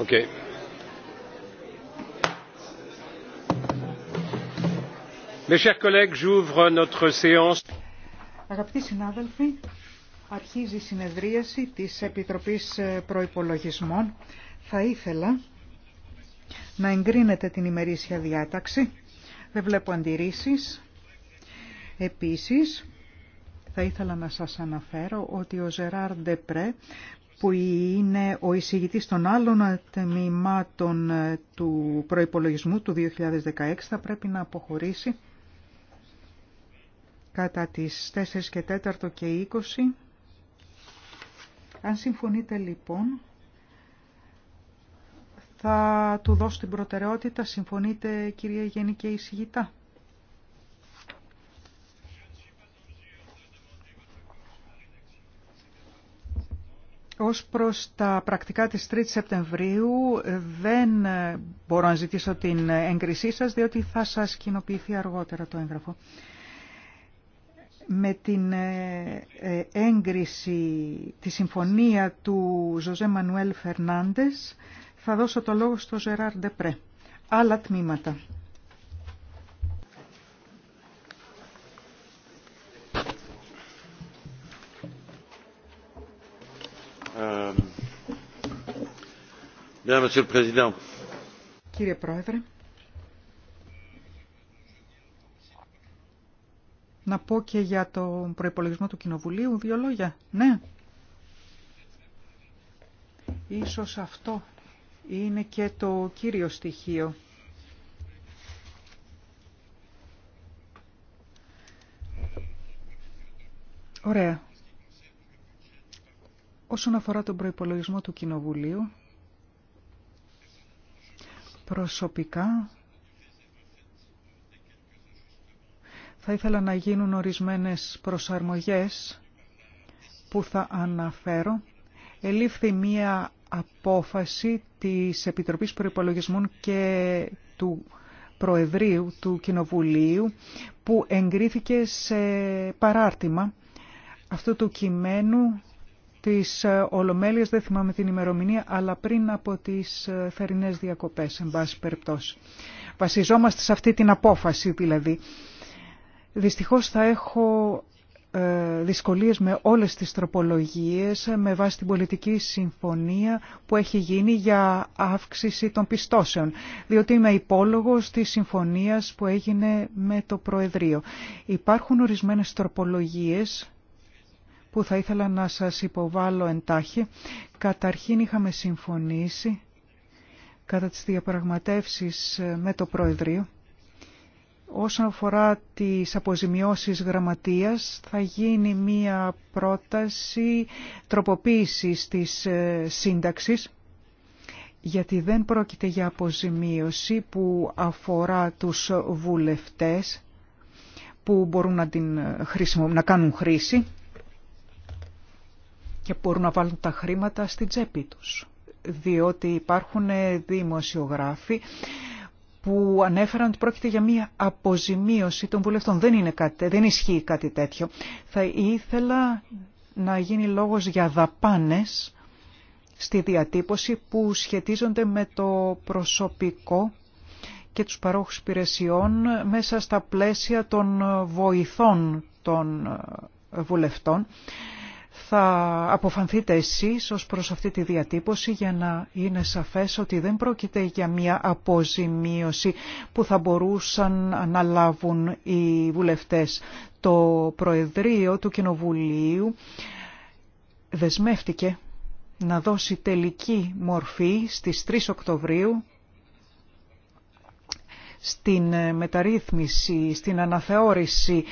Okay. Mes chers collègues, j'ouvre notre séance. Αγαπητοί συνάδελφοι, αρχίζει η συνεδρίαση της Επιτροπής Προϋπολογισμών. Θα ήθελα να εγκρίνετε την ημερήσια διάταξη. Δεν βλέπω αντιρρήσεις. Επίσης, θα ήθελα να σας αναφέρω ότι ο Ζεράρ Ντεπρέ που είναι ο εισηγητής των άλλων τμήματων ε, του προϋπολογισμού του 2016 θα πρέπει να αποχωρήσει κατά τις 4 και 4 και 20. Αν συμφωνείτε λοιπόν, θα του δώσω την προτεραιότητα. Συμφωνείτε κυρία Γενική Εισηγητά. Ως προς τα πρακτικά της 3 Σεπτεμβρίου δεν μπορώ να ζητήσω την έγκρισή σας διότι θα σας κοινοποιηθεί αργότερα το έγγραφο. Με την ε, ε, έγκριση, τη συμφωνία του Ζωζέ Μανουέλ Φερνάντες θα δώσω το λόγο στο Ζεράρ Ντεπρέ. Άλλα τμήματα Κύριε Πρόεδρε, να πω και για τον προϋπολογισμό του Κοινοβουλίου δύο λόγια. Ναι. Ίσως αυτό είναι και το κύριο στοιχείο. Ωραία. Όσον αφορά τον προϋπολογισμό του Κοινοβουλίου, Προσωπικά θα ήθελα να γίνουν ορισμένες προσαρμογές που θα αναφέρω. Ελήφθη μία απόφαση της Επιτροπής Προϋπολογισμών και του Προεδρίου του Κοινοβουλίου που εγκρίθηκε σε παράρτημα αυτού του κειμένου της ε, Ολομέλειας, δεν θυμάμαι την ημερομηνία, αλλά πριν από τις ε, θερινές διακοπές, εν πάση περιπτώσει. Βασιζόμαστε σε αυτή την απόφαση δηλαδή. Δυστυχώς θα έχω ε, δυσκολίες με όλες τις τροπολογίες με βάση την πολιτική συμφωνία που έχει γίνει για αύξηση των πιστώσεων διότι είμαι υπόλογος της συμφωνίας που έγινε με το Προεδρείο. Υπάρχουν ορισμένες τροπολογίες που θα ήθελα να σας υποβάλω εντάχει. Καταρχήν είχαμε συμφωνήσει κατά τις διαπραγματεύσεις ε, με το Προεδρείο. Όσον αφορά τις αποζημιώσεις γραμματείας, θα γίνει μία πρόταση τροποποίησης της ε, σύνταξης, γιατί δεν πρόκειται για αποζημίωση που αφορά τους βουλευτές που μπορούν να, την ε, να κάνουν χρήση και μπορούν να βάλουν τα χρήματα στην τσέπη τους. Διότι υπάρχουν ε, δημοσιογράφοι που ανέφεραν ότι πρόκειται για μία αποζημίωση των βουλευτών. Δεν, είναι κάτι, δεν ισχύει κάτι τέτοιο. Θα ήθελα να γίνει λόγος για δαπάνες στη διατύπωση που σχετίζονται με το προσωπικό και τους παρόχους υπηρεσιών μέσα στα πλαίσια των βοηθών των ε, βουλευτών θα αποφανθείτε εσείς ως προς αυτή τη διατύπωση για να είναι σαφές ότι δεν πρόκειται για μια αποζημίωση που θα μπορούσαν να λάβουν οι βουλευτές. Το Προεδρείο του Κοινοβουλίου δεσμεύτηκε να δώσει τελική μορφή στις 3 Οκτωβρίου στην μεταρρύθμιση, στην αναθεώρηση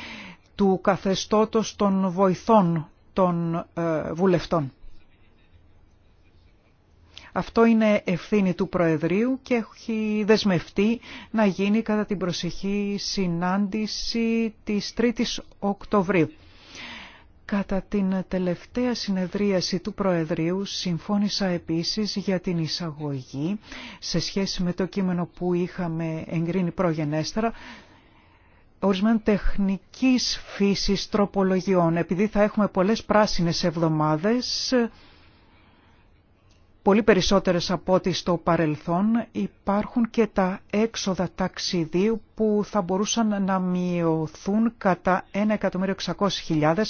του καθεστώτος των βοηθών των ε, βουλευτών. Αυτό είναι ευθύνη του προεδρίου και έχει δεσμευτεί να γίνει κατά την προσεχή συνάντηση της 3ης Οκτωβρίου. Κατά την τελευταία συνεδρίαση του προεδρίου συμφώνησα επίσης για την εισαγωγή σε σχέση με το κείμενο που είχαμε εγκρίνει προγενέστερα ορισμένων τεχνικής φύσης τροπολογιών. Επειδή θα έχουμε πολλές πράσινες εβδομάδες, πολύ περισσότερες από ό,τι στο παρελθόν, υπάρχουν και τα έξοδα ταξιδίου που θα μπορούσαν να μειωθούν κατά 1.600.000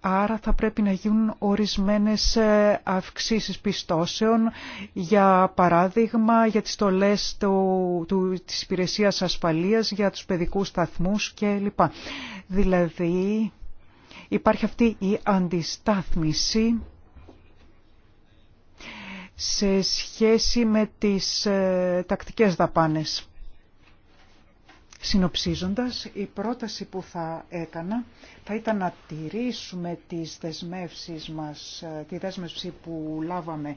Άρα θα πρέπει να γίνουν ορισμένες ε, αυξήσεις πιστώσεων, για παράδειγμα για τις στολές του, του, της υπηρεσίας ασφαλείας, για τους παιδικούς σταθμούς κλπ. Δηλαδή υπάρχει αυτή η αντιστάθμιση σε σχέση με τις ε, τακτικές δαπάνες. Συνοψίζοντας, η πρόταση που θα έκανα θα ήταν να τηρήσουμε τις δεσμεύσεις μας, ε, τη δέσμευση που λάβαμε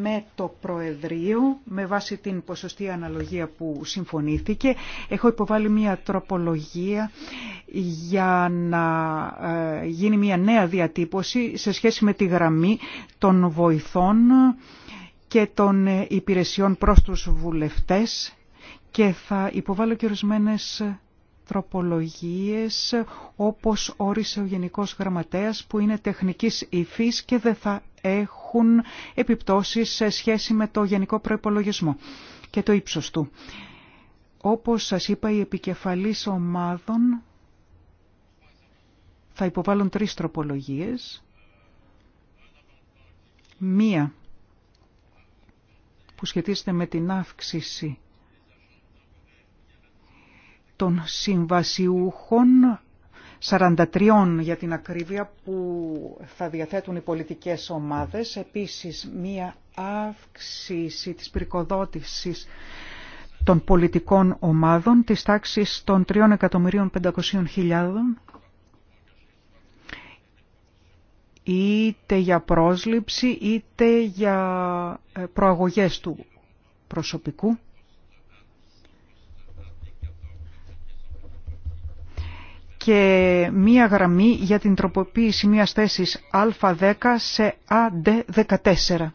με το Προεδρείο, με βάση την ποσοστή αναλογία που συμφωνήθηκε. Έχω υποβάλει μια τροπολογία για να ε, γίνει μια νέα διατύπωση σε σχέση με τη γραμμή των βοηθών και των ε, υπηρεσιών προς τους βουλευτές και θα υποβάλω και ορισμένε τροπολογίες όπως όρισε ο Γενικός Γραμματέας που είναι τεχνικής υφής και δεν θα έχουν επιπτώσεις σε σχέση με το γενικό προϋπολογισμό και το ύψος του. Όπως σας είπα, οι επικεφαλής ομάδων θα υποβάλουν τρεις τροπολογίες. Μία που σχετίζεται με την αύξηση των συμβασιούχων 43 για την ακρίβεια που θα διαθέτουν οι πολιτικές ομάδες. Επίσης, μία αύξηση της πυρκοδότησης των πολιτικών ομάδων της τάξης των 3.500.000 είτε για πρόσληψη είτε για ε, προαγωγές του προσωπικού και μία γραμμή για την τροποποίηση μίας θέσης Α10 σε AD14.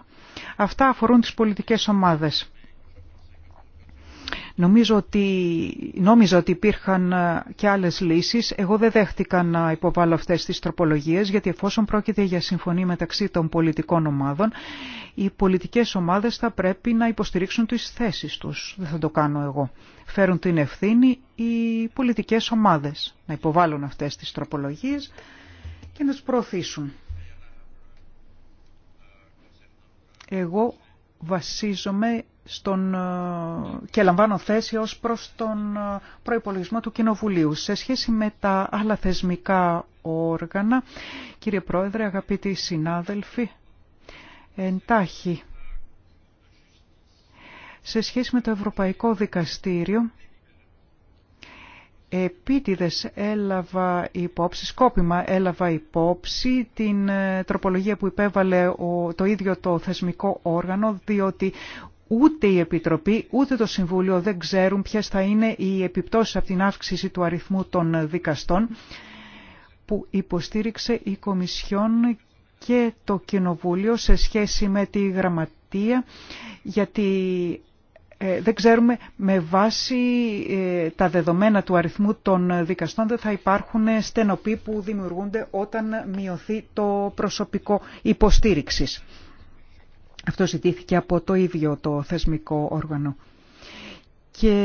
Αυτά αφορούν τις πολιτικές ομάδες. Νομίζω ότι, νόμιζα ότι υπήρχαν ε, και άλλες λύσεις. Εγώ δεν δέχτηκα να υποβάλω αυτές τις τροπολογίες, γιατί εφόσον πρόκειται για συμφωνία μεταξύ των πολιτικών ομάδων, οι πολιτικές ομάδες θα πρέπει να υποστηρίξουν τις θέσεις τους. Δεν θα το κάνω εγώ. Φέρουν την ευθύνη οι πολιτικές ομάδες να υποβάλουν αυτές τις τροπολογίες και να τις προωθήσουν. Εγώ βασίζομαι στον, ε, και λαμβάνω θέση ως προς τον ε, προϋπολογισμό του Κοινοβουλίου. Σε σχέση με τα άλλα θεσμικά όργανα, κύριε Πρόεδρε, αγαπητοί συνάδελφοι, εντάχει, σε σχέση με το Ευρωπαϊκό Δικαστήριο, επίτηδες έλαβα υπόψη, σκόπιμα έλαβα υπόψη την ε, τροπολογία που υπέβαλε το ίδιο το θεσμικό όργανο, διότι Ούτε η Επιτροπή, ούτε το Συμβούλιο δεν ξέρουν ποιες θα είναι οι επιπτώσεις από την αύξηση του αριθμού των δικαστών που υποστήριξε η Κομισιόν και το Κοινοβούλιο σε σχέση με τη Γραμματεία γιατί ε, δεν ξέρουμε με βάση ε, τα δεδομένα του αριθμού των δικαστών δεν θα υπάρχουν στενοποί που δημιουργούνται όταν μειωθεί το προσωπικό υποστήριξης. Αυτό ζητήθηκε από το ίδιο το θεσμικό όργανο. Και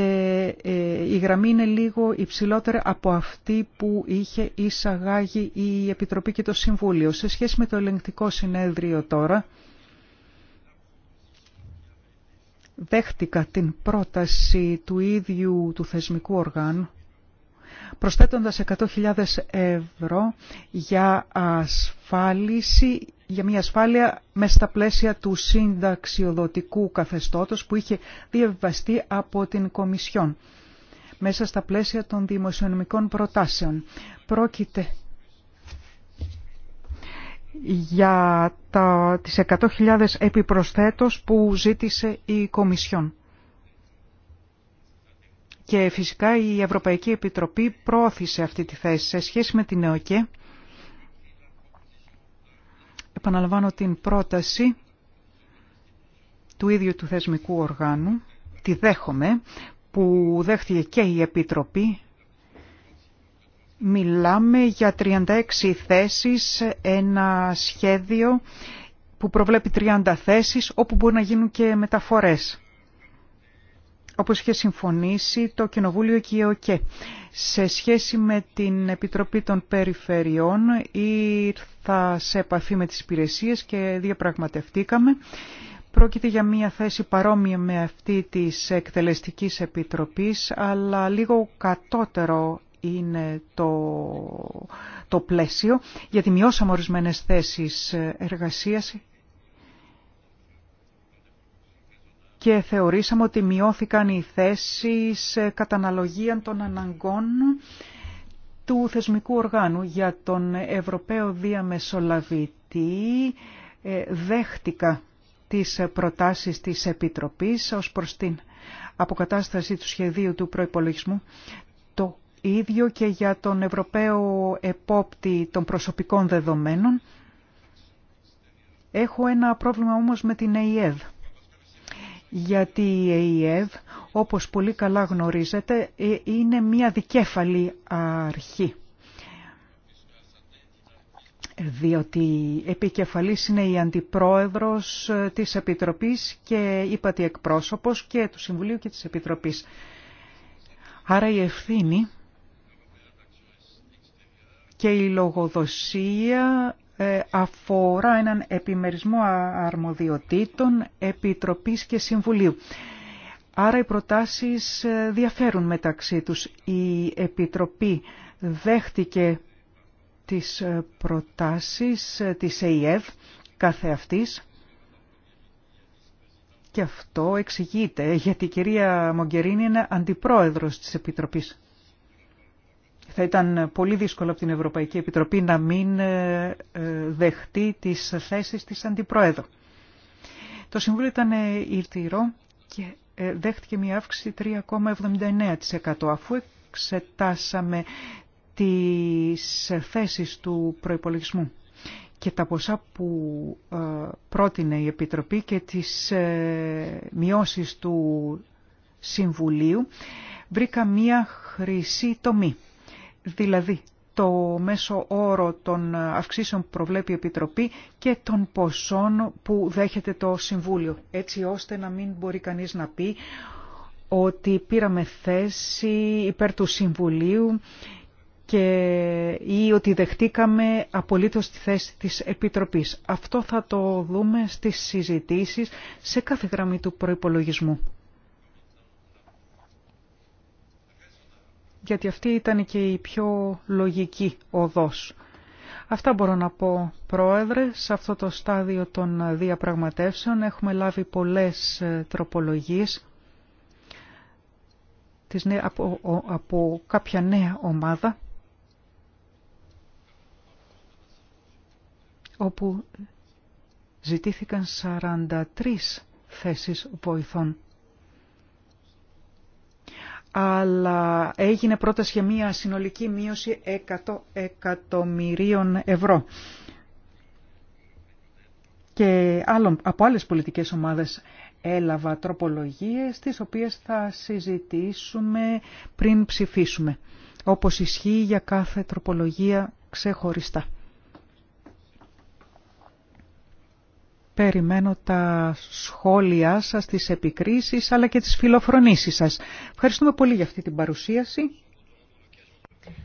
ε, η γραμμή είναι λίγο υψηλότερη από αυτή που είχε εισαγάγει η Επιτροπή και το Συμβούλιο. Σε σχέση με το ελεγκτικό συνέδριο τώρα, δέχτηκα την πρόταση του ίδιου του θεσμικού οργάνου προσθέτοντας 100.000 ευρώ για ασφάλιση για μια ασφάλεια με στα πλαίσια του συνταξιοδοτικού καθεστώτος που είχε διαβιβαστεί από την Κομισιόν μέσα στα πλαίσια των δημοσιονομικών προτάσεων. Πρόκειται για τα, τις 100.000 επιπροσθέτως που ζήτησε η Κομισιόν. Και φυσικά η Ευρωπαϊκή Επιτροπή πρόωθησε αυτή τη θέση σε σχέση με την ΕΟΚΕ επαναλαμβάνω την πρόταση του ίδιου του θεσμικού οργάνου, τη δέχομαι, που δέχτηκε και η Επιτροπή. Μιλάμε για 36 θέσεις, ένα σχέδιο που προβλέπει 30 θέσεις, όπου μπορεί να γίνουν και μεταφορές όπως είχε συμφωνήσει το Κοινοβούλιο και η ΕΟΚΕ. Σε σχέση με την Επιτροπή των Περιφερειών ήρθα σε επαφή με τις υπηρεσίες και διαπραγματευτήκαμε. Πρόκειται για μια θέση παρόμοια με αυτή της Εκτελεστικής Επιτροπής, αλλά λίγο κατώτερο είναι το, το πλαίσιο, γιατί μειώσαμε ορισμένες θέσεις εργασίας και θεωρήσαμε ότι μειώθηκαν οι θέσεις ε, καταναλογίαν των αναγκών του θεσμικού οργάνου για τον Ευρωπαίο Διαμεσολαβητή ε, δέχτηκα τις προτάσεις της Επιτροπής ως προς την αποκατάσταση του σχεδίου του προϋπολογισμού το ίδιο και για τον Ευρωπαίο Επόπτη των Προσωπικών Δεδομένων. Έχω ένα πρόβλημα όμως με την ΕΙΕΔ γιατί η Ε.Ε. όπως πολύ καλά γνωρίζετε, ε, είναι μια δικέφαλη αρχή. Διότι επικεφαλής είναι η Αντιπρόεδρος ε, της Επιτροπής και είπατε εκπρόσωπος και του Συμβουλίου και της Επιτροπής. Άρα η ευθύνη και η λογοδοσία ε, αφορά έναν επιμερισμό αρμοδιοτήτων, επιτροπής και συμβουλίου. Άρα οι προτάσεις ε, διαφέρουν μεταξύ τους. Η Επιτροπή δέχτηκε τις ε, προτάσεις της ΕΙΕΒ κάθε αυτής και αυτό εξηγείται γιατί η κυρία Μογκερίνη είναι αντιπρόεδρος της Επιτροπής. Θα ήταν πολύ δύσκολο από την Ευρωπαϊκή Επιτροπή να μην ε, ε, δεχτεί τις θέσεις της Αντιπρόεδρου. Το Συμβούλιο ήταν ε, ήρτηρο και δέχτηκε μια αύξηση 3,79% αφού εξετάσαμε τις θέσεις του προϋπολογισμού και τα ποσά που πρότεινε η Επιτροπή και τις μειώσεις του Συμβουλίου βρήκα μια χρυσή τομή δηλαδή το μέσο όρο των αυξήσεων που προβλέπει η Επιτροπή και των ποσών που δέχεται το Συμβούλιο, έτσι ώστε να μην μπορεί κανείς να πει ότι πήραμε θέση υπέρ του Συμβουλίου και ή ότι δεχτήκαμε απολύτως τη θέση της Επιτροπής. Αυτό θα το δούμε στις συζητήσεις σε κάθε γραμμή του προϋπολογισμού. γιατί αυτή ήταν και η πιο λογική οδός. Αυτά μπορώ να πω, Πρόεδρε, σε αυτό το στάδιο των διαπραγματεύσεων έχουμε λάβει πολλές ε, τροπολογίες από, από κάποια νέα ομάδα όπου ζητήθηκαν 43 θέσεις βοηθών αλλά έγινε πρόταση για μια συνολική μείωση 100 εκατομμυρίων ευρώ και από άλλες πολιτικές ομάδες έλαβα τροπολογίες τις οποίες θα συζητήσουμε πριν ψηφίσουμε, όπως ισχύει για κάθε τροπολογία ξεχωριστά. Περιμένω τα σχόλιά σας, τις επικρίσεις αλλά και τις φιλοφρονήσεις σας. Ευχαριστούμε πολύ για αυτή την παρουσίαση.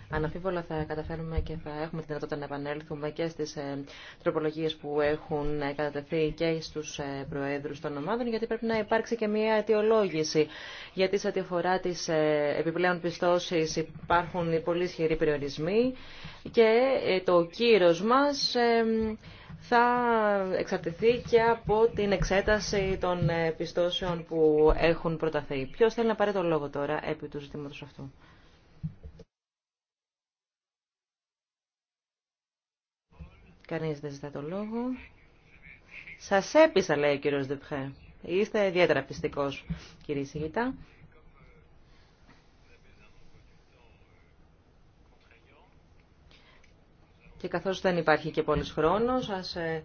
Αναφίβολα θα καταφέρουμε και θα έχουμε τη δυνατότητα να επανέλθουμε και στις ε, τροπολογίες που έχουν κατατεθεί και στους ε, προέδρους των ομάδων, γιατί πρέπει να υπάρξει και μια αιτιολόγηση. Γιατί σε ό,τι αφορά ε, επιπλέον πιστώσεις υπάρχουν πολύ ισχυροί περιορισμοί και το κύρος μας θα εξαρτηθεί και από την εξέταση των ε, πιστώσεων που έχουν προταθεί. Ποιο θέλει να πάρει τον λόγο τώρα επί του ζητήματο αυτού. Κανείς δεν ζητά το λόγο. Σας έπεισα, λέει ο κύριος Δεπχέ. Είστε ιδιαίτερα πιστικός, κύριε Σιγητά. Και καθώς δεν υπάρχει και πολύς χρόνος, ας ε,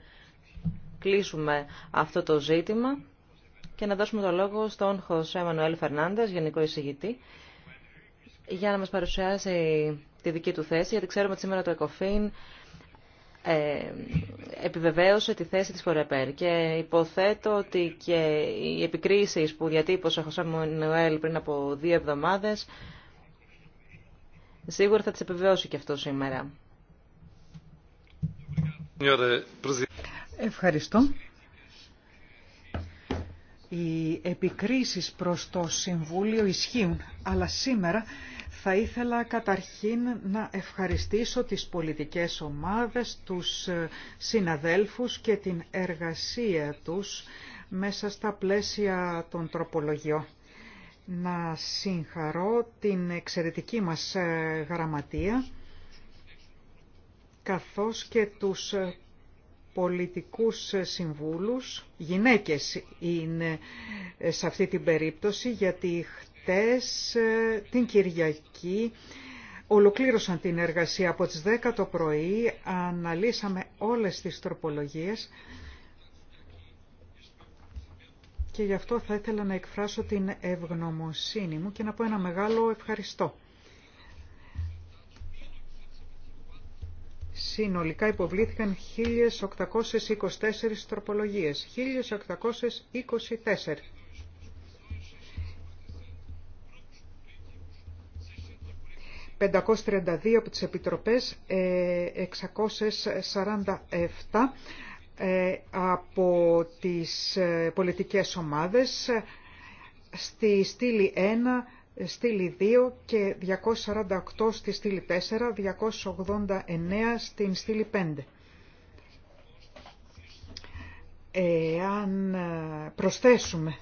κλείσουμε αυτό το ζήτημα και να δώσουμε το λόγο στον Χωσέ Μανουέλ Φερνάντες, Γενικό Εισηγητή, για να μας παρουσιάσει τη δική του θέση, γιατί ξέρουμε ότι σήμερα το ΕΚΟΦΗΝ ε, επιβεβαίωσε τη θέση της Κορεπέρ και υποθέτω ότι και οι επικρίσεις που διατύπωσε ο Χωσέ Μανουέλ πριν από δύο εβδομάδες σίγουρα θα τις επιβεβαιώσει και αυτό σήμερα. Ευχαριστώ. Οι επικρίσεις προς το Συμβούλιο ισχύουν, αλλά σήμερα θα ήθελα καταρχήν να ευχαριστήσω τις πολιτικές ομάδες, τους ε, συναδέλφους και την εργασία τους μέσα στα πλαίσια των τροπολογιών. Να συγχαρώ την εξαιρετική μας ε, γραμματεία καθώς και τους ε, πολιτικούς ε, συμβούλους, γυναίκες είναι ε, σε αυτή την περίπτωση, γιατί χτες την Κυριακή ολοκλήρωσαν την εργασία από τις 10 το πρωί, αναλύσαμε όλες τις τροπολογίες και γι' αυτό θα ήθελα να εκφράσω την ευγνωμοσύνη μου και να πω ένα μεγάλο ευχαριστώ. Συνολικά υποβλήθηκαν 1.824 τροπολογίες. 1.824. ...532 από τις επιτροπές, 647 ε, ε, από τις ε, πολιτικές ομάδες, στη στήλη 1 στήλη 2 και 248 στη στήλη 4, 289 στην στήλη 5. Εάν ε, προσθέσουμε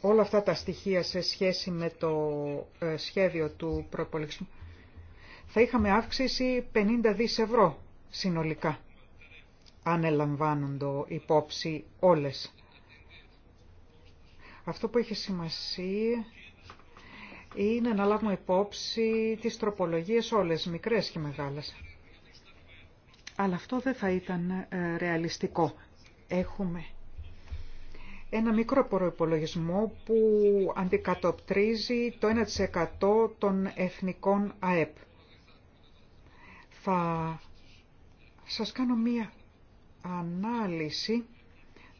όλα αυτά τα στοιχεία σε σχέση με το ε, σχέδιο του προπολογισμού, θα είχαμε αύξηση 50 δις ευρώ συνολικά, αν ελαμβάνονται υπόψη όλες. Αυτό που έχει σημασία είναι να λάβουμε υπόψη τις τροπολογίες όλες, μικρές και μεγάλες. Αλλά αυτό δεν θα ήταν ε, ρεαλιστικό. Έχουμε ένα μικρό προϋπολογισμό που αντικατοπτρίζει το 1% των εθνικών ΑΕΠ. Θα σας κάνω μία ανάλυση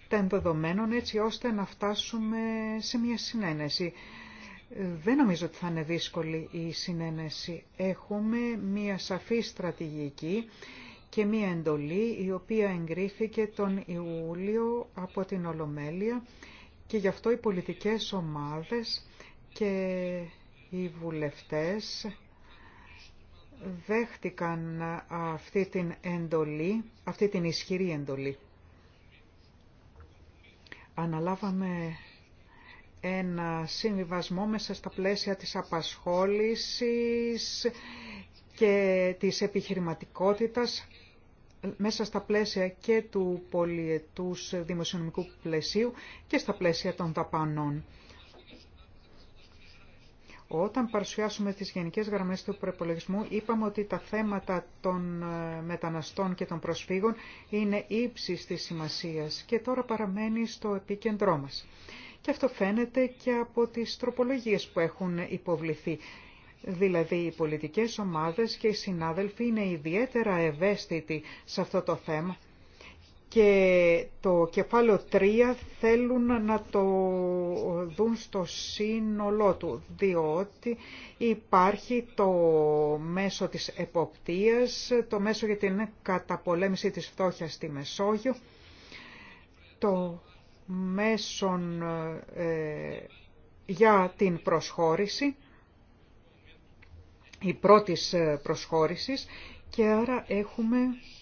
των δεδομένων έτσι ώστε να φτάσουμε σε μία συνένεση. Δεν νομίζω ότι θα είναι δύσκολη η συνένεση. Έχουμε μία σαφή στρατηγική και μία εντολή η οποία εγκρίθηκε τον Ιούλιο από την Ολομέλεια και γι' αυτό οι πολιτικές ομάδες και οι βουλευτές δέχτηκαν αυτή την εντολή, αυτή την ισχυρή εντολή. Αναλάβαμε ένα συμβιβασμό μέσα στα πλαίσια της απασχόλησης και της επιχειρηματικότητας μέσα στα πλαίσια και του πολιετούς δημοσιονομικού πλαισίου και στα πλαίσια των δαπανών. Όταν παρουσιάσουμε τις γενικές γραμμές του προπολογισμού, είπαμε ότι τα θέματα των ε, μεταναστών και των προσφύγων είναι ύψης της σημασίας και τώρα παραμένει στο επίκεντρό μας. Και αυτό φαίνεται και από τις τροπολογίες που έχουν υποβληθεί. Δηλαδή οι πολιτικές ομάδες και οι συνάδελφοι είναι ιδιαίτερα ευαίσθητοι σε αυτό το θέμα και το κεφάλαιο 3 θέλουν να το δουν στο σύνολό του, διότι υπάρχει το μέσο της εποπτείας, το μέσο για την καταπολέμηση της φτώχειας στη Μεσόγειο, το μέσων ε, για την προσχώρηση, η πρώτης ε, προσχώρηση. και άρα έχουμε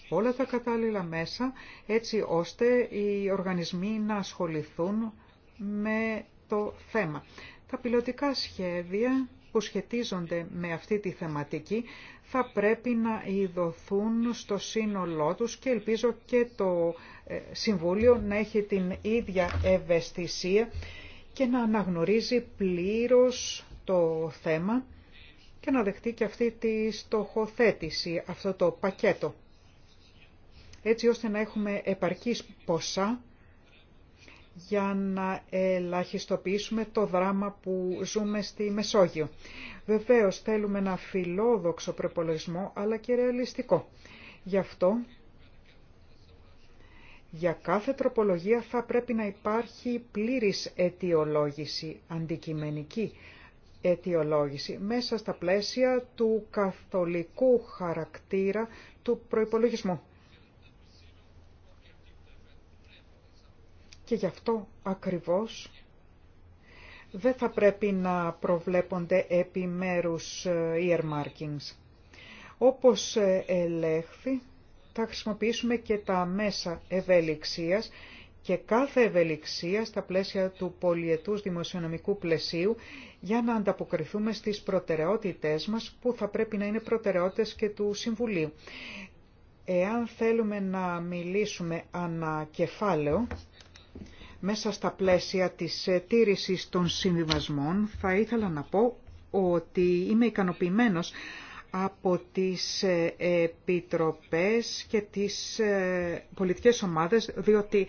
όλα τα κατάλληλα μέσα έτσι ώστε οι οργανισμοί να ασχοληθούν με το θέμα. Τα πιλωτικά σχέδια που σχετίζονται με αυτή τη θεματική θα πρέπει να ειδωθούν στο σύνολό τους και ελπίζω και το ε, Συμβούλιο να έχει την ίδια ευαισθησία και να αναγνωρίζει πλήρως το θέμα και να δεχτεί και αυτή τη στοχοθέτηση, αυτό το πακέτο, έτσι ώστε να έχουμε επαρκής ποσά για να ελαχιστοποιήσουμε το δράμα που ζούμε στη Μεσόγειο. Βεβαίως θέλουμε ένα φιλόδοξο προπολογισμό, αλλά και ρεαλιστικό. Γι' αυτό για κάθε τροπολογία θα πρέπει να υπάρχει πλήρης αιτιολόγηση, αντικειμενική αιτιολόγηση, μέσα στα πλαίσια του καθολικού χαρακτήρα του προϋπολογισμού. Και γι' αυτό ακριβώς δεν θα πρέπει να προβλέπονται επιμέρους ε, earmarkings. Όπως ε, ελέγχθη, θα χρησιμοποιήσουμε και τα μέσα ευελιξίας και κάθε ευελιξία στα πλαίσια του πολιετούς δημοσιονομικού πλαισίου για να ανταποκριθούμε στις προτεραιότητές μας που θα πρέπει να είναι προτεραιότητες και του Συμβουλίου. Εάν θέλουμε να μιλήσουμε ανακεφάλαιο, μέσα στα πλαίσια της τήρησης των συμβιβασμών, θα ήθελα να πω ότι είμαι ικανοποιημένος από τις ε, επιτροπές και τις ε, πολιτικές ομάδες, διότι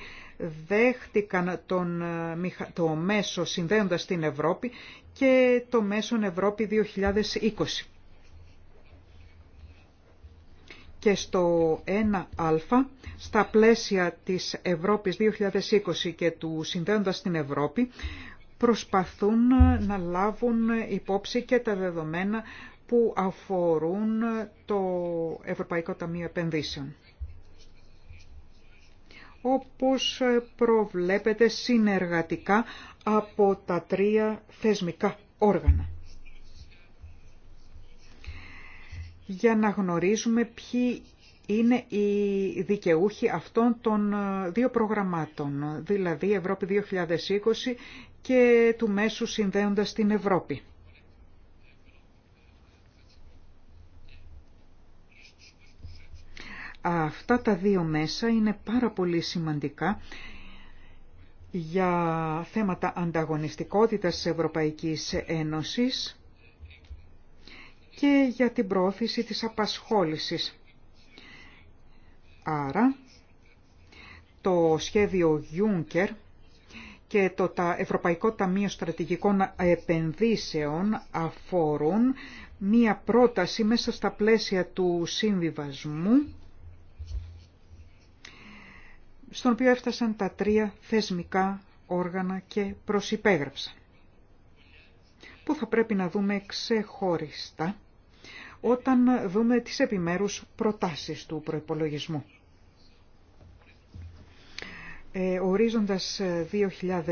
δέχτηκαν τον, ε, το μέσο συνδέοντας την Ευρώπη και το μέσον Ευρώπη 2020. Και στο 1α, στα πλαίσια της Ευρώπης 2020 και του συνδέοντας την Ευρώπη, προσπαθούν να λάβουν υπόψη και τα δεδομένα που αφορούν το Ευρωπαϊκό Ταμείο Επενδύσεων. Όπως προβλέπεται συνεργατικά από τα τρία θεσμικά όργανα. Για να γνωρίζουμε ποιοι είναι οι δικαιούχοι αυτών των δύο προγραμμάτων, δηλαδή Ευρώπη 2020 και του μέσου συνδέοντας την Ευρώπη. Αυτά τα δύο μέσα είναι πάρα πολύ σημαντικά για θέματα ανταγωνιστικότητας της Ευρωπαϊκής Ένωσης και για την πρόθεση της απασχόλησης. Άρα, το σχέδιο Juncker και το Ευρωπαϊκό Ταμείο Στρατηγικών Επενδύσεων αφορούν μία πρόταση μέσα στα πλαίσια του συμβιβασμού στον οποίο έφτασαν τα τρία θεσμικά όργανα και προσυπέγραψαν, που θα πρέπει να δούμε ξεχωριστά όταν δούμε τις επιμέρους προτάσεις του προϋπολογισμού. Ε, ορίζοντας 2020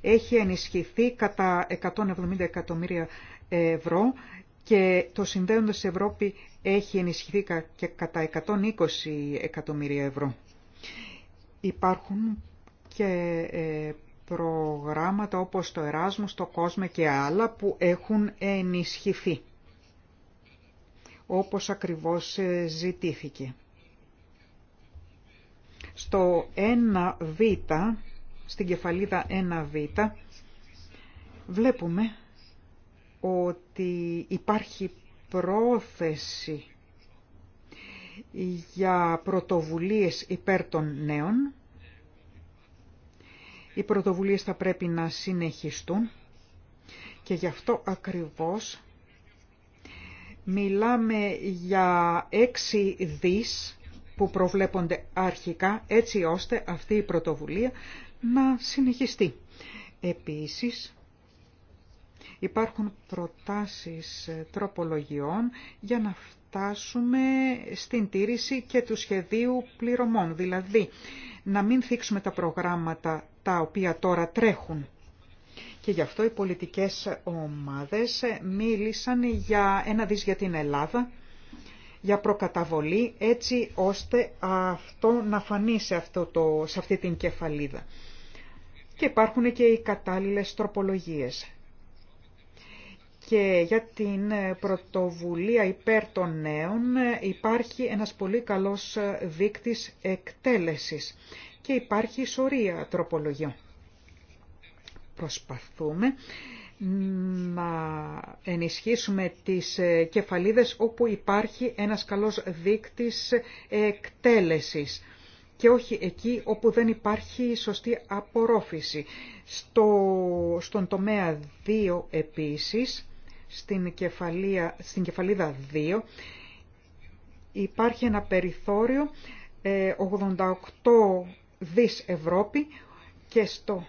έχει ενισχυθεί κατά 170 εκατομμύρια ευρώ και το συνδέοντας Ευρώπη έχει ενισχυθεί και κατά 120 εκατομμύρια ευρώ. Υπάρχουν και ε, προγράμματα όπως το Εράσμος, το Κόσμο και άλλα που έχουν ενισχυθεί, όπως ακριβώς ε, ζητήθηκε. Στο 1β, στην κεφαλίδα 1β, βλέπουμε ότι υπάρχει πρόθεση για πρωτοβουλίες υπέρ των νέων. Οι πρωτοβουλίες θα πρέπει να συνεχιστούν και γι' αυτό ακριβώς μιλάμε για έξι δις που προβλέπονται αρχικά έτσι ώστε αυτή η πρωτοβουλία να συνεχιστεί. Επίσης, Υπάρχουν προτάσεις ε, τροπολογιών για να φτάσουμε στην τήρηση και του σχεδίου πληρωμών, δηλαδή να μην θίξουμε τα προγράμματα τα οποία τώρα τρέχουν. Και γι' αυτό οι πολιτικές ομάδες ε, μίλησαν για ένα δις για την Ελλάδα, για προκαταβολή, έτσι ώστε αυτό να φανεί σε, αυτό το, σε αυτή την κεφαλίδα. Και υπάρχουν και οι κατάλληλες τροπολογίες και για την ε, πρωτοβουλία υπέρ των νέων ε, υπάρχει ένας πολύ καλός ε, δείκτης εκτέλεσης και υπάρχει σωρία τροπολογιών. Προσπαθούμε να ενισχύσουμε τις κεφαλίδες όπου υπάρχει ένας καλός δείκτης εκτέλεσης και όχι εκεί όπου δεν υπάρχει σωστή απορρόφηση. Στο, στον τομέα 2 επίσης στην, κεφαλία, στην κεφαλίδα 2 υπάρχει ένα περιθώριο 88 ε, δις Ευρώπη και, στο...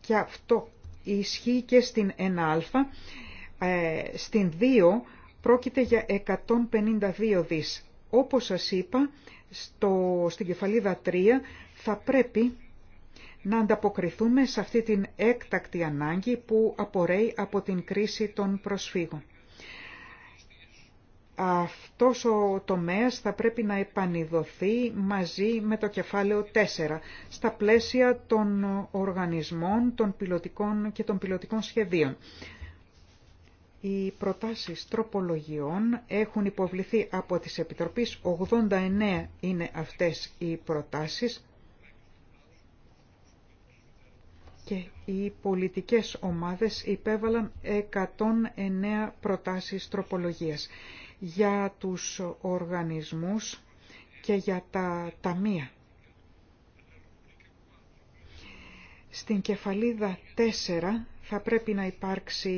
και αυτό ισχύει και στην 1α. Ε, στην 2 πρόκειται για 152 δις. Όπως σας είπα, στο, στην κεφαλίδα 3 θα πρέπει να ανταποκριθούμε σε αυτή την έκτακτη ανάγκη που απορρέει από την κρίση των προσφύγων. Αυτός ο τομέας θα πρέπει να επανειδωθεί μαζί με το κεφάλαιο 4 στα πλαίσια των οργανισμών των πιλωτικών και των πιλωτικών σχεδίων. Οι προτάσεις τροπολογιών έχουν υποβληθεί από τις Επιτροπές. 89 είναι αυτές οι προτάσεις και οι πολιτικές ομάδες υπέβαλαν 109 προτάσεις τροπολογίας για τους οργανισμούς και για τα ταμεία. Στην κεφαλίδα 4 θα πρέπει να υπάρξει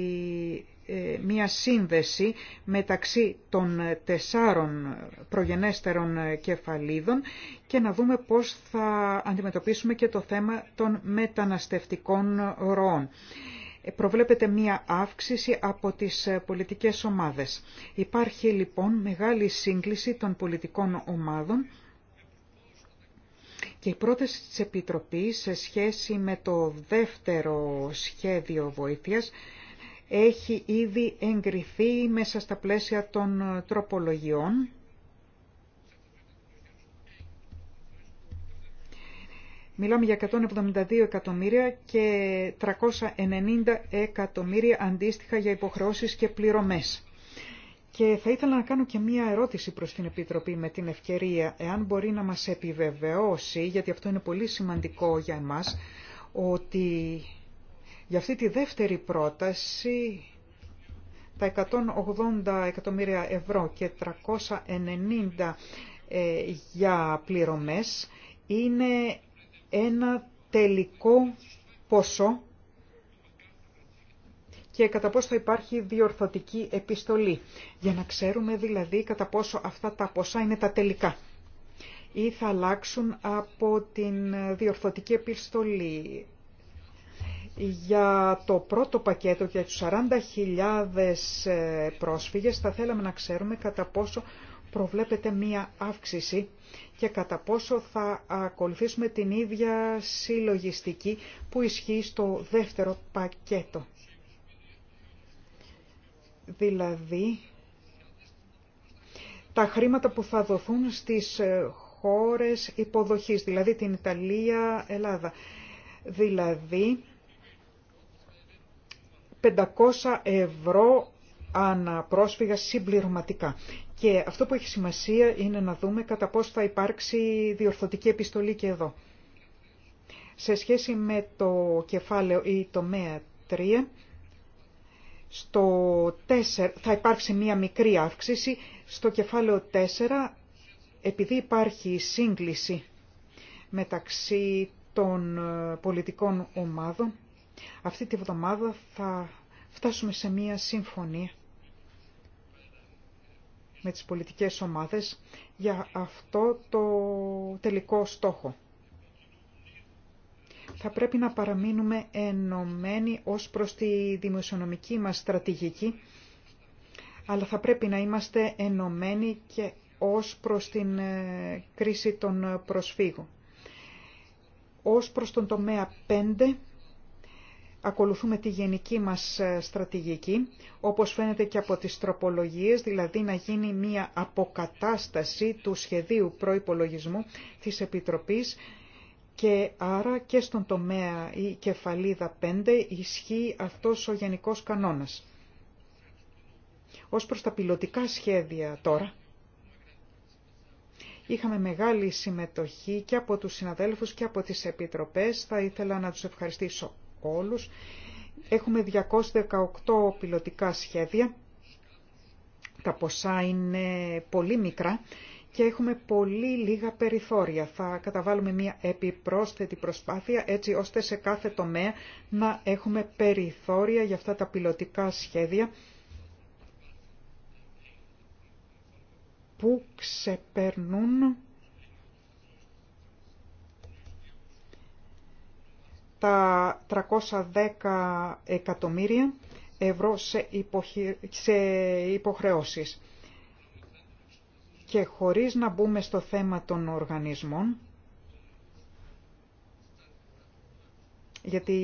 ε, μία σύνδεση μεταξύ των τεσσάρων προγενέστερων κεφαλίδων και να δούμε πώς θα αντιμετωπίσουμε και το θέμα των μεταναστευτικών ροών. Ε, προβλέπεται μία αύξηση από τις πολιτικές ομάδες. Υπάρχει λοιπόν μεγάλη σύγκληση των πολιτικών ομάδων και η πρόταση της Επιτροπής σε σχέση με το δεύτερο σχέδιο βοήθειας έχει ήδη εγκριθεί μέσα στα πλαίσια των ε, τροπολογιών. Μιλάμε για 172 εκατομμύρια και 390 εκατομμύρια αντίστοιχα για υποχρεώσεις και πληρωμές. Και θα ήθελα να κάνω και μία ερώτηση προς την Επιτροπή με την ευκαιρία, εάν μπορεί να μας επιβεβαιώσει, γιατί αυτό είναι πολύ σημαντικό για εμάς, ότι για αυτή τη δεύτερη πρόταση, τα 180 εκατομμύρια ευρώ και 390 ε, για πληρωμές είναι ένα τελικό ποσό και κατά πόσο θα υπάρχει διορθωτική επιστολή, για να ξέρουμε δηλαδή κατά πόσο αυτά τα ποσά είναι τα τελικά ή θα αλλάξουν από την διορθωτική επιστολή. Για το πρώτο πακέτο, για τους 40.000 ε, πρόσφυγες, θα θέλαμε να ξέρουμε κατά πόσο προβλέπεται μία αύξηση και κατά πόσο θα ακολουθήσουμε την ίδια συλλογιστική που ισχύει στο δεύτερο πακέτο. Δηλαδή, τα χρήματα που θα δοθούν στις ε, χώρες υποδοχής, δηλαδή την Ιταλία, Ελλάδα. Δηλαδή, 500 ευρώ πρόσφυγα συμπληρωματικά. Και αυτό που έχει σημασία είναι να δούμε κατά πώς θα υπάρξει διορθωτική επιστολή και εδώ. Σε σχέση με το κεφάλαιο ή τομέα 3, στο 4 θα υπάρξει μία μικρή αύξηση. Στο κεφάλαιο 4, επειδή υπάρχει σύγκληση μεταξύ των πολιτικών ομάδων, αυτή τη βδομάδα θα φτάσουμε σε μία συμφωνία με τις πολιτικές ομάδες για αυτό το τελικό στόχο. Θα πρέπει να παραμείνουμε ενωμένοι ως προς τη δημοσιονομική μας στρατηγική, αλλά θα πρέπει να είμαστε ενωμένοι και ως προς την ε, κρίση των προσφύγων. Ως προς τον τομέα 5 ακολουθούμε τη γενική μας ε, στρατηγική, όπως φαίνεται και από τις τροπολογίες, δηλαδή να γίνει μια αποκατάσταση του σχεδίου προϋπολογισμού της Επιτροπής και άρα και στον τομέα η κεφαλίδα 5 ισχύει αυτός ο γενικός κανόνας. Ως προς τα πιλωτικά σχέδια τώρα, Είχαμε μεγάλη συμμετοχή και από τους συναδέλφους και από τις επιτροπές. Θα ήθελα να τους ευχαριστήσω όλους. Έχουμε 218 πιλωτικά σχέδια. Τα ποσά είναι πολύ μικρά και έχουμε πολύ λίγα περιθώρια. Θα καταβάλουμε μια επιπρόσθετη προσπάθεια έτσι ώστε σε κάθε τομέα να έχουμε περιθώρια για αυτά τα πιλωτικά σχέδια που ξεπερνούν τα 310 εκατομμύρια ευρώ σε, υποχρεώσεις. Και χωρίς να μπούμε στο θέμα των οργανισμών, γιατί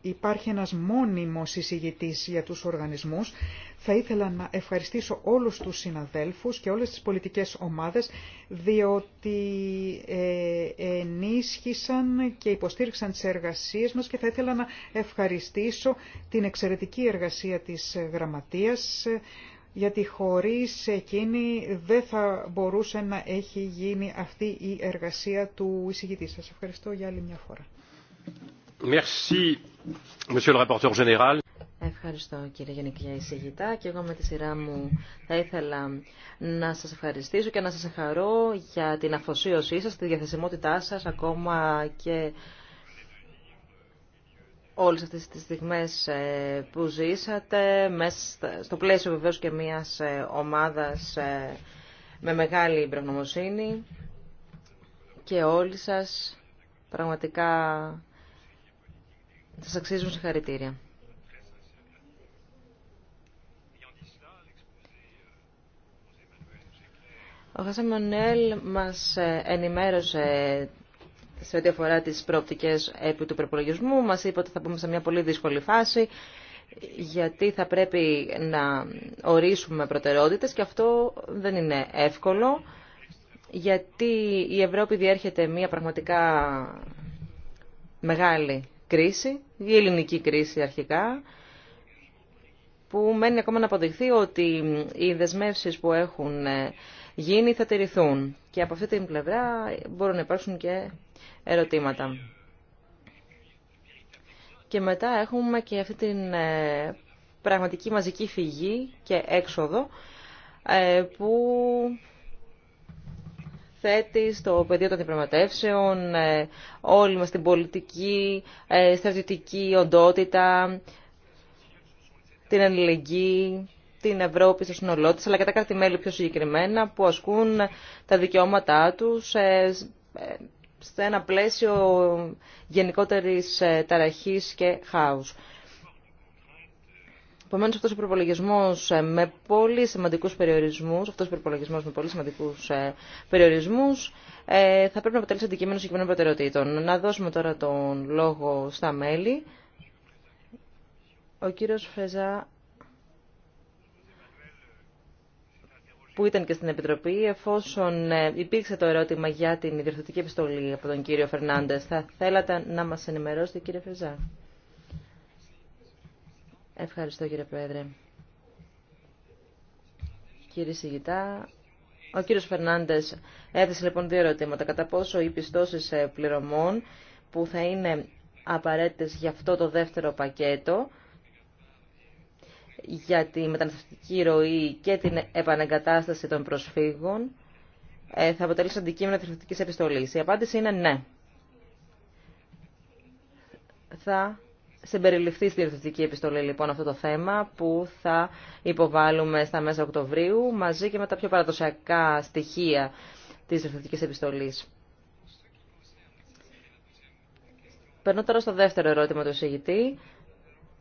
υπάρχει ένας μόνιμος εισηγητής για τους οργανισμούς, θα ήθελα να ευχαριστήσω όλους τους συναδέλφους και όλες τις πολιτικές ομάδες, διότι ε, ενίσχυσαν και υποστήριξαν τις εργασίες μας και θα ήθελα να ευχαριστήσω την εξαιρετική εργασία της Γραμματείας, γιατί χωρίς εκείνη δεν θα μπορούσε να έχει γίνει αυτή η εργασία του εισηγητή. Σας ευχαριστώ για άλλη μια φορά. Merci, monsieur le rapporteur Ευχαριστώ κύριε Γενική Εισηγητά και εγώ με τη σειρά μου θα ήθελα να σας ευχαριστήσω και να σας ευχαρώ για την αφοσίωσή σας, τη διαθεσιμότητά σας ακόμα και όλες αυτές τις στιγμές ε, που ζήσατε μέσα στο πλαίσιο βεβαίως και μιας ε, ομάδας ε, με μεγάλη προγνωμοσύνη και όλοι σας πραγματικά σας αξίζουν συγχαρητήρια. Ο Χασέ Μονέλ μας ε, ενημέρωσε σε ό,τι αφορά τις προοπτικές επί του προπολογισμού. Μας είπε ότι θα πούμε σε μια πολύ δύσκολη φάση γιατί θα πρέπει να ορίσουμε προτεραιότητες και αυτό δεν είναι εύκολο γιατί η Ευρώπη διέρχεται μια πραγματικά μεγάλη κρίση, η ελληνική κρίση αρχικά, που μένει ακόμα να αποδειχθεί ότι οι δεσμεύσεις που έχουν ε, γίνει θα τηρηθούν. Και από αυτή την πλευρά μπορούν να υπάρξουν και ερωτήματα. Και μετά έχουμε και αυτή την ε, πραγματική μαζική φυγή και έξοδο ε, που θέτει στο πεδίο των διαπραγματεύσεων ε, όλη μας την πολιτική, στρατιωτική οντότητα, την αλληλεγγύη την Ευρώπη στο σύνολό τη, αλλά και τα κράτη-μέλη πιο συγκεκριμένα που ασκούν τα δικαιώματά του ε, ε, σε ένα πλαίσιο γενικότερης ε, ταραχής και χάους. Επομένω, αυτό ο προπολογισμό με πολύ σημαντικού περιορισμού, αυτό ο προπολογισμό με πολύ σημαντικού περιορισμού, θα πρέπει να αποτελέσει αντικείμενο συγκεκριμένων προτεραιοτήτων. Να δώσουμε τώρα τον λόγο στα μέλη. Ο κύριος Φεζά που ήταν και στην Επιτροπή, εφόσον ε, υπήρξε το ερώτημα για την ιδιορθωτική επιστολή από τον κύριο Φερνάντε, θα θέλατε να μα ενημερώσετε, κύριε Φεζά. Ευχαριστώ, κύριε Πρόεδρε. Κύριε Σιγητά, ο κύριος Φερνάντες έθεσε λοιπόν δύο ερωτήματα. Κατά πόσο οι πιστώσεις ε, πληρωμών που θα είναι απαραίτητε για αυτό το δεύτερο πακέτο για τη μεταναστευτική ροή και την επανεγκατάσταση των προσφύγων ε, θα αποτελέσει αντικείμενο της θρησκευτικής επιστολής. Η απάντηση είναι ναι. Θα συμπεριληφθεί στη θρησκευτική επιστολή λοιπόν αυτό το θέμα που θα υποβάλουμε στα μέσα Οκτωβρίου μαζί και με τα πιο παραδοσιακά στοιχεία της θρησκευτικής επιστολή Περνώ τώρα στο δεύτερο ερώτημα του εισηγητή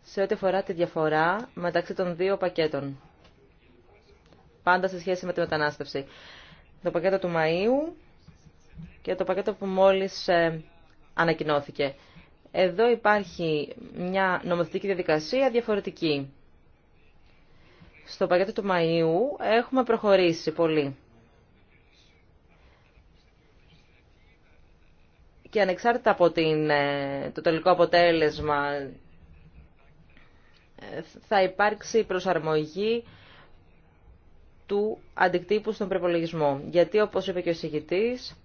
σε ό,τι αφορά τη διαφορά μεταξύ των δύο πακέτων. Πάντα σε σχέση με τη μετανάστευση. Το πακέτο του Μαΐου και το πακέτο που μόλις ε, ανακοινώθηκε. Εδώ υπάρχει μια νομοθετική διαδικασία διαφορετική. Στο πακέτο του Μαΐου έχουμε προχωρήσει πολύ. Και ανεξάρτητα από την, ε, το τελικό αποτέλεσμα θα υπάρξει προσαρμογή του αντικτύπου στον προπολογισμό. Γιατί, όπως είπε και ο συγκητής,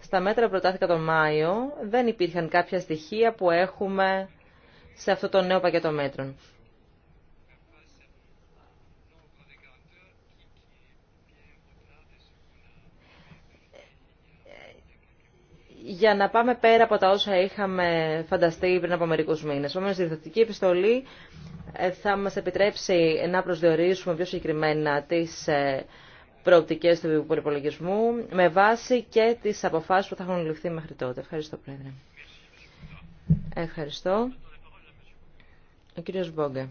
στα μέτρα που προτάθηκα τον Μάιο δεν υπήρχαν κάποια στοιχεία που έχουμε σε αυτό το νέο πακέτο μέτρων. για να πάμε πέρα από τα όσα είχαμε φανταστεί πριν από μερικούς μήνες. Με η διδακτική επιστολή ε, θα μας επιτρέψει να προσδιορίσουμε πιο συγκεκριμένα τις ε, προοπτικές του υπολογισμού με βάση και τις αποφάσεις που θα έχουν ληφθεί μέχρι τότε. Ευχαριστώ, Πρόεδρε. Ευχαριστώ. Ο κύριος Μπόγκε.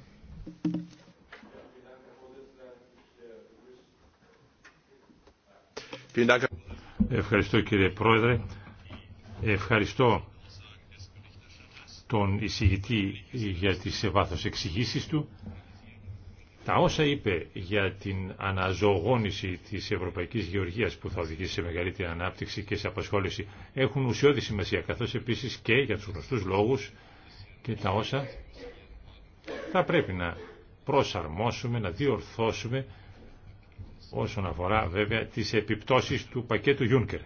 Ευχαριστώ κύριε Πρόεδρε. Ευχαριστώ τον εισηγητή για τις βάθος του. Τα όσα είπε για την αναζωογόνηση της ευρωπαϊκής γεωργίας που θα οδηγήσει σε μεγαλύτερη ανάπτυξη και σε απασχόληση έχουν ουσιώδη σημασία, καθώς επίσης και για τους γνωστούς λόγους και τα όσα θα πρέπει να προσαρμόσουμε, να διορθώσουμε όσον αφορά βέβαια τις επιπτώσεις του πακέτου Juncker.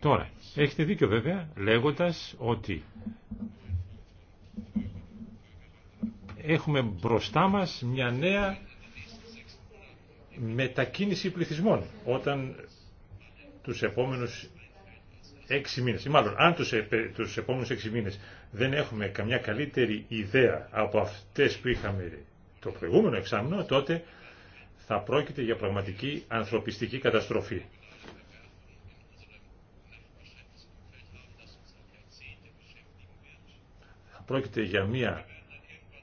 Τώρα, έχετε δίκιο βέβαια λέγοντας ότι έχουμε μπροστά μας μια νέα μετακίνηση πληθυσμών όταν τους επόμενους έξι μήνες, ή μάλλον αν τους, τους επόμενους έξι μήνες δεν έχουμε καμιά καλύτερη ιδέα από αυτές που είχαμε το προηγούμενο εξάμεινο, τότε θα πρόκειται για πραγματική ανθρωπιστική καταστροφή. Πρόκειται για μια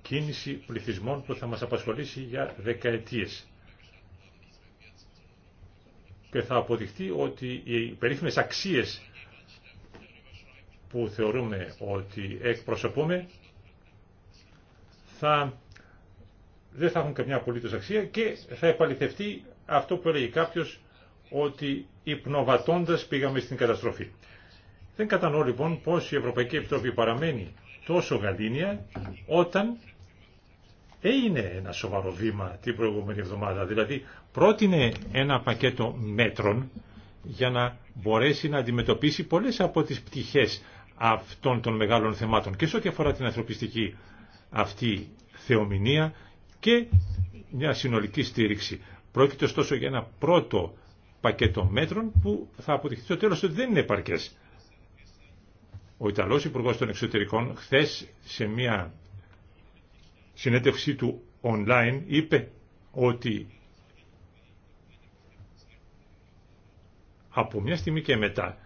κίνηση πληθυσμών που θα μας απασχολήσει για δεκαετίες. Και θα αποδειχτεί ότι οι περίφημες αξίες που θεωρούμε ότι εκπροσωπούμε θα, δεν θα έχουν καμιά απολύτως αξία και θα επαληθευτεί αυτό που έλεγε κάποιος ότι υπνοβατώντας πήγαμε στην καταστροφή. Δεν κατανοώ λοιπόν πώς η Ευρωπαϊκή Επιτροπή παραμένει τόσο γαλήνια όταν έγινε ένα σοβαρό βήμα την προηγούμενη εβδομάδα. Δηλαδή πρότεινε ένα πακέτο μέτρων για να μπορέσει να αντιμετωπίσει πολλές από τις πτυχές αυτών των μεγάλων θεμάτων και σε ό,τι αφορά την ανθρωπιστική αυτή θεομηνία και μια συνολική στήριξη. Πρόκειται ωστόσο για ένα πρώτο πακέτο μέτρων που θα αποδειχθεί στο τέλος ότι δεν είναι επαρκές. Ο Ιταλός Υπουργός των Εξωτερικών χθε σε μια συνέντευξή του online είπε ότι από μια στιγμή και μετά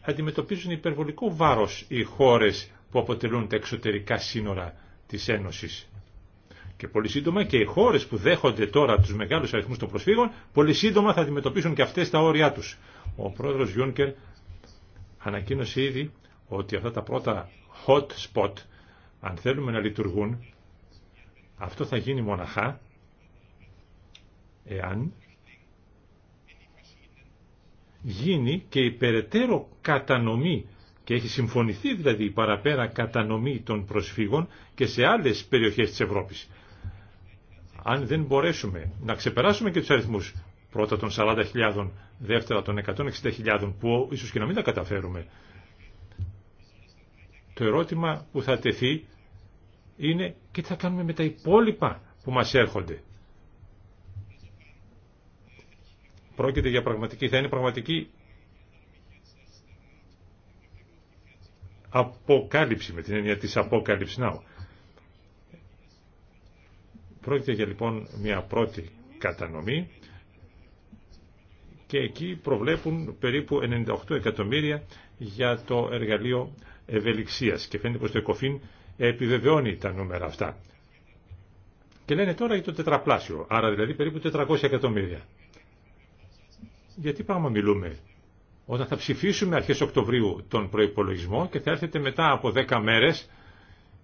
αντιμετωπίζουν υπερβολικό βάρος οι χώρες που αποτελούν τα εξωτερικά σύνορα της Ένωσης. Και πολύ σύντομα και οι χώρες που δέχονται τώρα τους μεγάλους αριθμούς των προσφύγων, πολύ σύντομα θα αντιμετωπίσουν και αυτές τα όρια τους. Ο πρόεδρος Γιούνκερ ανακοίνωσε ήδη ότι αυτά τα πρώτα hot spot, αν θέλουμε να λειτουργούν, αυτό θα γίνει μοναχά εάν γίνει και η περαιτέρω κατανομή και έχει συμφωνηθεί δηλαδή η παραπέρα κατανομή των προσφύγων και σε άλλες περιοχές της Ευρώπης. Αν δεν μπορέσουμε να ξεπεράσουμε και τους αριθμούς πρώτα των 40.000, δεύτερα των 160.000 που ίσως και να μην τα καταφέρουμε το ερώτημα που θα τεθεί είναι και τι θα κάνουμε με τα υπόλοιπα που μας έρχονται. Πρόκειται για πραγματική, θα είναι πραγματική αποκάλυψη με την έννοια της αποκάλυψης. να. Πρόκειται για λοιπόν μια πρώτη κατανομή και εκεί προβλέπουν περίπου 98 εκατομμύρια για το εργαλείο ευελιξίας και φαίνεται πως το ΕΚΟΦΗΝ επιβεβαιώνει τα νούμερα αυτά. Και λένε τώρα για το τετραπλάσιο, άρα δηλαδή περίπου 400 εκατομμύρια. Γιατί πράγμα μιλούμε. Όταν θα ψηφίσουμε αρχές Οκτωβρίου τον προϋπολογισμό και θα έρθετε μετά από 10 μέρες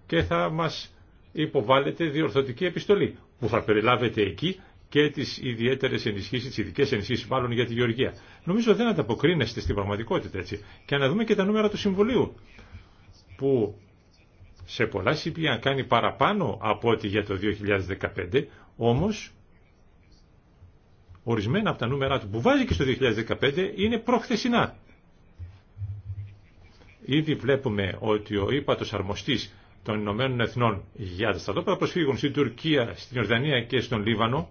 και θα μας υποβάλλετε διορθωτική επιστολή που θα περιλάβετε εκεί και τι ιδιαίτερε ενισχύσει, τι ειδικέ ενισχύσει μάλλον για τη γεωργία. Νομίζω δεν ανταποκρίνεστε στην πραγματικότητα έτσι. Και να δούμε και τα νούμερα του Συμβουλίου που σε πολλά σημεία κάνει παραπάνω από ό,τι για το 2015, όμω, ορισμένα από τα νούμερα του που βάζει και στο 2015 είναι προχθεσινά. Ήδη βλέπουμε ότι ο ύπατος αρμοστής των Ηνωμένων Εθνών για τα στρατόπεδα προσφύγων στην Τουρκία, στην Ιορδανία και στον Λίβανο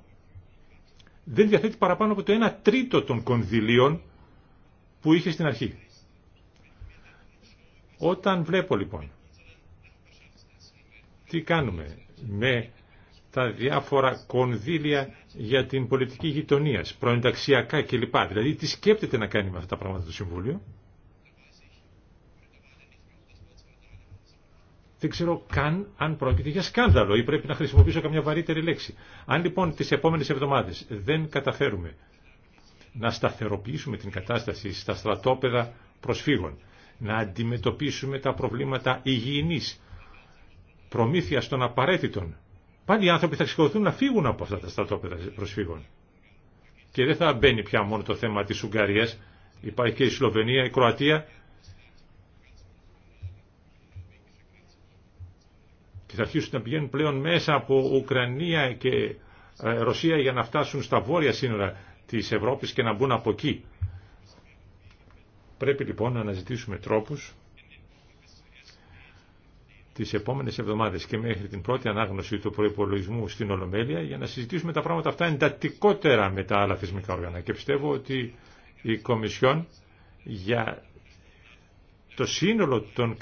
δεν διαθέτει παραπάνω από το 1 τρίτο των κονδυλίων που είχε στην αρχή. Όταν βλέπω λοιπόν τι κάνουμε με τα διάφορα κονδύλια για την πολιτική γειτονία, προενταξιακά κλπ. Δηλαδή τι σκέπτεται να κάνει με αυτά τα πράγματα το Συμβούλιο. δεν ξέρω καν αν πρόκειται για σκάνδαλο ή πρέπει να χρησιμοποιήσω καμιά βαρύτερη λέξη. Αν λοιπόν τις επόμενες εβδομάδες δεν καταφέρουμε να σταθεροποιήσουμε την κατάσταση στα στρατόπεδα προσφύγων, να αντιμετωπίσουμε τα προβλήματα υγιεινής, προμήθειας των απαραίτητων, πάλι οι άνθρωποι θα ξεχωριστούν να φύγουν από αυτά τα στρατόπεδα προσφύγων. Και δεν θα μπαίνει πια μόνο το θέμα της Ουγγαρίας, υπάρχει και η Σλοβενία, η Κροατία, και θα αρχίσουν να πηγαίνουν πλέον μέσα από Ουκρανία και ε, Ρωσία για να φτάσουν στα βόρεια σύνορα της Ευρώπης και να μπουν από εκεί. Πρέπει λοιπόν να αναζητήσουμε τρόπους τις επόμενες εβδομάδες και μέχρι την πρώτη ανάγνωση του προϋπολογισμού στην Ολομέλεια για να συζητήσουμε τα πράγματα αυτά εντατικότερα με τα άλλα θεσμικά όργανα. Και πιστεύω ότι η Κομισιόν για το σύνολο των,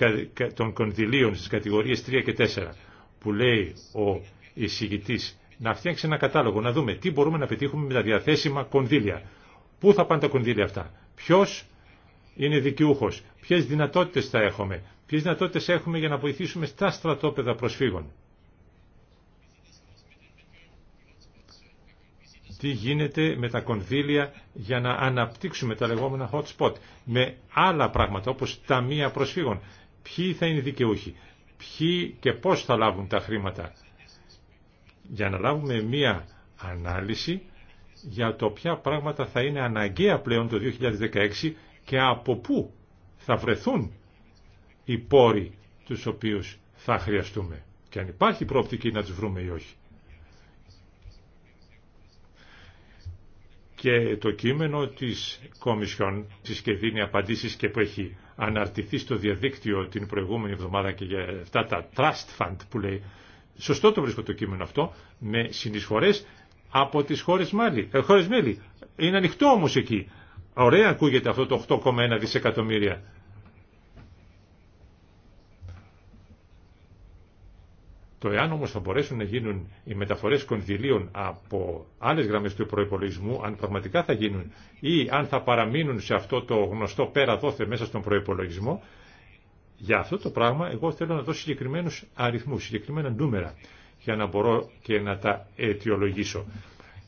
των κονδυλίων στις κατηγορίες 3 και 4 που λέει ο εισηγητής να φτιάξει ένα κατάλογο, να δούμε τι μπορούμε να πετύχουμε με τα διαθέσιμα κονδύλια. Πού θα πάνε τα κονδύλια αυτά, ποιο είναι δικαιούχο, ποιε δυνατότητε θα έχουμε, ποιε δυνατότητε έχουμε για να βοηθήσουμε στα στρατόπεδα προσφύγων. τι γίνεται με τα κονδύλια για να αναπτύξουμε τα λεγόμενα hot spot με άλλα πράγματα όπως ταμεία προσφύγων. Ποιοι θα είναι δικαιούχοι, ποιοι και πώς θα λάβουν τα χρήματα. Για να λάβουμε μία ανάλυση για το ποια πράγματα θα είναι αναγκαία πλέον το 2016 και από πού θα βρεθούν οι πόροι τους οποίους θα χρειαστούμε. Και αν υπάρχει προοπτική να τους βρούμε ή όχι. και το κείμενο της Κόμισιον της και δίνει απαντήσεις και που έχει αναρτηθεί στο διαδίκτυο την προηγούμενη εβδομάδα και για αυτά τα trust fund που λέει σωστό το βρίσκω το κείμενο αυτό με συνεισφορές από τις χώρες, μάλι, ε, χώρες μέλη. Είναι ανοιχτό όμως εκεί. Ωραία ακούγεται αυτό το 8,1 δισεκατομμύρια. Το εάν όμω θα μπορέσουν να γίνουν οι μεταφορέ κονδυλίων από άλλε γραμμέ του προπολογισμού, αν πραγματικά θα γίνουν ή αν θα παραμείνουν σε αυτό το γνωστό πέρα δόθε μέσα στον προπολογισμό, για αυτό το πράγμα εγώ θέλω να δώσω συγκεκριμένου αριθμού, συγκεκριμένα νούμερα, για να μπορώ και να τα αιτιολογήσω.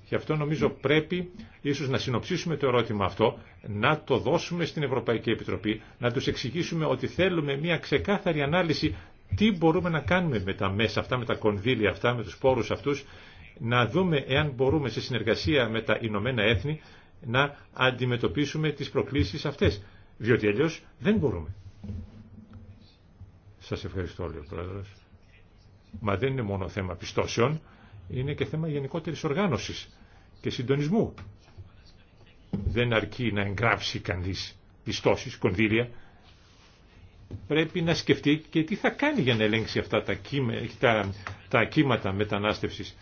Γι' αυτό νομίζω πρέπει ίσως να συνοψίσουμε το ερώτημα αυτό, να το δώσουμε στην Ευρωπαϊκή Επιτροπή, να τους εξηγήσουμε ότι θέλουμε μια ξεκάθαρη ανάλυση τι μπορούμε να κάνουμε με τα μέσα αυτά, με τα κονδύλια αυτά, με τους πόρους αυτούς, να δούμε εάν μπορούμε σε συνεργασία με τα Ηνωμένα Έθνη να αντιμετωπίσουμε τις προκλήσεις αυτές. Διότι αλλιώ δεν μπορούμε. Σας ευχαριστώ, λέει ο Πρόεδρος. Μα δεν είναι μόνο θέμα πιστώσεων, είναι και θέμα γενικότερης οργάνωσης και συντονισμού. Δεν αρκεί να εγγράψει κανείς πιστώσεις, κονδύλια, πρέπει να σκεφτεί και τι θα κάνει για να ελέγξει αυτά τα, κύμα, τα, τα κύματα μετανάστευσης.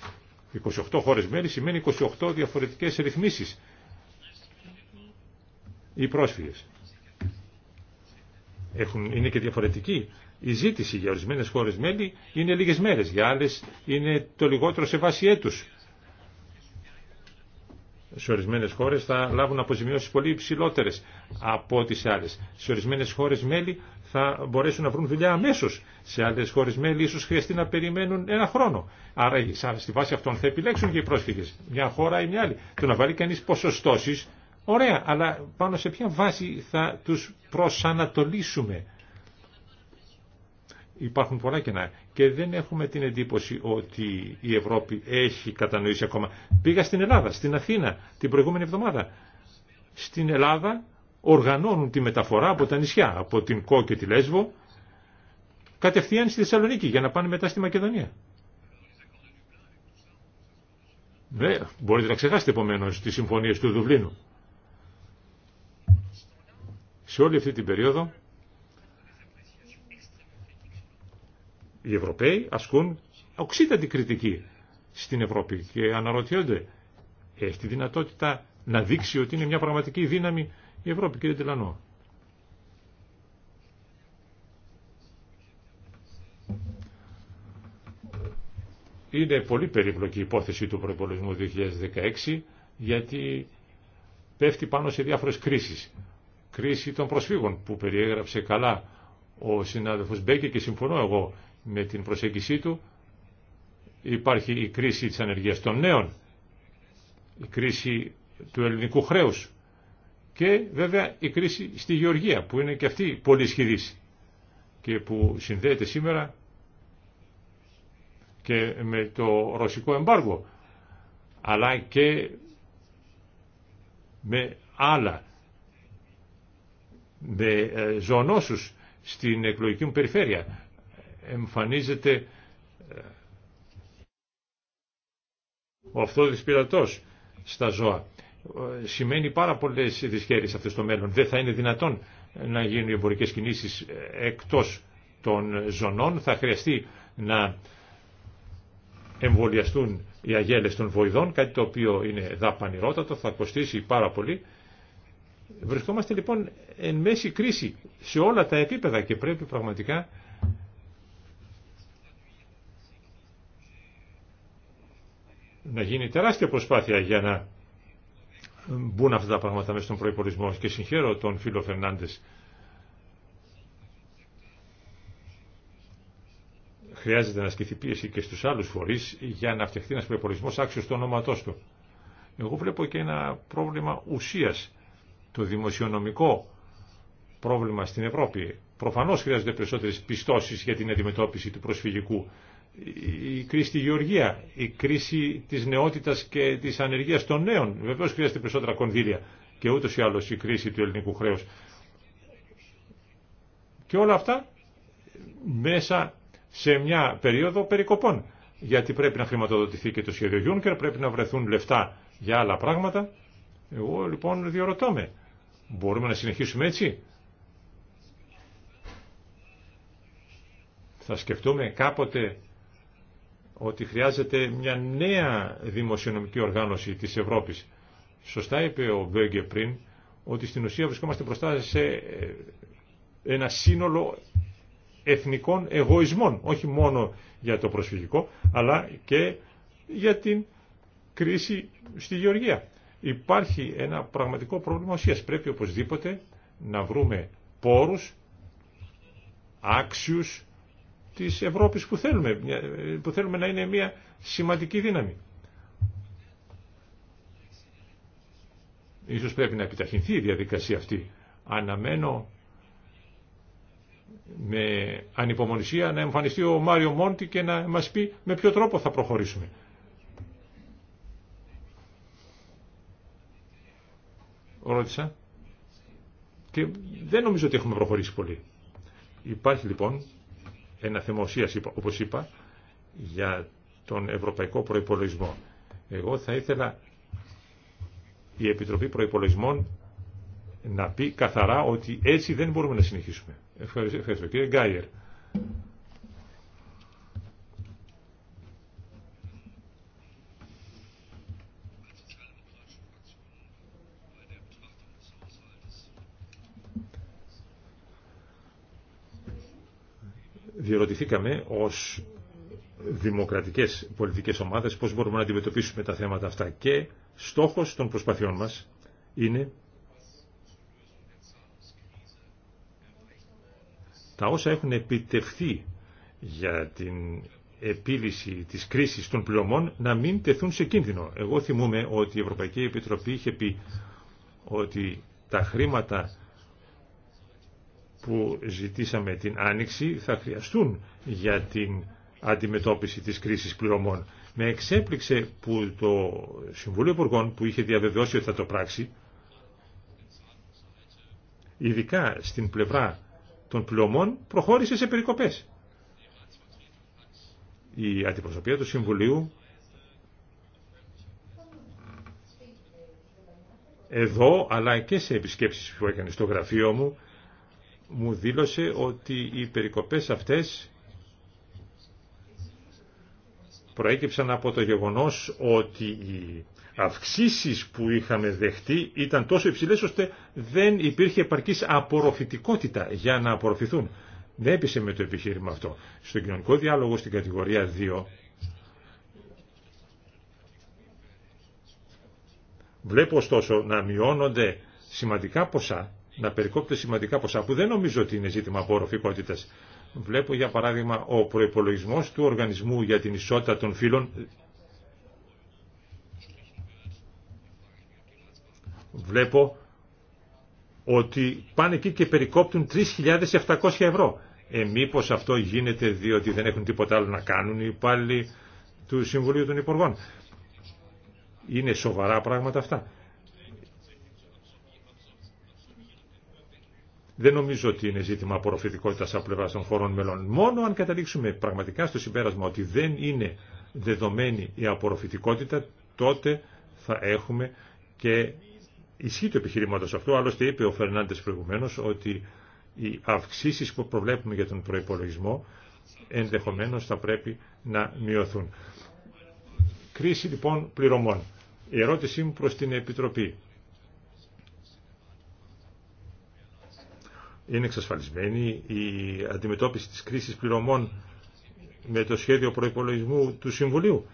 28 χώρες μέλη σημαίνει 28 διαφορετικές ρυθμίσεις οι πρόσφυγες. Έχουν, είναι και διαφορετική. Η ζήτηση για ορισμένε χώρε μέλη είναι λίγες μέρες, για άλλες είναι το λιγότερο σε βάση έτους σε ορισμένε χώρε θα λάβουν αποζημιώσει πολύ υψηλότερε από τις άλλε. Σε ορισμένε χώρε μέλη θα μπορέσουν να βρουν δουλειά αμέσω. Σε άλλε χώρε μέλη ίσω χρειαστεί να περιμένουν ένα χρόνο. Άρα στη βάση αυτών θα επιλέξουν και οι πρόσφυγε. Μια χώρα ή μια άλλη. Το να βάλει κανεί ποσοστώσει, ωραία, αλλά πάνω σε ποια βάση θα του προσανατολίσουμε. Υπάρχουν πολλά κενά και δεν έχουμε την εντύπωση ότι η Ευρώπη έχει κατανοήσει ακόμα. Πήγα στην Ελλάδα, στην Αθήνα την προηγούμενη εβδομάδα. Στην Ελλάδα οργανώνουν τη μεταφορά από τα νησιά, από την Κό και τη Λέσβο, κατευθείαν στη Θεσσαλονίκη για να πάνε μετά στη Μακεδονία. Ναι, μπορείτε να ξεχάσετε επομένω τι συμφωνίε του Δουβλίνου. Σε όλη αυτή την περίοδο οι Ευρωπαίοι ασκούν οξύτατη κριτική στην Ευρώπη και αναρωτιόνται έχει τη δυνατότητα να δείξει ότι είναι μια πραγματική δύναμη η Ευρώπη κύριε Τελανό. Είναι πολύ περίπλοκη η υπόθεση του προπολογισμού 2016 γιατί πέφτει πάνω σε διάφορες κρίσεις. Κρίση των προσφύγων που περιέγραψε καλά ο συνάδελφος Μπέκε και συμφωνώ εγώ με την προσέγγιση του. Υπάρχει η κρίση της ανεργίας των νέων, η κρίση του ελληνικού χρέους και βέβαια η κρίση στη Γεωργία που είναι και αυτή πολύ σχηδής και που συνδέεται σήμερα και με το ρωσικό εμπάργο αλλά και με άλλα με ε, ζωνόσους στην εκλογική μου περιφέρεια εμφανίζεται ε, ο αυτόδης πειρατός στα ζώα. Ε, σημαίνει πάρα πολλές δυσχέρειες αυτές στο μέλλον. Δεν θα είναι δυνατόν να γίνουν εμπορικές κινήσεις ε, εκτός των ζωνών. Θα χρειαστεί να εμβολιαστούν οι αγέλες των βοηδών, κάτι το οποίο είναι δαπανηρότατο, θα κοστίσει πάρα πολύ. Βρισκόμαστε λοιπόν εν μέση κρίση σε όλα τα επίπεδα και πρέπει πραγματικά να γίνει τεράστια προσπάθεια για να μπουν αυτά τα πράγματα μέσα στον προϋπορισμό και συγχαίρω τον φίλο Φερνάντες. Χρειάζεται να ασκηθεί πίεση και στους άλλους φορείς για να φτιαχτεί ένας προϋπορισμός άξιος του ονόματός του. Εγώ βλέπω και ένα πρόβλημα ουσίας, το δημοσιονομικό πρόβλημα στην Ευρώπη. Προφανώς χρειάζονται περισσότερες πιστώσεις για την αντιμετώπιση του προσφυγικού η κρίση στη γεωργία, η κρίση της νεότητας και της ανεργίας των νέων. Βεβαίως χρειάζεται περισσότερα κονδύλια και ούτως ή άλλως η κρίση του ελληνικού χρέους. Και όλα αυτά μέσα σε μια περίοδο περικοπών. Γιατί πρέπει να χρηματοδοτηθεί και το σχέδιο Juncker, πρέπει να βρεθούν λεφτά για άλλα πράγματα. Εγώ λοιπόν διορωτώ με, μπορούμε να συνεχίσουμε έτσι. Θα σκεφτούμε κάποτε ότι χρειάζεται μια νέα δημοσιονομική οργάνωση της Ευρώπης. Σωστά είπε ο Μπέγκε πριν ότι στην ουσία βρισκόμαστε μπροστά σε ε, ένα σύνολο εθνικών εγωισμών, όχι μόνο για το προσφυγικό, αλλά και για την κρίση στη Γεωργία. Υπάρχει ένα πραγματικό πρόβλημα ουσίας. Πρέπει οπωσδήποτε να βρούμε πόρους, άξιους, της Ευρώπης που θέλουμε, που θέλουμε να είναι μια σημαντική δύναμη. Ίσως πρέπει να επιταχυνθεί η διαδικασία αυτή. Αναμένω με ανυπομονησία να εμφανιστεί ο Μάριο Μόντι και να μας πει με ποιο τρόπο θα προχωρήσουμε. Ρώτησα και δεν νομίζω ότι έχουμε προχωρήσει πολύ. Υπάρχει λοιπόν ένα θεμοσία, όπως είπα, για τον ευρωπαϊκό προϋπολογισμό. Εγώ θα ήθελα η Επιτροπή Προϋπολογισμών να πει καθαρά ότι έτσι δεν μπορούμε να συνεχίσουμε. Ευχαριστώ. Κύριε Γκάιερ. διερωτηθήκαμε ως δημοκρατικές πολιτικές ομάδες πώς μπορούμε να αντιμετωπίσουμε τα θέματα αυτά και στόχος των προσπαθειών μας είναι τα όσα έχουν επιτευχθεί για την επίλυση της κρίσης των πληρωμών να μην τεθούν σε κίνδυνο. Εγώ θυμούμαι ότι η Ευρωπαϊκή Επιτροπή είχε πει ότι τα χρήματα που ζητήσαμε την άνοιξη θα χρειαστούν για την αντιμετώπιση της κρίσης πληρωμών. Με εξέπληξε που το Συμβούλιο Υπουργών που είχε διαβεβαιώσει ότι θα το πράξει, ειδικά στην πλευρά των πληρωμών, προχώρησε σε περικοπές. Η αντιπροσωπεία του Συμβουλίου εδώ αλλά και σε επισκέψεις που έκανε στο γραφείο μου μου δήλωσε ότι οι περικοπές αυτές προέκυψαν από το γεγονός ότι οι αυξήσεις που είχαμε δεχτεί ήταν τόσο υψηλές ώστε δεν υπήρχε επαρκής απορροφητικότητα για να απορροφηθούν. Δεν έπεισε με το επιχείρημα αυτό. Στον κοινωνικό διάλογο στην κατηγορία 2 βλέπω ωστόσο να μειώνονται σημαντικά ποσά να περικόπτε σημαντικά ποσά που δεν νομίζω ότι είναι ζήτημα απορροφικότητα. Βλέπω για παράδειγμα ο προπολογισμό του Οργανισμού για την Ισότητα των Φύλων βλέπω ότι πάνε εκεί και περικόπτουν 3.700 ευρώ. Ε, μήπως αυτό γίνεται διότι δεν έχουν τίποτα άλλο να κάνουν οι υπάλληλοι του Συμβουλίου των Υπουργών. Είναι σοβαρά πράγματα αυτά. Δεν νομίζω ότι είναι ζήτημα απορροφητικότητα από πλευρά των χωρών μελών. Μόνο αν καταλήξουμε πραγματικά στο συμπέρασμα ότι δεν είναι δεδομένη η απορροφητικότητα, τότε θα έχουμε και ισχύ του επιχειρήματο αυτού. Άλλωστε είπε ο Φερνάντε προηγουμένω ότι οι αυξήσει που προβλέπουμε για τον προπολογισμό ενδεχομένω θα πρέπει να μειωθούν. Κρίση λοιπόν πληρωμών. Η ερώτησή μου προ την Επιτροπή είναι εξασφαλισμένη η αντιμετώπιση της κρίσης πληρωμών με το σχέδιο προϋπολογισμού του Συμβουλίου.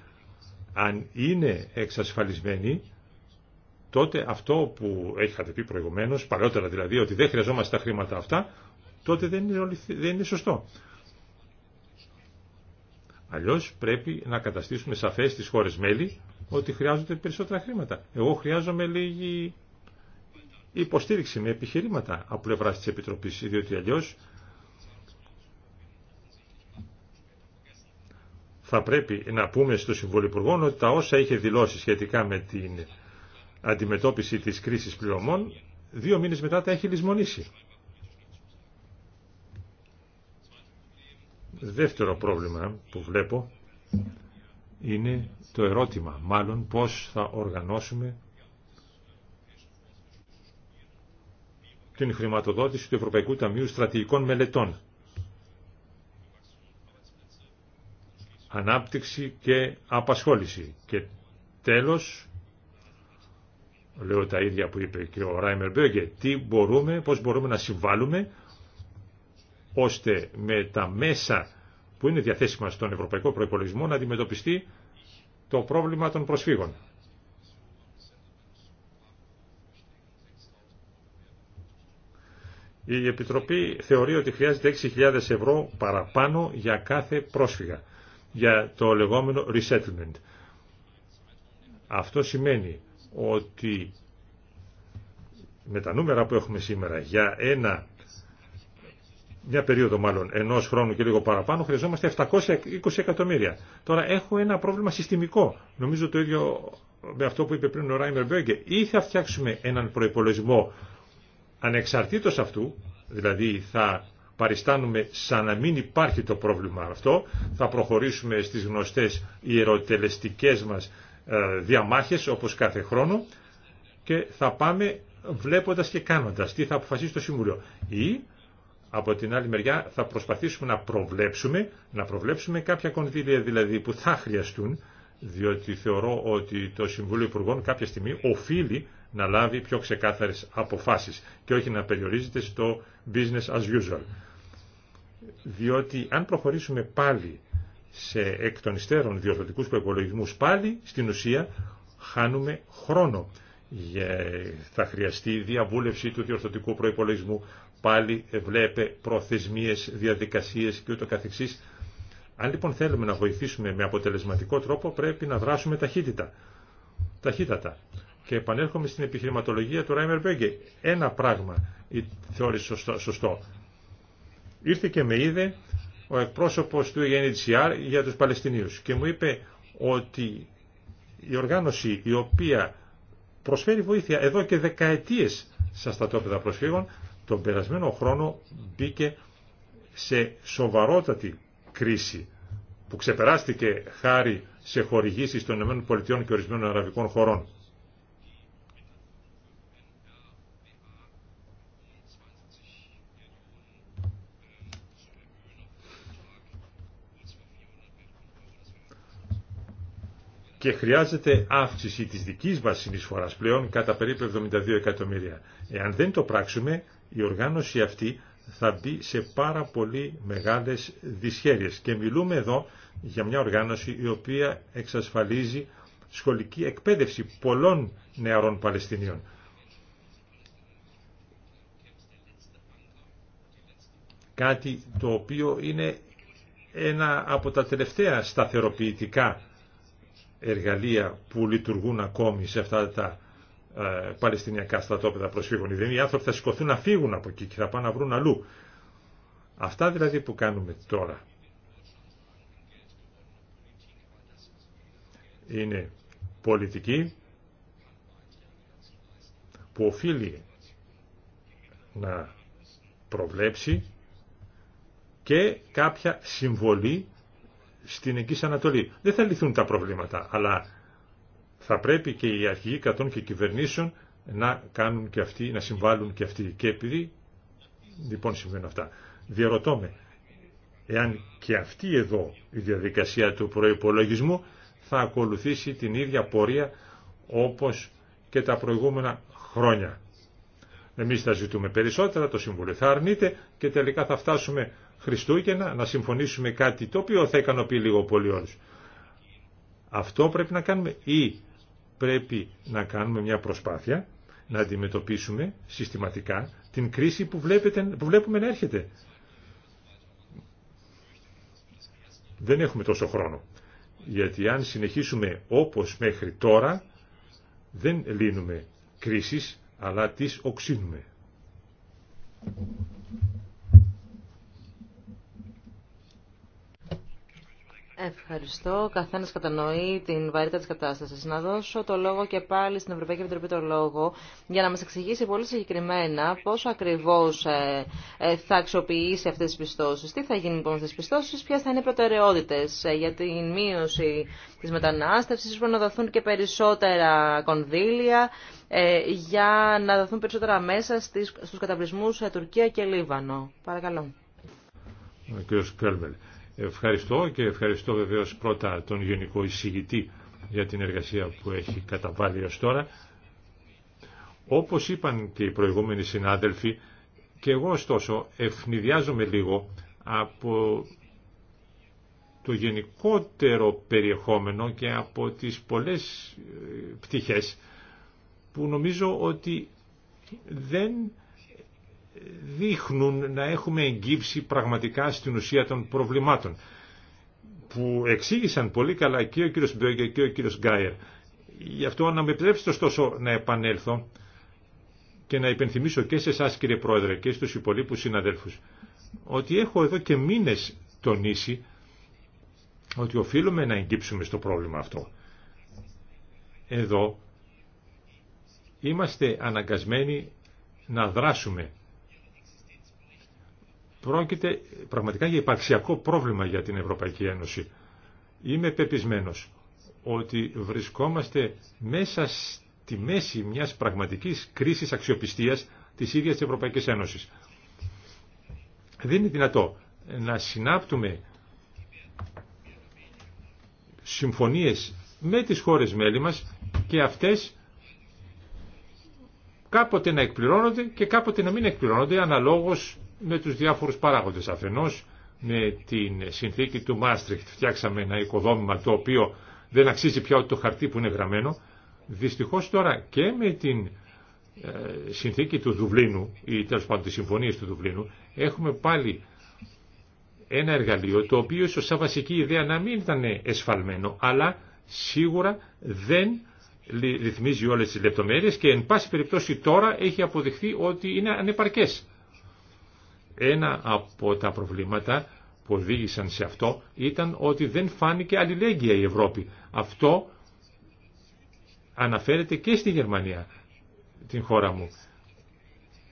Αν είναι εξασφαλισμένη, τότε αυτό που είχατε πει προηγουμένως, παλαιότερα δηλαδή, ότι δεν χρειαζόμαστε τα χρήματα αυτά, τότε δεν είναι, δεν είναι σωστό. Αλλιώς πρέπει να καταστήσουμε σαφές στις χώρες μέλη ότι χρειάζονται περισσότερα χρήματα. Εγώ χρειάζομαι λίγη υποστήριξη με επιχειρήματα από πλευρά τη Επιτροπής, διότι αλλιώ, θα πρέπει να πούμε στο Συμβολυπουργό ότι τα όσα είχε δηλώσει σχετικά με την αντιμετώπιση της κρίσης πληρωμών, δύο μήνες μετά τα έχει λησμονήσει. Δεύτερο πρόβλημα που βλέπω είναι το ερώτημα, μάλλον πώς θα οργανώσουμε την χρηματοδότηση του Ευρωπαϊκού Ταμείου Στρατηγικών Μελετών. Ανάπτυξη και απασχόληση. Και τέλος, λέω τα ίδια που είπε και ο Ράιμερ Μπέγκε, τι μπορούμε, πώς μπορούμε να συμβάλλουμε ώστε με τα μέσα που είναι διαθέσιμα στον Ευρωπαϊκό Προϋπολογισμό να αντιμετωπιστεί το πρόβλημα των προσφύγων. Η Επιτροπή θεωρεί ότι χρειάζεται 6.000 ευρώ παραπάνω για κάθε πρόσφυγα, για το λεγόμενο resettlement. Αυτό σημαίνει ότι με τα νούμερα που έχουμε σήμερα για ένα μια περίοδο μάλλον ενός χρόνου και λίγο παραπάνω, χρειαζόμαστε 720 εκατομμύρια. Τώρα έχω ένα πρόβλημα συστημικό. Νομίζω το ίδιο με αυτό που είπε πριν ο Ράιμερ Μπέγκε. Ή θα φτιάξουμε έναν προπολογισμό Ανεξαρτήτως αυτού, δηλαδή θα παριστάνουμε σαν να μην υπάρχει το πρόβλημα αυτό, θα προχωρήσουμε στις γνωστές ιεροτελεστικές μας ε, διαμάχες όπως κάθε χρόνο και θα πάμε βλέποντας και κάνοντας τι θα αποφασίσει το Συμβουλίο. Ή από την άλλη μεριά θα προσπαθήσουμε να προβλέψουμε, να προβλέψουμε κάποια κονδύλια δηλαδή που θα χρειαστούν, διότι θεωρώ ότι το Συμβούλιο Υπουργών κάποια στιγμή οφείλει να λάβει πιο ξεκάθαρες αποφάσεις και όχι να περιορίζεται στο business as usual. Διότι αν προχωρήσουμε πάλι σε εκ των υστέρων διορθωτικούς προπολογισμούς πάλι στην ουσία χάνουμε χρόνο. Θα χρειαστεί διαβούλευση του διορθωτικού προϋπολογισμού, πάλι βλέπε προθεσμίες, διαδικασίες και ούτω καθεξής. Αν λοιπόν θέλουμε να βοηθήσουμε με αποτελεσματικό τρόπο πρέπει να δράσουμε ταχύτητα. Ταχύτατα. Και επανέρχομαι στην επιχειρηματολογία του Ράιμερ Μπέγκε. Ένα πράγμα θεώρησε σωστό, σωστό. Ήρθε και με είδε ο εκπρόσωπος του UNHCR για τους Παλαιστινίους και μου είπε ότι η οργάνωση η οποία προσφέρει βοήθεια εδώ και δεκαετίες στα στατόπεδα προσφύγων τον περασμένο χρόνο μπήκε σε σοβαρότατη κρίση που ξεπεράστηκε χάρη σε χορηγήσεις των ΗΠΑ και ορισμένων αραβικών χωρών. και χρειάζεται αύξηση της δικής μας συνεισφοράς πλέον κατά περίπου 72 εκατομμύρια. Εάν δεν το πράξουμε, η οργάνωση αυτή θα μπει σε πάρα πολύ μεγάλες δυσχέρειες. Και μιλούμε εδώ για μια οργάνωση η οποία εξασφαλίζει σχολική εκπαίδευση πολλών νεαρών Παλαιστινίων. Κάτι το οποίο είναι ένα από τα τελευταία σταθεροποιητικά εργαλεία που λειτουργούν ακόμη σε αυτά τα ε, παλαιστινιακά στρατόπεδα προσφύγων. οι άνθρωποι θα σηκωθούν να φύγουν από εκεί και θα πάνε να βρουν αλλού. Αυτά δηλαδή που κάνουμε τώρα είναι πολιτική που οφείλει να προβλέψει και κάποια συμβολή στην Εγγύς Ανατολή. Δεν θα λυθούν τα προβλήματα, αλλά θα πρέπει και οι αρχηγοί κατών και κυβερνήσεων να κάνουν και αυτοί, να συμβάλλουν και αυτοί. Και επειδή λοιπόν συμβαίνουν αυτά, διαρωτώ εάν και αυτή εδώ η διαδικασία του προϋπολογισμού θα ακολουθήσει την ίδια πορεία όπως και τα προηγούμενα χρόνια. Εμείς θα ζητούμε περισσότερα, το Συμβούλιο θα αρνείται και τελικά θα φτάσουμε Χριστούγεννα να συμφωνήσουμε κάτι το οποίο θα ικανοποιεί λίγο πολύ όλου. Αυτό πρέπει να κάνουμε ή πρέπει να κάνουμε μια προσπάθεια να αντιμετωπίσουμε συστηματικά την κρίση που, βλέπετε, που βλέπουμε να έρχεται. Δεν έχουμε τόσο χρόνο. Γιατί αν συνεχίσουμε όπως μέχρι τώρα, δεν λύνουμε κρίσεις, αλλά τις οξύνουμε. Ευχαριστώ. Καθένα κατανοεί την βαρύτητα τη κατάσταση. Να δώσω το λόγο και πάλι στην Ευρωπαϊκή Επιτροπή το λόγο για να μα εξηγήσει πολύ συγκεκριμένα πώ ακριβώς ε, ε, θα αξιοποιήσει αυτέ τι πιστώσει. Τι θα γίνει λοιπόν τι πιστώσει, ποιε θα είναι οι προτεραιότητες ε, για την μείωση τη μετανάστευση που να δοθούν και περισσότερα κονδύλια, για να δοθούν περισσότερα μέσα στους καταβλισμούς Τουρκία και Λίβανο. Παρακαλώ. Ο κ. Ευχαριστώ και ευχαριστώ βεβαίως πρώτα τον Γενικό Εισηγητή για την εργασία που έχει καταβάλει ως τώρα. Όπως είπαν και οι προηγούμενοι συνάδελφοι, και εγώ ωστόσο ευνηδιάζομαι λίγο από το γενικότερο περιεχόμενο και από τις πολλές ε, πτυχές που νομίζω ότι δεν δείχνουν να έχουμε εγκύψει... πραγματικά στην ουσία των προβλημάτων που εξήγησαν πολύ καλά και ο κύριος Μπέγκερ και ο κύριος Γκάιερ. Γι' αυτό να με επιτρέψετε ωστόσο να επανέλθω και να υπενθυμίσω και σε εσά κύριε Πρόεδρε και στους υπολείπους συναδέλφους ότι έχω εδώ και μήνες τονίσει ότι οφείλουμε να εγκύψουμε στο πρόβλημα αυτό. Εδώ είμαστε αναγκασμένοι να δράσουμε Πρόκειται πραγματικά για υπαρξιακό πρόβλημα για την Ευρωπαϊκή Ένωση. Είμαι πεπισμένος ότι βρισκόμαστε μέσα στη μέση μιας πραγματικής κρίσης αξιοπιστίας της ίδιας της Ευρωπαϊκής Ένωσης. Δεν είναι δυνατό να συνάπτουμε συμφωνίες με τις χώρες μέλη μας και αυτές κάποτε να εκπληρώνονται και κάποτε να μην εκπληρώνονται αναλόγως με τους διάφορους παράγοντες. Αφενός με την συνθήκη του Μάστριχτ φτιάξαμε ένα οικοδόμημα το οποίο δεν αξίζει πια το χαρτί που είναι γραμμένο. Δυστυχώς τώρα και με την ε, συνθήκη του Δουβλίνου ή τέλο πάντων τις συμφωνίες του Δουβλίνου έχουμε πάλι ένα εργαλείο το οποίο ίσως σαν βασική ιδέα να μην ήταν εσφαλμένο αλλά σίγουρα δεν ρυθμίζει όλες τις λεπτομέρειες και εν πάση περιπτώσει τώρα έχει αποδειχθεί ότι είναι ανεπαρκές. Ένα από τα προβλήματα που οδήγησαν σε αυτό ήταν ότι δεν φάνηκε αλληλέγγυα η Ευρώπη. Αυτό αναφέρεται και στη Γερμανία, την χώρα μου.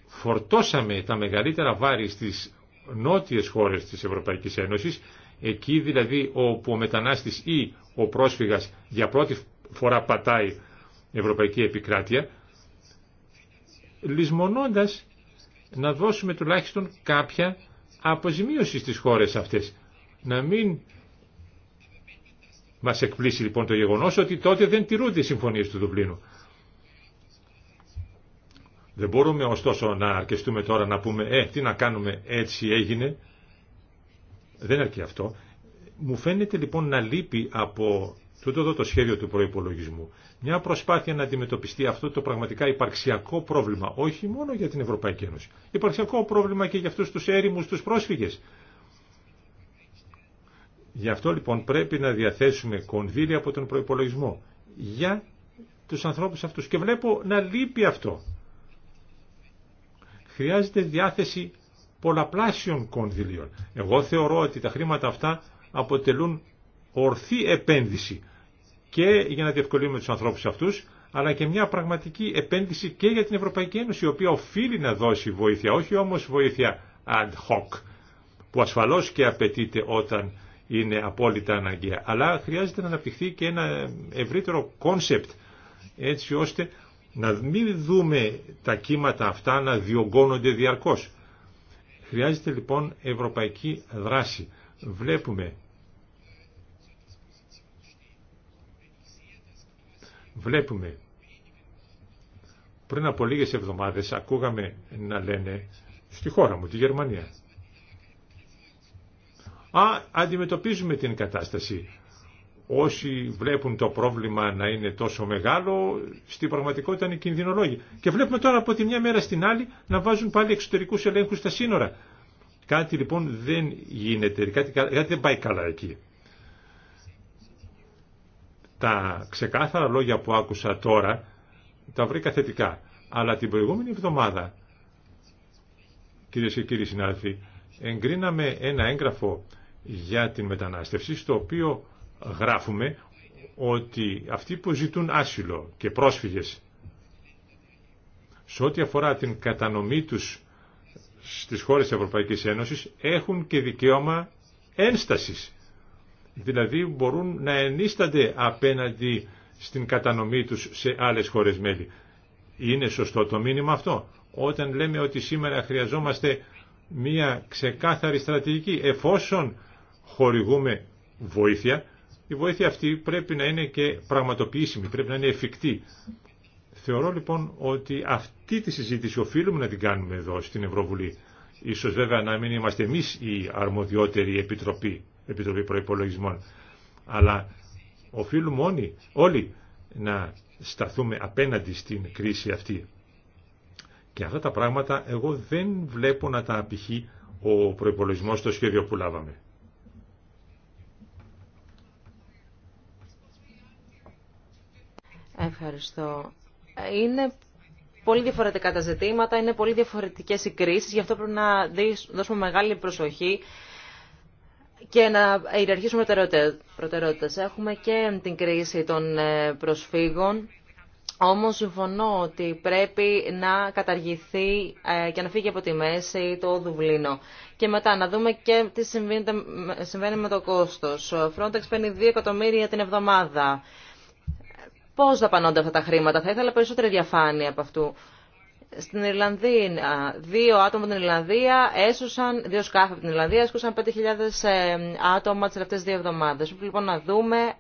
Φορτώσαμε τα μεγαλύτερα βάρη στις νότιες χώρες της Ευρωπαϊκής Ένωσης, εκεί δηλαδή όπου ο μετανάστης ή ο πρόσφυγας για πρώτη φορά πατάει ευρωπαϊκή επικράτεια, λησμονώντας να δώσουμε τουλάχιστον κάποια αποζημίωση στις χώρες αυτές. Να μην μας εκπλήσει λοιπόν το γεγονός ότι τότε δεν τηρούνται οι συμφωνίες του Δουβλίνου. Δεν μπορούμε ωστόσο να αρκεστούμε τώρα να πούμε «Ε, τι να κάνουμε, έτσι έγινε». Δεν αρκεί αυτό. Μου φαίνεται λοιπόν να λείπει από τούτο εδώ το σχέδιο του προπολογισμού. Μια προσπάθεια να αντιμετωπιστεί αυτό το πραγματικά υπαρξιακό πρόβλημα, όχι μόνο για την Ευρωπαϊκή Ένωση. Υπαρξιακό πρόβλημα και για αυτού τους έρημους, τους πρόσφυγες. Γι' αυτό λοιπόν πρέπει να διαθέσουμε κονδύλια από τον προπολογισμό για τους ανθρώπους αυτού. Και βλέπω να λείπει αυτό. Χρειάζεται διάθεση πολλαπλάσιων κονδυλίων. Εγώ θεωρώ ότι τα χρήματα αυτά αποτελούν ορθή επένδυση και για να διευκολύνουμε τους ανθρώπους αυτούς, αλλά και μια πραγματική επένδυση και για την Ευρωπαϊκή Ένωση, η οποία οφείλει να δώσει βοήθεια, όχι όμως βοήθεια ad hoc, που ασφαλώς και απαιτείται όταν είναι απόλυτα αναγκαία. Αλλά χρειάζεται να αναπτυχθεί και ένα ευρύτερο κόνσεπτ, έτσι ώστε να μην δούμε τα κύματα αυτά να διωγγώνονται διαρκώς. Χρειάζεται λοιπόν ευρωπαϊκή δράση. Βλέπουμε βλέπουμε. Πριν από λίγες εβδομάδες ακούγαμε να λένε στη χώρα μου, τη Γερμανία. Α, αντιμετωπίζουμε την κατάσταση. Όσοι βλέπουν το πρόβλημα να είναι τόσο μεγάλο, στην πραγματικότητα είναι κινδυνολόγοι. Και βλέπουμε τώρα από τη μια μέρα στην άλλη να βάζουν πάλι εξωτερικούς ελέγχους στα σύνορα. Κάτι λοιπόν δεν γίνεται, κάτι, κάτι δεν πάει καλά εκεί τα ξεκάθαρα λόγια που άκουσα τώρα τα βρήκα θετικά. Αλλά την προηγούμενη εβδομάδα, κυρίε και κύριοι συνάδελφοι, εγκρίναμε ένα έγγραφο για την μετανάστευση, στο οποίο γράφουμε ότι αυτοί που ζητούν άσυλο και πρόσφυγες σε ό,τι αφορά την κατανομή τους στις χώρες της Ευρωπαϊκής Ένωσης έχουν και δικαίωμα ένστασης δηλαδή μπορούν να ενίστανται απέναντι στην κατανομή τους σε άλλες χώρες μέλη. Είναι σωστό το μήνυμα αυτό. Όταν λέμε ότι σήμερα χρειαζόμαστε μία ξεκάθαρη στρατηγική, εφόσον χορηγούμε βοήθεια, η βοήθεια αυτή πρέπει να είναι και πραγματοποιήσιμη, πρέπει να είναι εφικτή. Θεωρώ λοιπόν ότι αυτή τη συζήτηση οφείλουμε να την κάνουμε εδώ στην Ευρωβουλή. Ίσως βέβαια να μην είμαστε εμείς η αρμοδιότερη επιτροπή Επιτροπή Προϋπολογισμών. Αλλά οφείλουμε όλοι, όλοι να σταθούμε απέναντι στην κρίση αυτή. Και αυτά τα πράγματα εγώ δεν βλέπω να τα απηχεί ο προϋπολογισμός στο σχέδιο που λάβαμε. Ευχαριστώ. Είναι πολύ διαφορετικά τα ζητήματα, είναι πολύ διαφορετικές οι κρίσεις, γι' αυτό πρέπει να δώσουμε μεγάλη προσοχή και να ιεραρχήσουμε προτεραιότητε. Έχουμε και την κρίση των ε, προσφύγων, όμως συμφωνώ ότι πρέπει να καταργηθεί ε, και να φύγει από τη μέση το Δουβλίνο. Και μετά να δούμε και τι συμβαίνει με το κόστος. Frontex παίρνει 2 εκατομμύρια την εβδομάδα. Πώς δαπανώνται αυτά τα χρήματα. Θα ήθελα περισσότερη διαφάνεια από αυτού. Στην Ιρλανδία, δύο άτομα από την Ιρλανδία έσωσαν, δύο σκάφη από την Ιρλανδία έσωσαν 5.000 ε, άτομα τις τελευταίες δύο εβδομάδες. Πρέπει λοιπόν να δούμε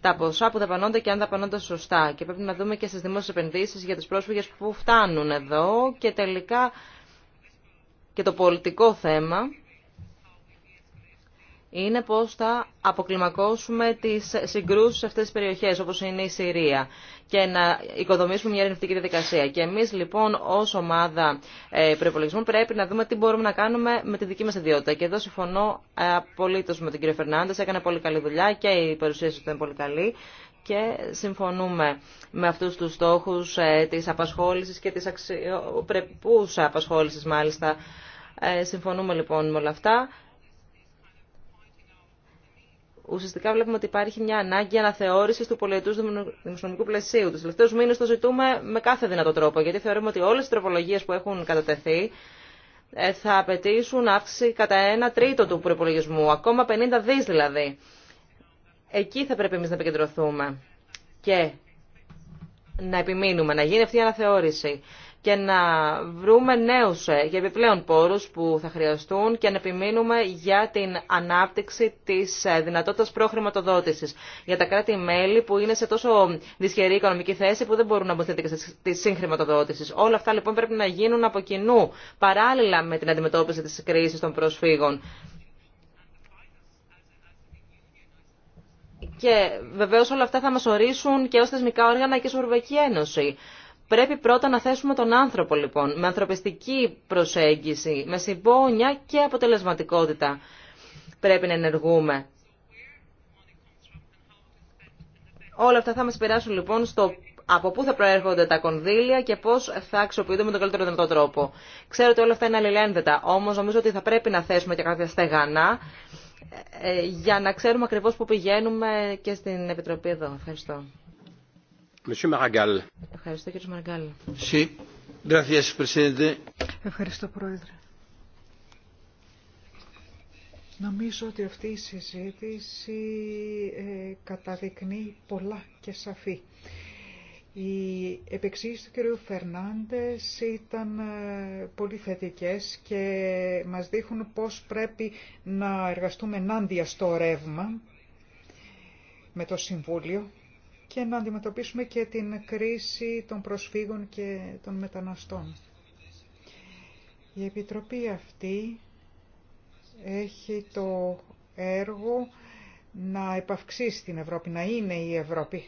τα ποσά που δαπανώνται και αν δαπανώνται σωστά. Και πρέπει να δούμε και στις δημόσιες επενδύσεις για τις πρόσφυγες που φτάνουν εδώ και τελικά και το πολιτικό θέμα είναι πώς θα αποκλιμακώσουμε τις συγκρούσεις σε αυτές τις περιοχές, όπως είναι η Συρία, και να οικοδομήσουμε μια ερευνητική διαδικασία. Και εμείς λοιπόν ως ομάδα ε, προπολογισμού πρέπει να δούμε τι μπορούμε να κάνουμε με τη δική μας ιδιότητα. Και εδώ συμφωνώ ε, απολύτως με τον κύριο Φερνάντες, έκανε πολύ καλή δουλειά και η παρουσίαση του ήταν πολύ καλή και συμφωνούμε με αυτούς τους στόχους ε, της απασχόλησης και της αξιοπρεπούς απασχόλησης μάλιστα. συμφωνούμε λοιπόν με όλα αυτά ουσιαστικά βλέπουμε ότι υπάρχει μια ανάγκη αναθεώρηση του πολιετού δημοσιονομικού πλαισίου. Τους τελευταίου μήνε το ζητούμε με κάθε δυνατό τρόπο, γιατί θεωρούμε ότι όλες οι τροπολογίες που έχουν κατατεθεί ε, θα απαιτήσουν αύξηση κατά ένα τρίτο του προπολογισμού, ακόμα 50 δι δηλαδή. Εκεί θα πρέπει εμεί να επικεντρωθούμε και να επιμείνουμε, να γίνει αυτή η αναθεώρηση και να βρούμε νέους και ε, επιπλέον πόρους που θα χρειαστούν και να επιμείνουμε για την ανάπτυξη της ε, δυνατότητας προχρηματοδότησης για τα κράτη-μέλη που είναι σε τόσο δυσχερή οικονομική θέση που δεν μπορούν να μπουν στη συγχρηματοδότηση. Όλα αυτά λοιπόν πρέπει να γίνουν από κοινού παράλληλα με την αντιμετώπιση της κρίσης των προσφύγων. Και βεβαίως όλα αυτά θα μας ορίσουν και ως θεσμικά όργανα και στην Ευρωπαϊκή Ένωση. Πρέπει πρώτα να θέσουμε τον άνθρωπο λοιπόν, με ανθρωπιστική προσέγγιση, με συμπόνια και αποτελεσματικότητα πρέπει να ενεργούμε. Όλα αυτά θα μας περάσουν λοιπόν στο από πού θα προέρχονται τα κονδύλια και πώ θα αξιοποιούνται με τον καλύτερο δυνατό τρόπο. Ξέρω ότι όλα αυτά είναι αλληλένδετα, όμω νομίζω ότι θα πρέπει να θέσουμε και κάποια στεγανά ε, για να ξέρουμε ακριβώ πού πηγαίνουμε και στην Επιτροπή εδώ. Ευχαριστώ. Ευχαριστώ κύριε Μαραγκάλ. Ευχαριστώ πρόεδρε. Νομίζω ότι αυτή η συζήτηση ε, καταδεικνύει πολλά και σαφή. Οι επεξήγησεις του κυρίου Φερνάντες ήταν ε, πολύ θετικές και μας δείχνουν πώς πρέπει να εργαστούμε ενάντια στο ρεύμα με το Συμβούλιο και να αντιμετωπίσουμε και την κρίση των προσφύγων και των μεταναστών. Η Επιτροπή αυτή έχει το έργο να επαυξήσει την Ευρώπη, να είναι η Ευρώπη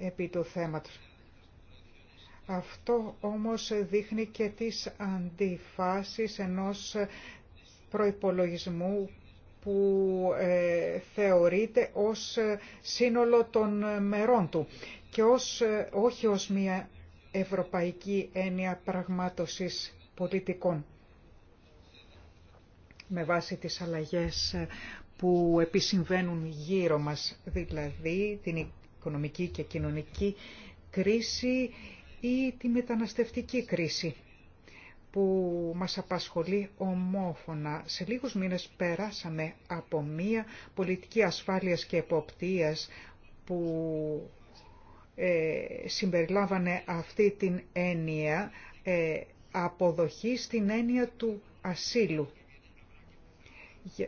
επί του θέματος. Αυτό όμως δείχνει και τις αντιφάσεις ενός προϋπολογισμού που ε, θεωρείται ως ε, σύνολο των ε, μερών του και ως, όχι ως μια ευρωπαϊκή έννοια πραγμάτωσης πολιτικών με βάση τις αλλαγές που επισυμβαίνουν γύρω μας, δηλαδή την οικονομική και κοινωνική κρίση ή τη μεταναστευτική κρίση που μας απασχολεί ομόφωνα. Σε λίγους μήνες περάσαμε από μία πολιτική ασφάλειας και εποπτείας που ε, συμπεριλάβανε αυτή την έννοια ε, αποδοχή στην έννοια του ασύλου.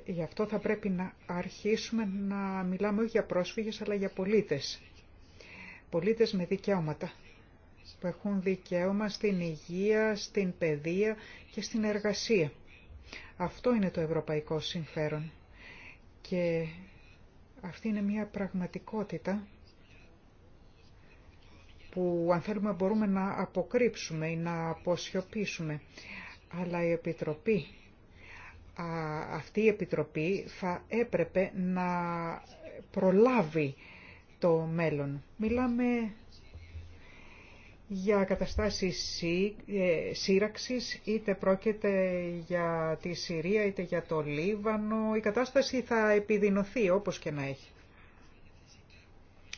Γι' αυτό θα πρέπει να αρχίσουμε να μιλάμε όχι για πρόσφυγες αλλά για πολίτες. Πολίτες με δικαιώματα που έχουν δικαίωμα στην υγεία, στην παιδεία και στην εργασία. Αυτό είναι το ευρωπαϊκό συμφέρον. Και αυτή είναι μια πραγματικότητα που αν θέλουμε μπορούμε να αποκρύψουμε ή να αποσιωπήσουμε. Αλλά η Επιτροπή, αυτή η Επιτροπή θα έπρεπε να προλάβει το μέλλον. Μιλάμε για καταστάσεις ε, σύραξης, είτε πρόκειται για τη Συρία είτε για το Λίβανο. Η κατάσταση θα επιδεινωθεί όπως και να έχει.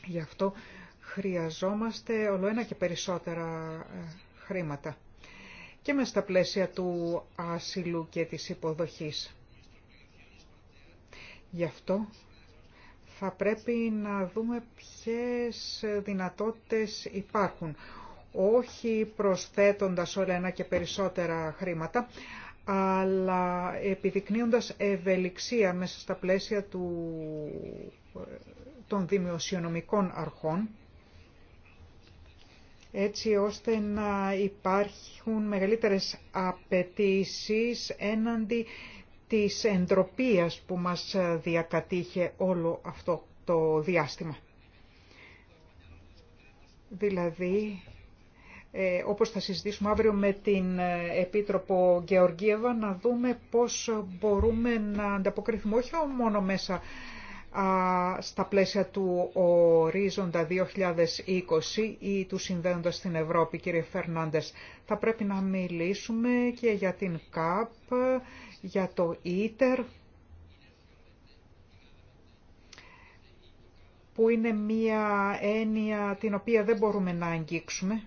Γι' αυτό χρειαζόμαστε ολοένα και περισσότερα ε, χρήματα και με στα πλαίσια του άσυλου και της υποδοχής. Γι' αυτό θα πρέπει να δούμε ποιες δυνατότητες υπάρχουν όχι προσθέτοντας όλα ένα και περισσότερα χρήματα, αλλά επιδεικνύοντας ευελιξία μέσα στα πλαίσια του, των δημοσιονομικών αρχών, έτσι ώστε να υπάρχουν μεγαλύτερες απαιτήσει έναντι της εντροπίας που μας διακατήχε όλο αυτό το διάστημα. Δηλαδή, Όπω ε, όπως θα συζητήσουμε αύριο με την ε, Επίτροπο Γεωργίευα, να δούμε πώς μπορούμε να ανταποκριθούμε όχι μόνο μέσα στα πλαίσια του ορίζοντα 2020 ή του συνδέοντα στην Ευρώπη, κύριε Φερνάντες. Θα πρέπει να μιλήσουμε και για την ΚΑΠ, για το ΙΤΕΡ, που είναι μία έννοια την οποία δεν μπορούμε να αγγίξουμε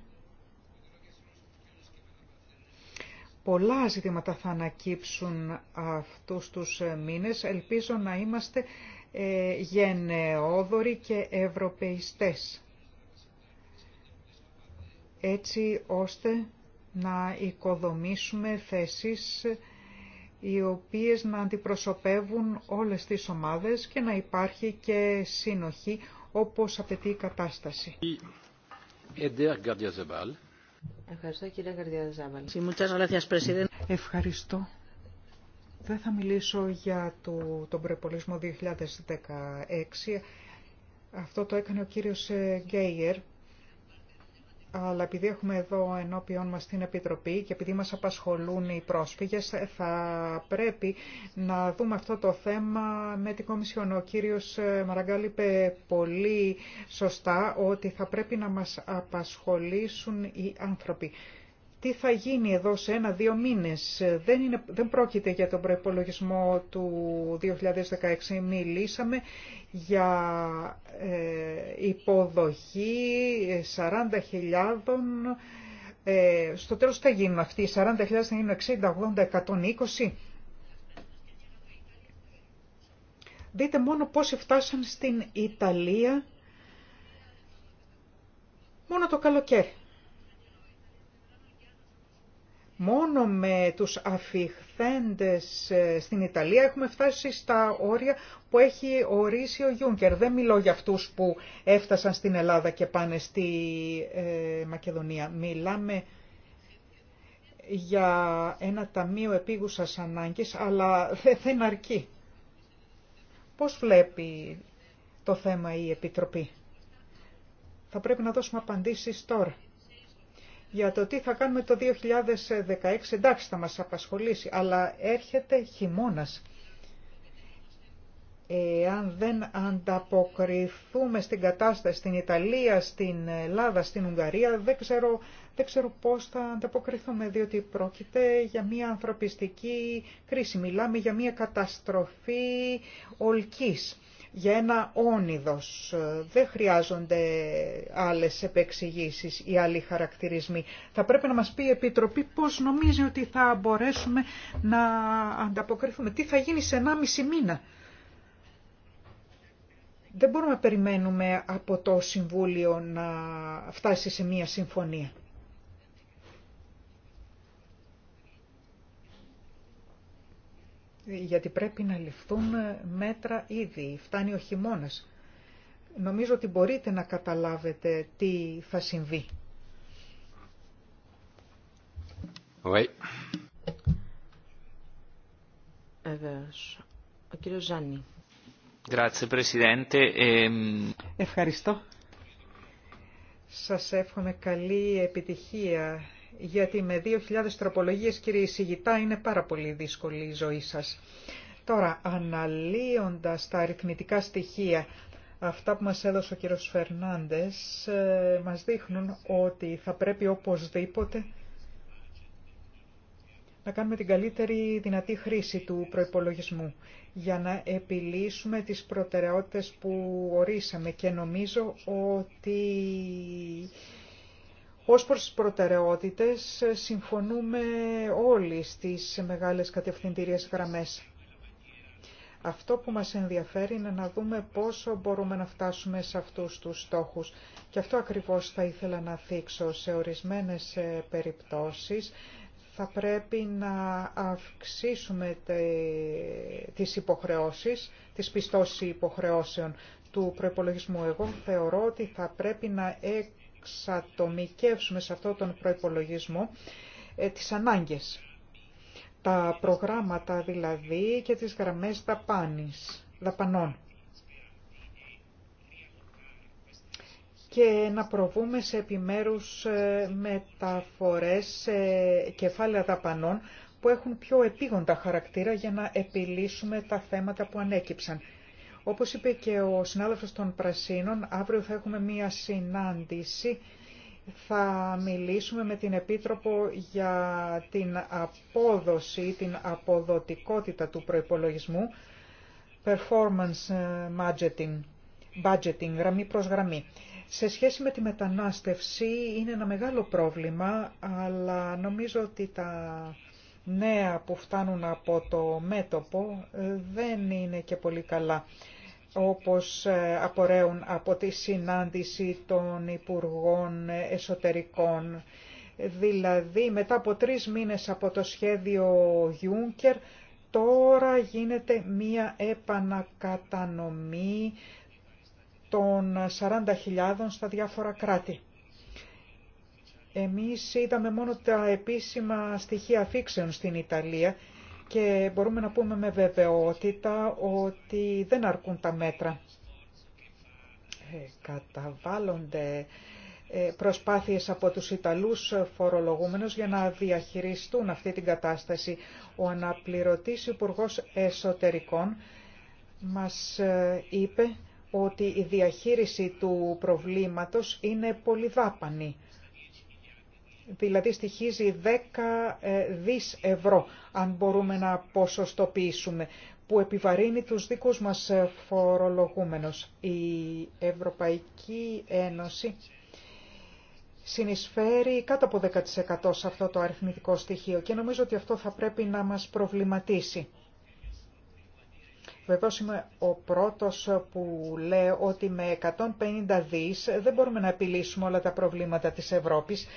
πολλά ζητήματα θα ανακύψουν αυτούς τους ε, μήνες. Ελπίζω να είμαστε ε, γενναιόδοροι και ευρωπειστές. Έτσι ώστε να οικοδομήσουμε θέσεις ε, οι οποίες να αντιπροσωπεύουν όλες τις ομάδες και να υπάρχει και σύνοχη όπως απαιτεί η κατάσταση. Ευχαριστώ κύριε Καρδιά Ευχαριστώ. Δεν θα μιλήσω για το, τον προπολισμό 2016. Αυτό το έκανε ο κύριος ε, Γκέιερ αλλά επειδή έχουμε εδώ ενώπιον μας την Επιτροπή και επειδή μας απασχολούν οι πρόσφυγες, θα πρέπει να δούμε αυτό το θέμα με την Κομισιόν. Ο κύριος ε, Μαραγκάλ είπε πολύ σωστά ότι θα πρέπει να μας απασχολήσουν οι άνθρωποι τι θα γίνει εδώ σε ένα-δύο μήνες. Δεν, είναι, δεν πρόκειται για τον προϋπολογισμό του 2016. Μιλήσαμε για ε, υποδοχή 40.000 ε, στο τέλος θα γίνουν αυτοί οι 40.000 θα γίνουν 60, 80, 120. Δείτε μόνο πόσοι φτάσαν στην Ιταλία μόνο το καλοκαίρι. Μόνο με τους αφιχθέντες ε, στην Ιταλία έχουμε φτάσει στα όρια που έχει ορίσει ο Γιούνκερ. Δεν μιλώ για αυτούς που έφτασαν στην Ελλάδα και πάνε στη ε, Μακεδονία. Μιλάμε για ένα ταμείο επίγουσας ανάγκης, αλλά δεν αρκεί. Πώς βλέπει το θέμα η Επιτροπή. Θα πρέπει να δώσουμε απαντήσεις τώρα για το τι θα κάνουμε το 2016. Εντάξει, θα μας απασχολήσει, αλλά έρχεται χειμώνας. Εάν δεν ανταποκριθούμε στην κατάσταση στην Ιταλία, στην Ελλάδα, στην Ουγγαρία, δεν ξέρω, δεν ξέρω πώς θα ανταποκριθούμε, διότι πρόκειται για μια ανθρωπιστική κρίση. Μιλάμε για μια καταστροφή ολκής για ένα όνειδος. Δεν χρειάζονται άλλες επεξηγήσεις ή άλλοι χαρακτηρισμοί. Θα πρέπει να μας πει η Επιτροπή πώς νομίζει ότι θα μπορέσουμε να ανταποκριθούμε. Τι θα γίνει σε 1,5 μήνα. Δεν μπορούμε να περιμένουμε από το Συμβούλιο να φτάσει σε μία συμφωνία. γιατί πρέπει να ληφθούν μέτρα ήδη. Φτάνει ο χειμώνας. Νομίζω ότι μπορείτε να καταλάβετε τι θα συμβεί. Ο κύριος ehm, Ευχαριστώ. Σας εύχομαι καλή επιτυχία γιατί με 2.000 τροπολογίες, κύριε Ισηγητά, είναι πάρα πολύ δύσκολη η ζωή σας. Τώρα, αναλύοντας τα αριθμητικά στοιχεία, αυτά που μας έδωσε ο κύριος Φερνάντες, ε, μας δείχνουν ότι θα πρέπει οπωσδήποτε να κάνουμε την καλύτερη δυνατή χρήση του προϋπολογισμού για να επιλύσουμε τις προτεραιότητες που ορίσαμε και νομίζω ότι ως προς τις προτεραιότητες, συμφωνούμε όλοι στις μεγάλες κατευθυντήριες γραμμές. Αυτό που μας ενδιαφέρει είναι να δούμε πόσο μπορούμε να φτάσουμε σε αυτούς τους στόχους. Και αυτό ακριβώς θα ήθελα να θίξω σε ορισμένες ε, περιπτώσεις. Θα πρέπει να αυξήσουμε τις υποχρεώσεις, τις πιστώσεις υποχρεώσεων του προϋπολογισμού. Εγώ θεωρώ ότι θα πρέπει να εξατομικεύσουμε σε αυτόν τον προϋπολογισμό ε, τις ανάγκες. Τα προγράμματα δηλαδή και τις γραμμές δαπάνης, δαπανών. και να προβούμε σε επιμέρους ε, μεταφορές σε κεφάλαια δαπανών που έχουν πιο επίγοντα χαρακτήρα για να επιλύσουμε τα θέματα που ανέκυψαν. Όπως είπε και ο συνάδελφος των Πρασίνων, αύριο θα έχουμε μία συνάντηση. Θα μιλήσουμε με την Επίτροπο για την απόδοση, την αποδοτικότητα του προϋπολογισμού, performance budgeting, ε, budgeting γραμμή προς γραμμή. Σε σχέση με τη μετανάστευση είναι ένα μεγάλο πρόβλημα, αλλά νομίζω ότι τα νέα που φτάνουν από το μέτωπο ε, δεν είναι και πολύ καλά όπως ε, απορρέουν από τη συνάντηση των Υπουργών Εσωτερικών. Δηλαδή, μετά από τρεις μήνες από το σχέδιο Juncker, τώρα γίνεται μία επανακατανομή των 40.000 στα διάφορα κράτη. Εμείς είδαμε μόνο τα επίσημα στοιχεία φίξεων στην Ιταλία και μπορούμε να πούμε με βεβαιότητα ότι δεν αρκούν τα μέτρα. Ε, καταβάλλονται ε, προσπάθειες από τους Ιταλούς φορολογούμενους για να διαχειριστούν αυτή την κατάσταση. Ο αναπληρωτής Υπουργός Εσωτερικών μας ε, είπε ότι η διαχείριση του προβλήματος είναι πολυδάπανη δηλαδή στοιχίζει 10 ε, δις ευρώ, αν μπορούμε να ποσοστοποιήσουμε, που επιβαρύνει τους δικούς μας ε, φορολογούμενους. Η Ευρωπαϊκή Ένωση συνεισφέρει κάτω από 10% σε αυτό το αριθμητικό στοιχείο και νομίζω ότι αυτό θα πρέπει να μας προβληματίσει. Βεβαίω είμαι ο πρώτος που λέω ότι με 150 δις δεν μπορούμε να επιλύσουμε όλα τα προβλήματα της Ευρώπης,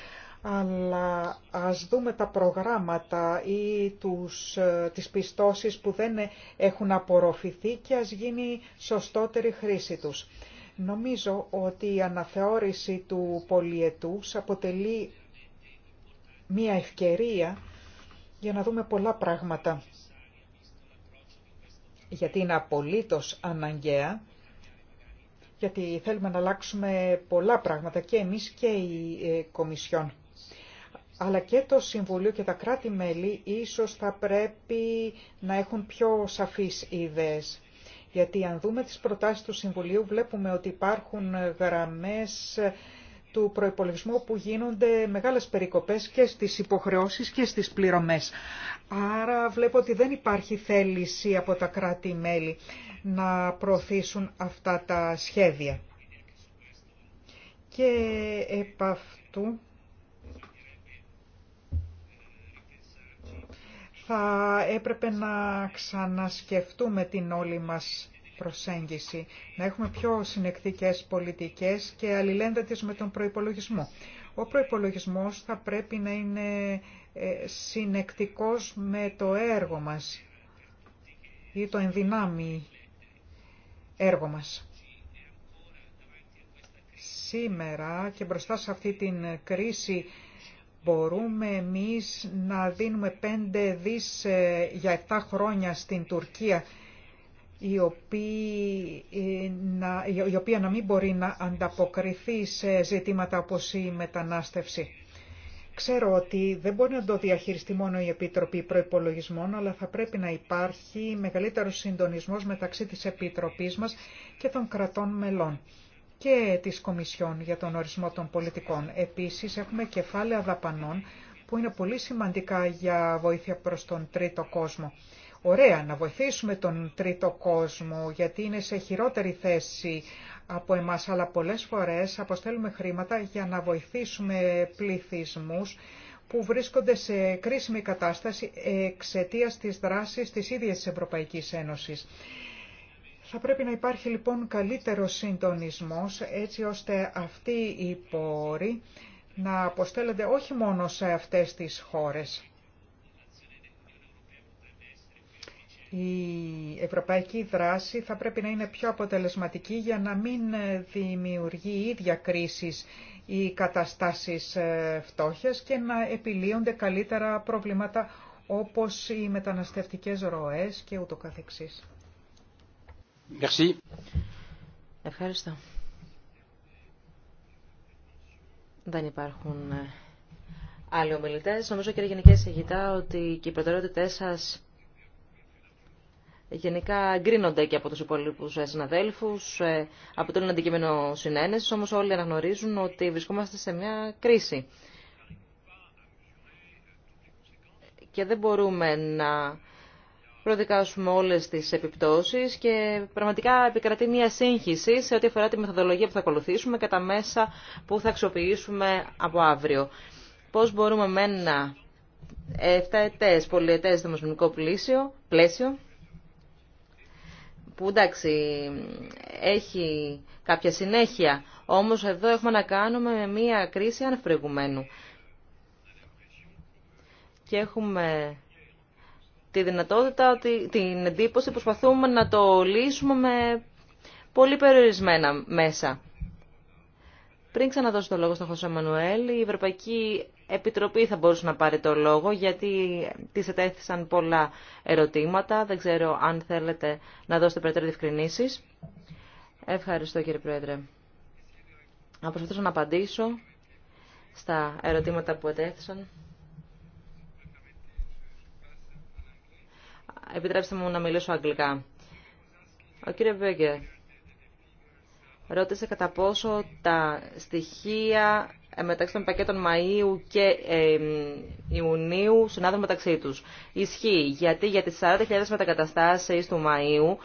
αλλά ας δούμε τα προγράμματα ή τους, ε, τις πιστώσεις που δεν έχουν απορροφηθεί και ας γίνει σωστότερη χρήση τους. Νομίζω ότι η αναθεώρηση του πολιετούς αποτελεί μία ευκαιρία για να δούμε πολλά πράγματα. Γιατί είναι απολύτως αναγκαία, γιατί θέλουμε να αλλάξουμε πολλά πράγματα και εμείς και οι ε, Κομισιόν αλλά και το Συμβουλίο και τα κράτη-μέλη ίσως θα πρέπει να έχουν πιο σαφείς ιδέες. Γιατί αν δούμε τις προτάσεις του Συμβουλίου βλέπουμε ότι υπάρχουν γραμμές του προϋπολογισμού που γίνονται μεγάλες περικοπές και στις υποχρεώσεις και στις πληρωμές. Άρα βλέπω ότι δεν υπάρχει θέληση από τα κράτη-μέλη να προωθήσουν αυτά τα σχέδια. Και επ' θα έπρεπε να ξανασκεφτούμε την όλη μας προσέγγιση, να έχουμε πιο συνεκτικές πολιτικές και αλληλένδετες με τον προϋπολογισμό. Ο προϋπολογισμός θα πρέπει να είναι ε, συνεκτικός με το έργο μας ή το ενδυνάμει έργο μας. Σήμερα και μπροστά σε αυτή την κρίση Μπορούμε εμείς να δίνουμε 5 δις ε, για 7 χρόνια στην Τουρκία, η οποία, ε, η οποία να μην μπορεί να ανταποκριθεί σε ζητήματα όπως η μετανάστευση. Ξέρω ότι δεν μπορεί να το διαχειριστεί μόνο η Επίτροπη Προϋπολογισμών, αλλά θα πρέπει να υπάρχει μεγαλύτερος συντονισμός μεταξύ της Επίτροπής μας και των κρατών μελών και της Κομισιόν για τον ορισμό των πολιτικών. Επίσης έχουμε κεφάλαια δαπανών που είναι πολύ σημαντικά για βοήθεια προς τον τρίτο κόσμο. Ωραία, να βοηθήσουμε τον τρίτο κόσμο γιατί είναι σε χειρότερη θέση από εμάς, αλλά πολλές φορές αποστέλουμε χρήματα για να βοηθήσουμε πληθυσμούς που βρίσκονται σε κρίσιμη κατάσταση εξαιτίας της δράσης της ίδιας της Ευρωπαϊκής Ένωσης. Θα πρέπει να υπάρχει λοιπόν καλύτερο συντονισμός έτσι ώστε αυτοί οι πόροι να αποστέλλονται όχι μόνο σε αυτές τις χώρες. Η ευρωπαϊκή δράση θα πρέπει να είναι πιο αποτελεσματική για να μην δημιουργεί ίδια κρίσεις ή καταστάσεις ε, φτώχειας και να επιλύονται καλύτερα προβλήματα όπως οι μεταναστευτικές ροές και ούτω καθεξής. Ευχαριστώ. Δεν υπάρχουν ε, άλλοι ομιλητέ. Νομίζω, κύριε Γενική Συγητά, ότι και οι προτεραιότητέ σα γενικά εγκρίνονται και από του υπόλοιπου ε, συναδέλφου. Ε, αποτελούν αντικείμενο συνένεση, όμω όλοι αναγνωρίζουν ότι βρισκόμαστε σε μια κρίση. Και δεν μπορούμε να προδικάσουμε όλες τις επιπτώσεις και πραγματικά επικρατεί μια σύγχυση σε ό,τι αφορά τη μεθοδολογία που θα ακολουθήσουμε και τα μέσα που θα αξιοποιήσουμε από αύριο. Πώς μπορούμε με ένα 7 ετέ, πολυετές δημοσιονομικό πλαίσιο, πλαίσιο που εντάξει έχει κάποια συνέχεια, όμως εδώ έχουμε να κάνουμε με μια κρίση ανευπροηγουμένου. Και έχουμε τη δυνατότητα, την εντύπωση, προσπαθούμε να το λύσουμε με πολύ περιορισμένα μέσα. Πριν ξαναδώσω το λόγο στον Χωσέ Μανουέλ, η Ευρωπαϊκή Επιτροπή θα μπορούσε να πάρει το λόγο, γιατί της ετέθησαν πολλά ερωτήματα. Δεν ξέρω αν θέλετε να δώσετε περαιτέρω διευκρινήσεις. Ευχαριστώ κύριε Πρόεδρε. Να προσπαθήσω να απαντήσω στα ερωτήματα που ετέθησαν. Επιτρέψτε μου να μιλήσω αγγλικά. Ο κύριε Βέγκε ρώτησε κατά πόσο τα στοιχεία ε, μεταξύ των πακέτων Μαΐου και Ιουνίου συνάδουν μεταξύ τους. Ισχύει, γιατί για τις 40.000 μετακαταστάσεις του Μαΐου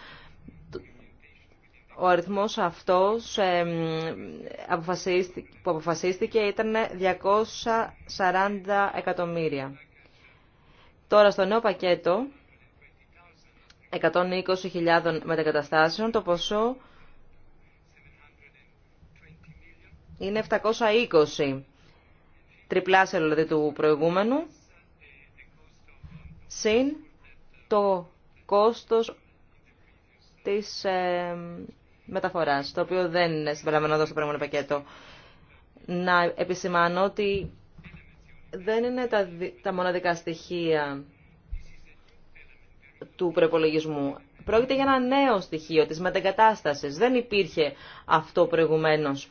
ο αριθμός αυτός που αποφασίστηκε ήταν 240 εκατομμύρια. Τώρα στο νέο πακέτο 120.000 μετακαταστάσεων, το ποσό είναι 720, τριπλάσια δηλαδή του προηγούμενου, συν το κόστος της ε, μεταφοράς, το οποίο δεν είναι συμπεριλαμβανόταν στο προηγούμενο πακέτο. Να επισημάνω ότι δεν είναι τα, τα μοναδικά στοιχεία του προπολογισμού. Πρόκειται για ένα νέο στοιχείο της μετεγκατάστασης. Δεν υπήρχε αυτό προηγουμένως.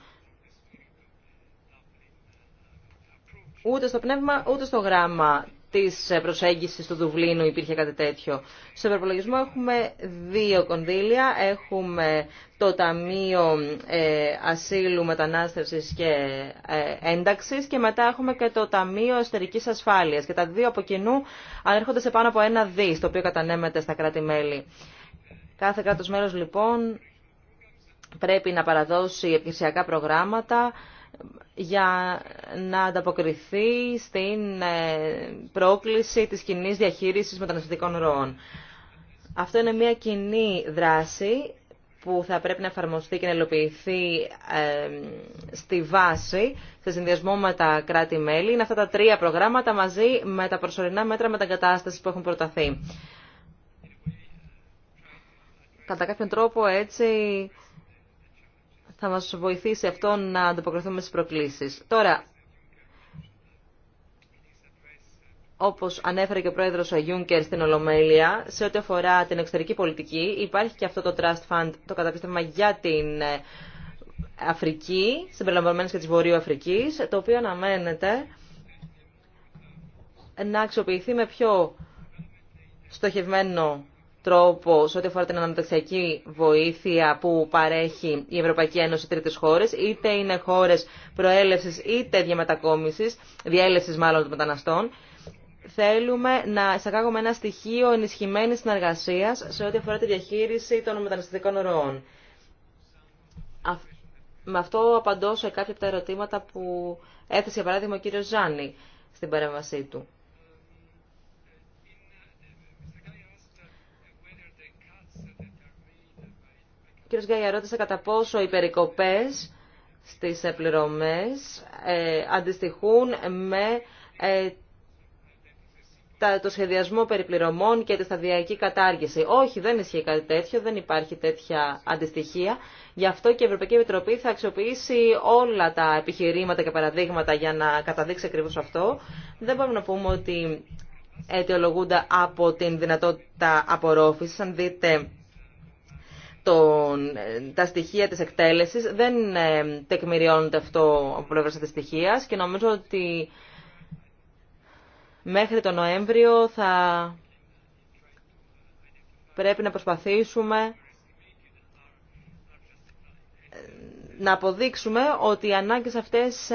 Ούτε στο πνεύμα, ούτε στο γράμμα Τη προσέγγιση του Δουβλίνου υπήρχε κάτι τέτοιο. Στο προπολογισμό έχουμε δύο κονδύλια. Έχουμε το Ταμείο ε, Ασύλου, μετανάστευση και ε, ένταξη και μετά έχουμε και το Ταμείο Εστερικής ασφάλεια. Και τα δύο από κοινού ανέρχονται σε πάνω από ένα δι, το οποίο κατανέμεται στα κράτη-μέλη. Κάθε κράτο μέλος λοιπόν πρέπει να παραδώσει επιχειρησιακά προγράμματα για να ανταποκριθεί στην ε, πρόκληση της κοινή διαχείρισης μεταναστευτικών ροών. Αυτό είναι μια κοινή δράση που θα πρέπει να εφαρμοστεί και να υλοποιηθεί ε, στη βάση, σε συνδυασμό με τα κράτη-μέλη. Είναι αυτά τα τρία προγράμματα μαζί με τα προσωρινά μέτρα μεταγκατάσταση που έχουν προταθεί. Κατά κάποιον τρόπο έτσι θα μας βοηθήσει αυτό να ανταποκριθούμε στις προκλήσεις. Τώρα, όπως ανέφερε και ο πρόεδρος ο στην Ολομέλεια, σε ό,τι αφορά την εξωτερική πολιτική, υπάρχει και αυτό το Trust Fund, το καταπίστευμα για την ε, Αφρική, συμπεριλαμβανομένη και της Βορείου Αφρικής, το οποίο αναμένεται να αξιοποιηθεί με πιο στοχευμένο τρόπο σε ό,τι αφορά την αναπτυξιακή βοήθεια που παρέχει η Ευρωπαϊκή Ένωση τρίτε χώρε, είτε είναι χώρε προέλευση είτε διαμετακόμιση, διέλευση μάλλον των μεταναστών. Θέλουμε να εισαγάγουμε ένα στοιχείο ενισχυμένη συνεργασία σε ό,τι αφορά τη διαχείριση των μεταναστευτικών ροών. Με αυτό απαντώ σε κάποια από τα ερωτήματα που έθεσε, για παράδειγμα, ο κύριος Ζάνη στην παρέμβασή του. κύριος Γκάια ρώτησε κατά πόσο οι περικοπές στις πληρωμές ε, αντιστοιχούν με ε, το σχεδιασμό περιπληρωμών και τη σταδιακή κατάργηση. Όχι, δεν ισχύει κάτι τέτοιο, δεν υπάρχει τέτοια αντιστοιχία. Γι' αυτό και η Ευρωπαϊκή Επιτροπή θα αξιοποιήσει όλα τα επιχειρήματα και παραδείγματα για να καταδείξει ακριβώ αυτό. Δεν μπορούμε να πούμε ότι αιτιολογούνται από την δυνατότητα απορρόφησης. Αν δείτε ε, τα στοιχεία της εκτέλεσης. Δεν ε, τεκμηριώνεται αυτό από πλευρά στοιχεία και νομίζω ότι μέχρι τον Νοέμβριο θα πρέπει να προσπαθήσουμε ε, να αποδείξουμε ότι οι ανάγκες αυτές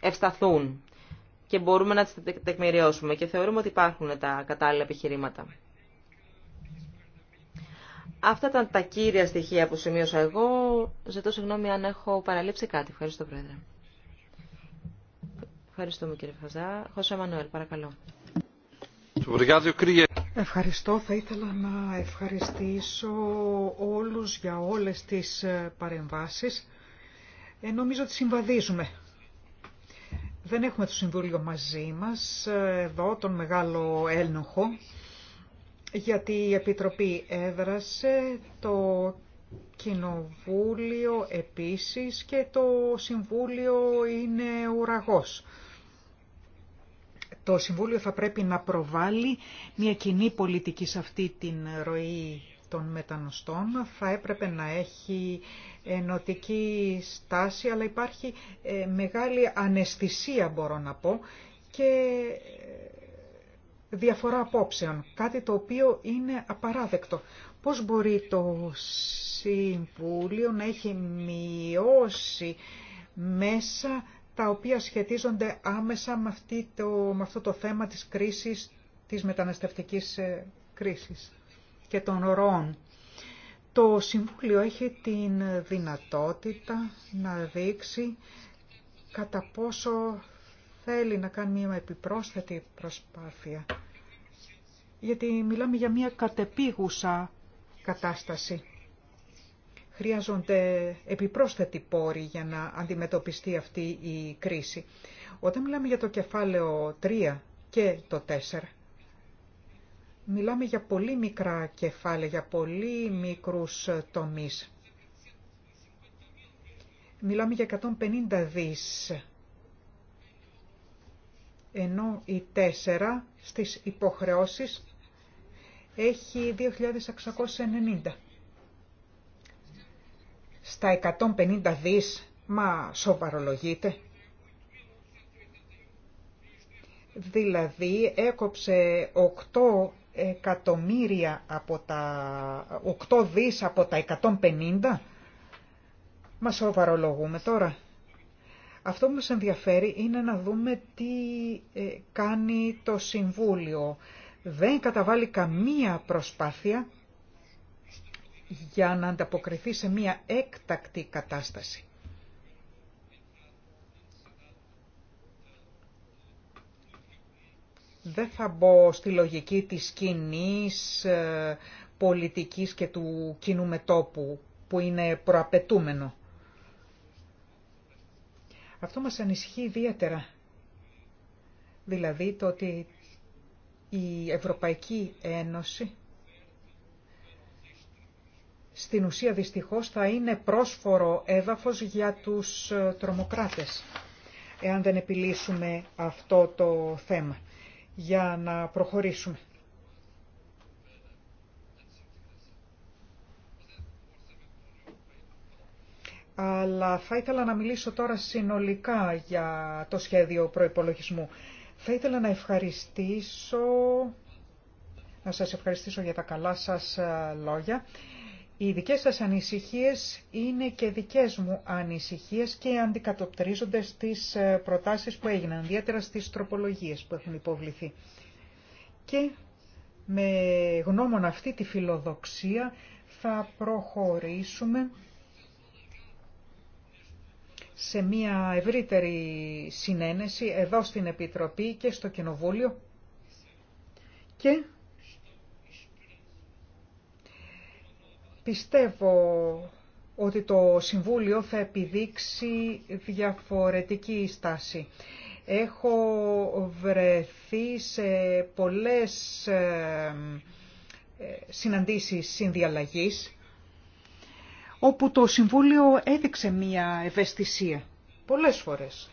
ευσταθούν και μπορούμε να τις τεκμηριώσουμε και θεωρούμε ότι υπάρχουν τα κατάλληλα επιχειρήματα. Αυτά ήταν τα κύρια στοιχεία που σημείωσα εγώ. Ζητώ συγγνώμη αν έχω παραλείψει κάτι. Ευχαριστώ, Πρόεδρε. Ευχαριστούμε, κύριε Φαζά. Χωσέ Μανουέλ, παρακαλώ. Ευχαριστώ. Θα ήθελα να ευχαριστήσω όλους για όλες τις ε, παρεμβάσεις. Ε, νομίζω ότι συμβαδίζουμε. Δεν έχουμε το Συμβούλιο μαζί μας, ε, εδώ τον μεγάλο έλεγχο γιατί η Επιτροπή έδρασε, το Κοινοβούλιο επίσης και το Συμβούλιο είναι ουραγός. Το Συμβούλιο θα πρέπει να προβάλλει μια κοινή πολιτική σε αυτή την ροή των μετανοστών. Θα έπρεπε να έχει ενωτική στάση, αλλά υπάρχει ε, μεγάλη αναισθησία μπορώ να πω και διαφορά απόψεων, κάτι το οποίο είναι απαράδεκτο. Πώς μπορεί το Συμβούλιο να έχει μειώσει μέσα τα οποία σχετίζονται άμεσα με, αυτή το, αυτό το θέμα της κρίσης, της μεταναστευτικής ε, κρίσης και των ροών. Το Συμβούλιο έχει την δυνατότητα να δείξει κατά πόσο θέλει να κάνει μια επιπρόσθετη προσπάθεια, γιατί μιλάμε για μια κατεπίγουσα κατάσταση. Χρειάζονται επιπρόσθετη πόροι για να αντιμετωπιστεί αυτή η κρίση. Όταν μιλάμε για το κεφάλαιο 3 και το 4, μιλάμε για πολύ μικρά κεφάλαια, για πολύ μικρούς τομείς. Μιλάμε για 150 δις ενώ η 4 στις υποχρεώσεις έχει 2.690. Στα 150 δις, μα σοβαρολογείται. Δηλαδή έκοψε 8 εκατομμύρια από τα 8 δις από τα 150. Μα σοβαρολογούμε τώρα. Αυτό που μας ενδιαφέρει είναι να δούμε τι ε, κάνει το Συμβούλιο. Δεν καταβάλει καμία προσπάθεια για να ανταποκριθεί σε μία έκτακτη κατάσταση. Δεν θα μπω στη λογική της κοινή ε, πολιτικής και του κοινού μετόπου που είναι προαπαιτούμενο. Αυτό μας ανησυχεί ιδιαίτερα. Δηλαδή το ότι η Ευρωπαϊκή Ένωση στην ουσία δυστυχώς θα είναι πρόσφορο έδαφος για τους ε, τρομοκράτες, εάν δεν επιλύσουμε αυτό το θέμα, για να προχωρήσουμε. αλλά θα ήθελα να μιλήσω τώρα συνολικά για το σχέδιο προϋπολογισμού. Θα ήθελα να ευχαριστήσω, να σας ευχαριστήσω για τα καλά σας ε, λόγια. Οι δικές σας ανησυχίες είναι και δικές μου ανησυχίες και αντικατοπτρίζονται στις ε, προτάσεις που έγιναν, ιδιαίτερα στις τροπολογίες που έχουν υποβληθεί. Και με γνώμονα αυτή τη φιλοδοξία θα προχωρήσουμε σε μια ευρύτερη συνένεση εδώ στην Επιτροπή και στο Κοινοβούλιο και πιστεύω ότι το Συμβούλιο θα επιδείξει διαφορετική στάση. Έχω βρεθεί σε πολλές ε, ε, συναντήσεις συνδιαλλαγής όπου το Συμβούλιο έδειξε μία ευαισθησία πολλές φορές.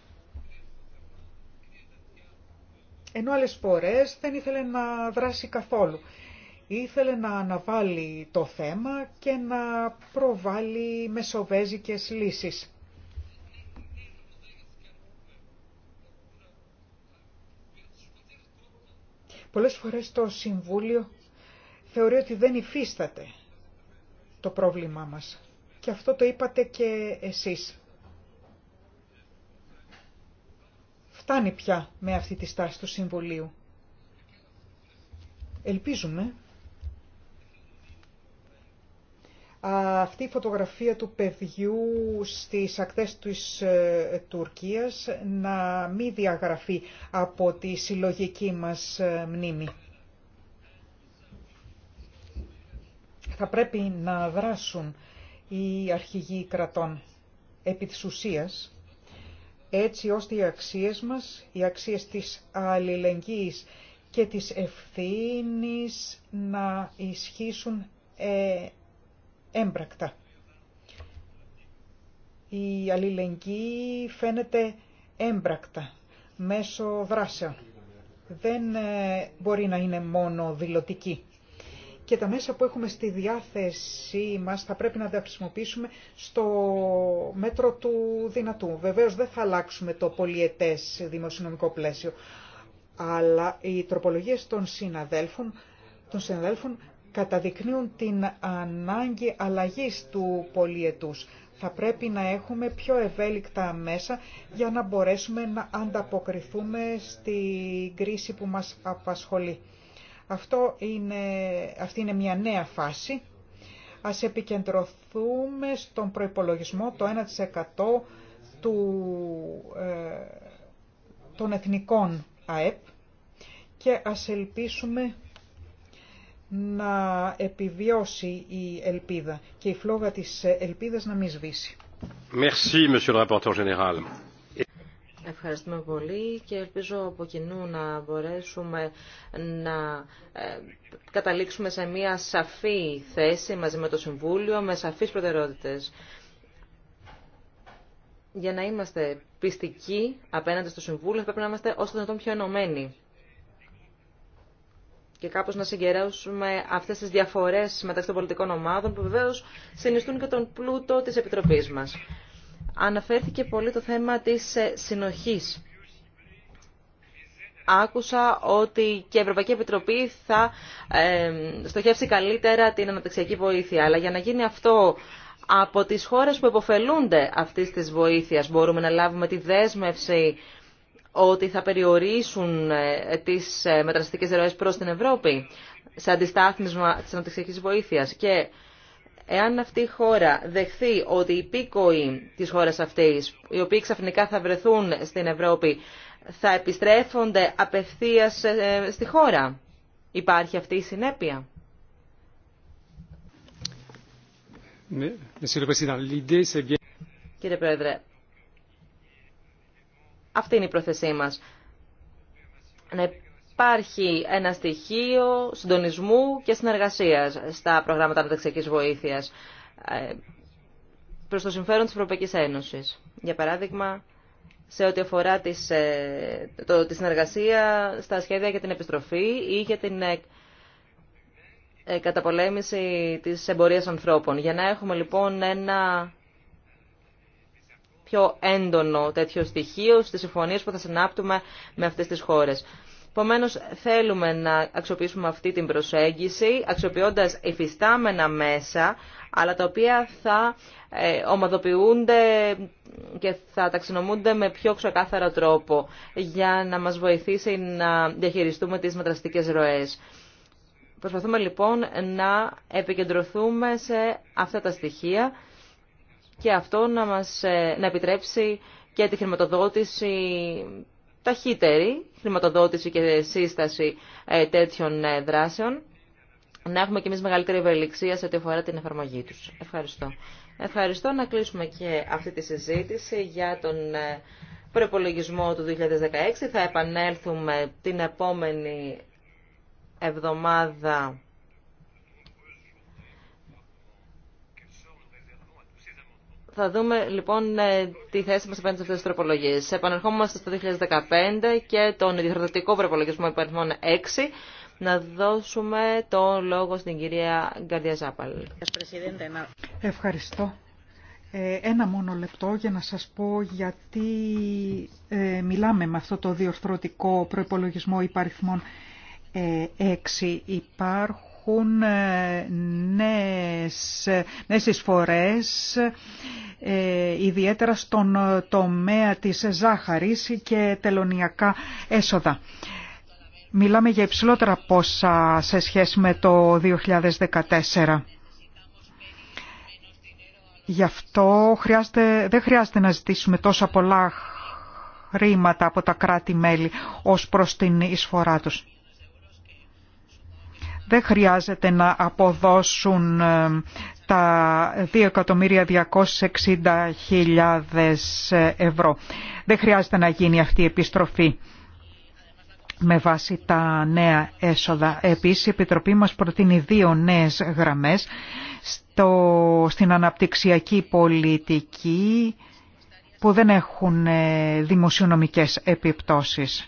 Ενώ άλλες φορές δεν ήθελε να δράσει καθόλου. Ήθελε να αναβάλει το θέμα και να προβάλλει μεσοβέζικες λύσεις. Πολλές φορές το Συμβούλιο θεωρεί ότι δεν υφίσταται το πρόβλημά μας και αυτό το είπατε και εσείς. Φτάνει πια με αυτή τη στάση του Συμβουλίου. Ελπίζουμε αυτή η φωτογραφία του παιδιού στις ακτές της ε, Τουρκίας να μην διαγραφεί από τη συλλογική μας ε, μνήμη. Θα πρέπει να δράσουν η αρχηγοί κρατών επί της ουσίας, έτσι ώστε οι αξίες μας, οι αξίες της αλληλεγγύης και της ευθύνης να ισχύσουν ε, έμπρακτα. Η αλληλεγγύη φαίνεται έμπρακτα, μέσω δράσεων. Δεν ε, μπορεί να είναι μόνο δηλωτική και τα μέσα που έχουμε στη διάθεσή μας θα πρέπει να τα χρησιμοποιήσουμε στο μέτρο του δυνατού. Βεβαίως δεν θα αλλάξουμε το πολιετές δημοσιονομικό πλαίσιο, αλλά οι τροπολογίες των συναδέλφων, των συναδέλφων καταδεικνύουν την ανάγκη αλλαγής του πολιετούς. Θα πρέπει να έχουμε πιο ευέλικτα μέσα για να μπορέσουμε να ανταποκριθούμε στην κρίση που μας απασχολεί. Αυτό είναι, αυτή είναι μια νέα φάση. Ας επικεντρωθούμε στον προϋπολογισμό το 1% του, ε, των εθνικών ΑΕΠ και ας ελπίσουμε να επιβιώσει η ελπίδα και η φλόγα της ελπίδας να μην σβήσει. Merci, Ευχαριστούμε πολύ και ελπίζω από κοινού να μπορέσουμε να ε, καταλήξουμε σε μια σαφή θέση μαζί με το Συμβούλιο, με σαφείς προτεραιότητες. Για να είμαστε πιστικοί απέναντι στο Συμβούλιο πρέπει να είμαστε όσο δυνατόν πιο ενωμένοι και κάπως να συγκεράσουμε αυτές τις διαφορές μεταξύ των πολιτικών ομάδων που βεβαίως συνιστούν και τον πλούτο της Επιτροπής μας αναφέρθηκε πολύ το θέμα της ε, συνοχής. Άκουσα ότι και η Ευρωπαϊκή Επιτροπή θα ε, στοχεύσει καλύτερα την αναπτυξιακή βοήθεια. Αλλά για να γίνει αυτό από τις χώρες που υποφελούνται αυτής της βοήθειας μπορούμε να λάβουμε τη δέσμευση ότι θα περιορίσουν ε, τις μεταναστευτικές ροές προς την Ευρώπη σε αντιστάθμισμα της αναπτυξιακής βοήθειας. Και Εάν αυτή η χώρα δεχθεί ότι οι πίκοοι της χώρας αυτής, οι οποίοι ξαφνικά θα βρεθούν στην Ευρώπη, θα επιστρέφονται απευθείας ε, στη χώρα. Υπάρχει αυτή η συνέπεια. Ναι, Κύριε Πρόεδρε, αυτή είναι η πρόθεσή μας υπάρχει ένα στοιχείο συντονισμού και συνεργασίας στα προγράμματα ανταξιακής βοήθειας ε, προς το συμφέρον της Ευρωπαϊκής Ένωσης. Για παράδειγμα, σε ό,τι αφορά τις, ε, τη συνεργασία στα σχέδια για την επιστροφή ή για την ε, καταπολέμηση της εμπορίας ανθρώπων. Για να έχουμε λοιπόν ένα πιο έντονο τέτοιο στοιχείο στις συμφωνίες που θα συνάπτουμε με αυτές τις χώρες. Επομένω, θέλουμε να αξιοποιήσουμε αυτή την προσέγγιση, αξιοποιώντα υφιστάμενα μέσα, αλλά τα οποία θα ε, ομαδοποιούνται και θα ταξινομούνται με πιο ξεκάθαρο τρόπο για να μας βοηθήσει να διαχειριστούμε τις μετραστικές ροές. Προσπαθούμε λοιπόν να επικεντρωθούμε σε αυτά τα στοιχεία και αυτό να μας ε, να επιτρέψει και τη χρηματοδότηση ταχύτερη χρηματοδότηση και σύσταση ε, τέτοιων ε, δράσεων, να έχουμε και εμείς μεγαλύτερη ευελιξία σε ό,τι αφορά την εφαρμογή τους. Ευχαριστώ. Ευχαριστώ να κλείσουμε και αυτή τη συζήτηση για τον ε, προπολογισμό του 2016. Θα επανέλθουμε την επόμενη εβδομάδα Θα δούμε λοιπόν ε, τη θέση μας απέναντι σε αυτές τις τροπολογίες. Επανερχόμαστε στο 2015 και τον διορθωτικό προπολογισμό υπαριθμών 6 να δώσουμε το λόγο στην κυρία Γκαρδιά Ζάπαλ. Ευχαριστώ. Ε, ένα μόνο λεπτό για να σας πω γιατί ε, μιλάμε με αυτό το διορθωτικό προϋπολογισμό υπαριθμών 6. Υπάρχουν υπάρχουν ε, νέες, ε, νέες εισφορές, ε, ιδιαίτερα στον τομέα της ζάχαρης και τελωνιακά έσοδα. Μιλάμε για υψηλότερα πόσα σε σχέση με το 2014. Γι' αυτό χρειάζεται, δεν χρειάζεται να ζητήσουμε τόσα πολλά χρήματα από τα κράτη-μέλη ως προς την εισφορά τους δεν χρειάζεται να αποδώσουν ε, τα 2.260.000 ευρώ. Δεν χρειάζεται να γίνει αυτή η επιστροφή με βάση τα νέα έσοδα. Επίσης, η Επιτροπή μας προτείνει δύο νέες γραμμές στο, στην αναπτυξιακή πολιτική που δεν έχουν ε, δημοσιονομικές επιπτώσεις.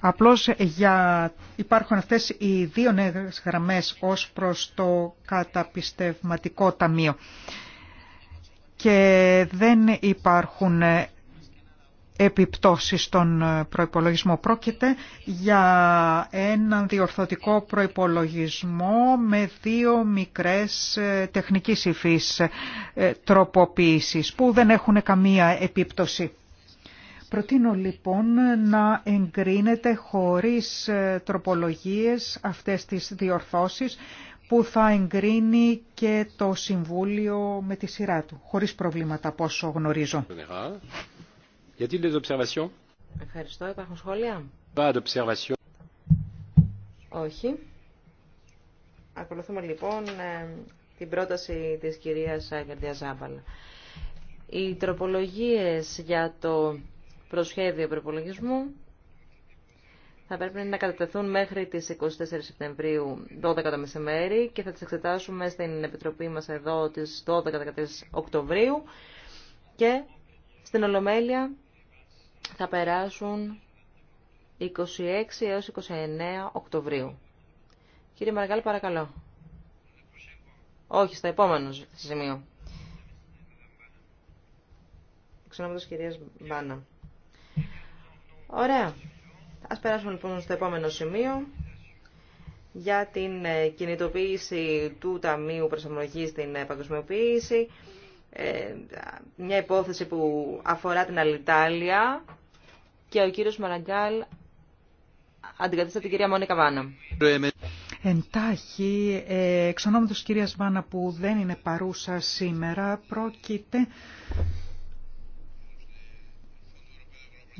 Απλώς για... υπάρχουν αυτές οι δύο νέες γραμμές ως προς το καταπιστευματικό ταμείο και δεν υπάρχουν επιπτώσεις στον προϋπολογισμό. Πρόκειται για έναν διορθωτικό προϋπολογισμό με δύο μικρές ε, τεχνικής υφής ε, τροποποίησεις που δεν έχουν καμία επίπτωση Προτείνω λοιπόν να εγκρίνεται χωρίς ε, τροπολογίες αυτές τις διορθώσεις που θα εγκρίνει και το Συμβούλιο με τη σειρά του, χωρίς προβλήματα πόσο γνωρίζω. Ευχαριστώ. Υπάρχουν σχόλια. Όχι. Ακολουθούμε λοιπόν ε, την πρόταση της κυρίας Γκαρδιά Ζάμπαλα. Οι τροπολογίες για το προσχέδιο προπολογισμού θα πρέπει να κατατεθούν μέχρι τις 24 Σεπτεμβρίου 12 το μεσημέρι και θα τις εξετάσουμε στην Επιτροπή μας εδώ τις 12-13 Οκτωβρίου και στην Ολομέλεια θα περάσουν 26 έως 29 Οκτωβρίου. Κύριε Μαργάλη, παρακαλώ. Όχι, στα επόμενο σημείο. Ξανά με κύριες Μπάνα. Ωραία. Ας περάσουμε λοιπόν στο επόμενο σημείο για την ε, κινητοποίηση του Ταμείου Προσαρμογής στην ε, Παγκοσμιοποίηση. Ε, μια υπόθεση που αφορά την Αλιτάλια και ο κύριος Μαραγκάλ αντικαθίσταται την κυρία Μόνικα Βάνα. Εντάχει, εξ ονόματος κυρίας Βάνα που δεν είναι παρούσα σήμερα, πρόκειται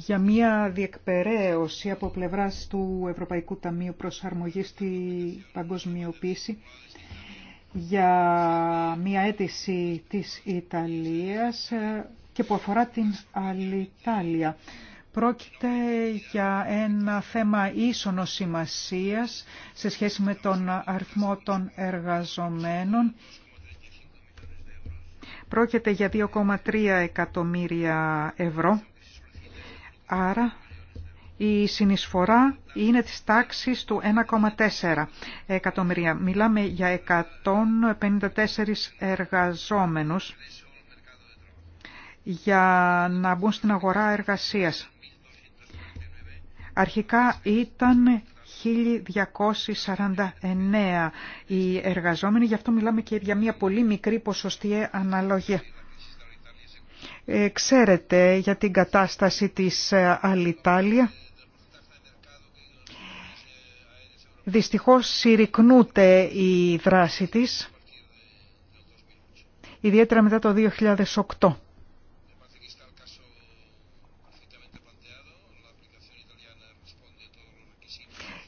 για μια διεκπαιρέωση από πλευράς του Ευρωπαϊκού Ταμείου Προσαρμογής στη παγκοσμιοποίηση για μια αίτηση της Ιταλίας ε, και που αφορά την Αλιτάλια. Πρόκειται για ένα θέμα ίσονο σημασίας σε σχέση με τον αριθμό των εργαζομένων. Πρόκειται για 2,3 εκατομμύρια ευρώ Άρα η συνεισφορά είναι της τάξης του 1,4 εκατομμυρία. Μιλάμε για 154 εργαζόμενους για να μπουν στην αγορά εργασίας. Αρχικά ήταν 1249 οι εργαζόμενοι, γι' αυτό μιλάμε και για μια πολύ μικρή ποσοστή αναλογία. Ε, ξέρετε για την κατάσταση της ε, Αλιτάλια. Δυστυχώς συρρυκνούται η δράση της, ιδιαίτερα μετά το 2008.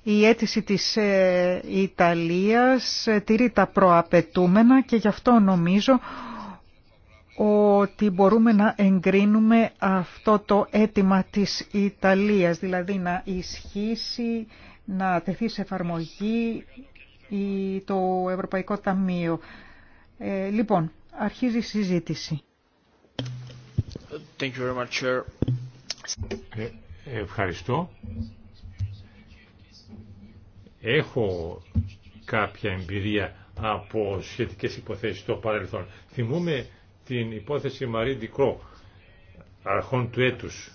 Η αίτηση της ε, Ιταλίας τηρεί τα προαπαιτούμενα και γι' αυτό νομίζω ότι μπορούμε να εγκρίνουμε αυτό το αίτημα της Ιταλίας, δηλαδή να ισχύσει, να τεθεί σε εφαρμογή το Ευρωπαϊκό Ταμείο. Ε, λοιπόν, αρχίζει η συζήτηση. Ε, ευχαριστώ. Έχω κάποια εμπειρία από σχετικές υποθέσεις στο παρελθόν. Θυμούμε την υπόθεση Μαρή Ντικρό αρχών του έτους.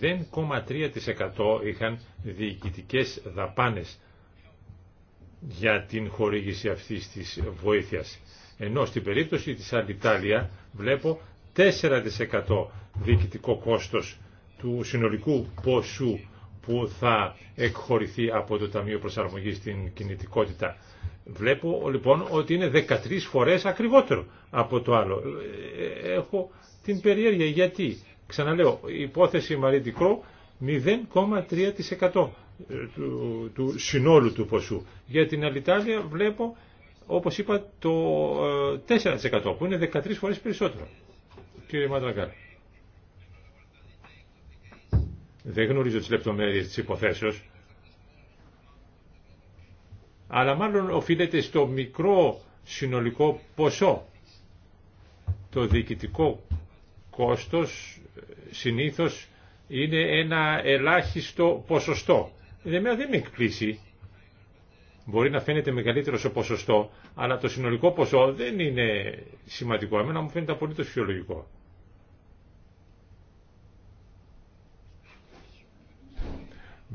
0,3% είχαν διοικητικές δαπάνες για την χορήγηση αυτής της βοήθειας. Ενώ στην περίπτωση της Αντιτάλια, βλέπω 4% διοικητικό κόστος του συνολικού ποσού που θα εκχωρηθεί από το Ταμείο Προσαρμογής στην Κινητικότητα. Βλέπω λοιπόν ότι είναι 13 φορές ακριβότερο από το άλλο. Ε, έχω την περιέργεια γιατί. Ξαναλέω, η υπόθεση Μαρίτικρό 0,3% ε, του, του συνόλου του ποσού. Για την Αλιτάλια βλέπω, όπως είπα, το 4% ε, που είναι 13 φορές περισσότερο. Κύριε Μαντραγκάρ. Δεν γνωρίζω τις λεπτομέρειες της υποθέσεως αλλά μάλλον οφείλεται στο μικρό συνολικό ποσό. Το διοικητικό κόστος ε, συνήθως είναι ένα ελάχιστο ποσοστό. Εμένα δεν με εκπλήσει. Μπορεί να φαίνεται μεγαλύτερο σε ποσοστό, αλλά το συνολικό ποσό δεν είναι σημαντικό. Εμένα μου φαίνεται απολύτως φυσιολογικό.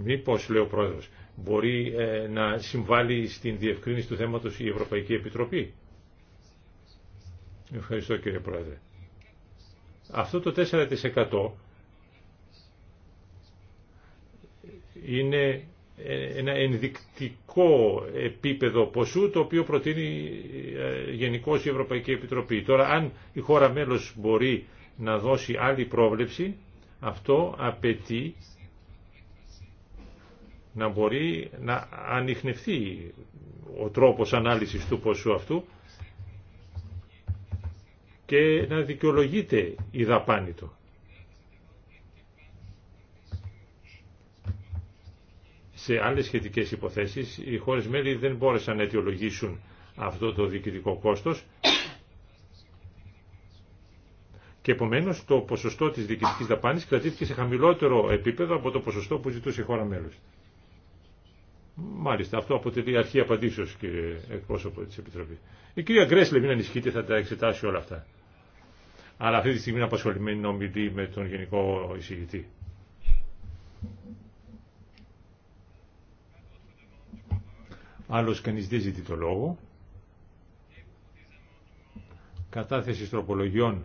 Μήπως, λέει ο Πρόεδρος, μπορεί ε, να συμβάλλει στην διευκρίνηση του θέματος η Ευρωπαϊκή Επιτροπή. Ευχαριστώ κύριε Πρόεδρε. Αυτό το 4% είναι ε, ένα ενδεικτικό επίπεδο ποσού το οποίο προτείνει ε, γενικώ η Ευρωπαϊκή Επιτροπή. Τώρα αν η χώρα μέλος μπορεί να δώσει άλλη πρόβλεψη αυτό απαιτεί να μπορεί να ανοιχνευτεί ο τρόπος ανάλυσης του ποσού αυτού και να δικαιολογείται η δαπάνη του. Σε άλλες σχετικές υποθέσεις οι χώρες μέλη δεν μπόρεσαν να αιτιολογήσουν αυτό το διοικητικό κόστος και επομένως το ποσοστό της διοικητικής δαπάνης κρατήθηκε σε χαμηλότερο επίπεδο από το ποσοστό που ζητούσε η χώρα μέλος. Μάλιστα, αυτό αποτελεί αρχή απαντήσεω, κύριε εκπρόσωπο τη Επιτροπή. Η κυρία Γκρέσλε, μην ανησυχείτε, θα τα εξετάσει όλα αυτά. Αλλά αυτή τη στιγμή είναι απασχολημένη να ομιλεί με τον Γενικό Εισηγητή. Άλλο κανεί δεν ζητεί το λόγο. Κατάθεση τροπολογιών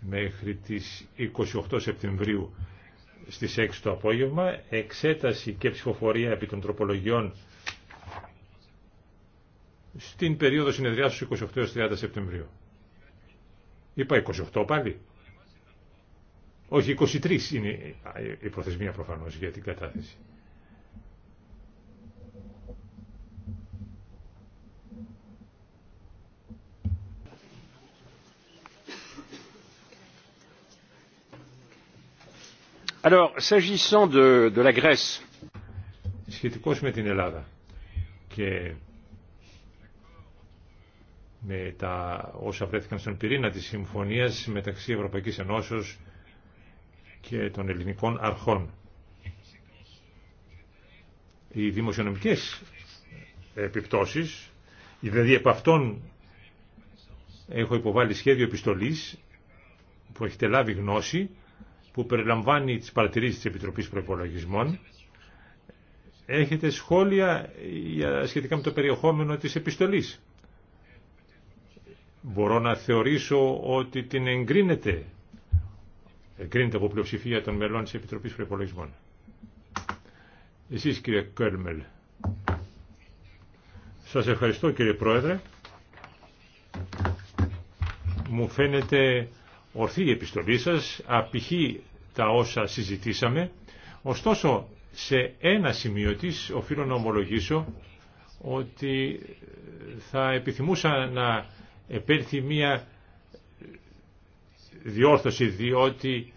μέχρι τις 28 Σεπτεμβρίου στις 6 το απόγευμα, εξέταση και ψηφοφορία επί των τροπολογιών στην περίοδο συνεδριάσεως 28-30 Σεπτεμβρίου. Είπα 28 πάλι. Όχι, 23 είναι η προθεσμία προφανώς για την κατάθεση. Alors, με την Ελλάδα και με τα όσα βρέθηκαν στον πυρήνα της συμφωνίας μεταξύ Ευρωπαϊκής Ενώσεως και των ελληνικών αρχών. Οι δημοσιονομικές επιπτώσεις, δηλαδή επ' αυτών έχω υποβάλει σχέδιο επιστολής που έχετε λάβει γνώση που περιλαμβάνει τις παρατηρήσεις της Επιτροπής Προπολογισμών. Έχετε σχόλια σχετικά με το περιεχόμενο της επιστολής. Μπορώ να θεωρήσω ότι την εγκρίνεται, εγκρίνεται από πλειοψηφία των μελών της Επιτροπής Προπολογισμών. Εσείς κύριε Κέρμελ. Σας ευχαριστώ κύριε Πρόεδρε. Μου φαίνεται Ορθή η επιστολή σας, απηχεί τα όσα συζητήσαμε, ωστόσο σε ένα σημείο της οφείλω να ομολογήσω ότι θα επιθυμούσα να επέλθει μία διόρθωση διότι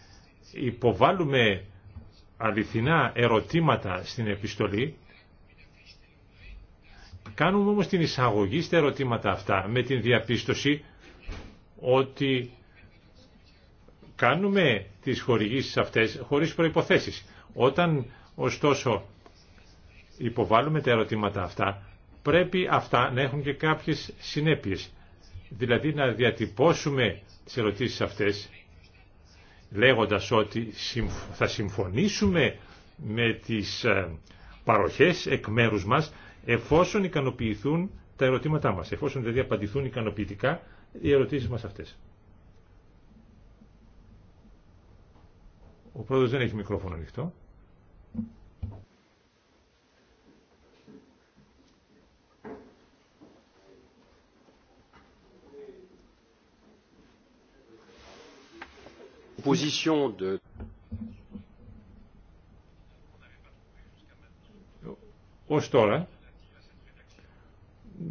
υποβάλλουμε αληθινά ερωτήματα στην επιστολή κάνουμε όμως την εισαγωγή στα ερωτήματα αυτά με την διαπίστωση ότι κάνουμε τις χορηγήσεις αυτές χωρίς προϋποθέσεις. Όταν ωστόσο υποβάλλουμε τα ερωτήματα αυτά, πρέπει αυτά να έχουν και κάποιες συνέπειες. Δηλαδή να διατυπώσουμε τις ερωτήσεις αυτές λέγοντας ότι θα συμφωνήσουμε με τις ε, παροχές εκ μέρους μας εφόσον ικανοποιηθούν τα ερωτήματά μας, εφόσον δηλαδή απαντηθούν ικανοποιητικά οι ερωτήσεις μας αυτές. Ο πρόεδρος δεν έχει μικρόφωνο ανοιχτό. Ως τώρα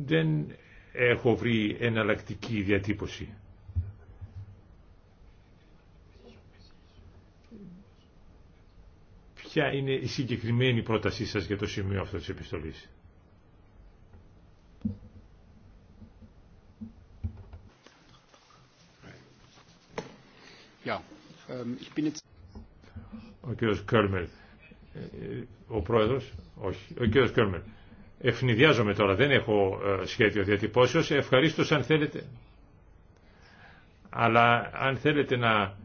δεν έχω βρει εναλλακτική διατύπωση. Ποια είναι η συγκεκριμένη πρότασή σας για το σημείο αυτό της επιστολής. Ähm, ο κύριος Κέρμερ, ε, ε, ο πρόεδρος, όχι, ο κύριος Κέρμερ. Ευνηδιάζομαι τώρα, δεν έχω ε, σχέδιο διατυπώσεως, Ευχαριστώ αν θέλετε. Αλλά αν θέλετε να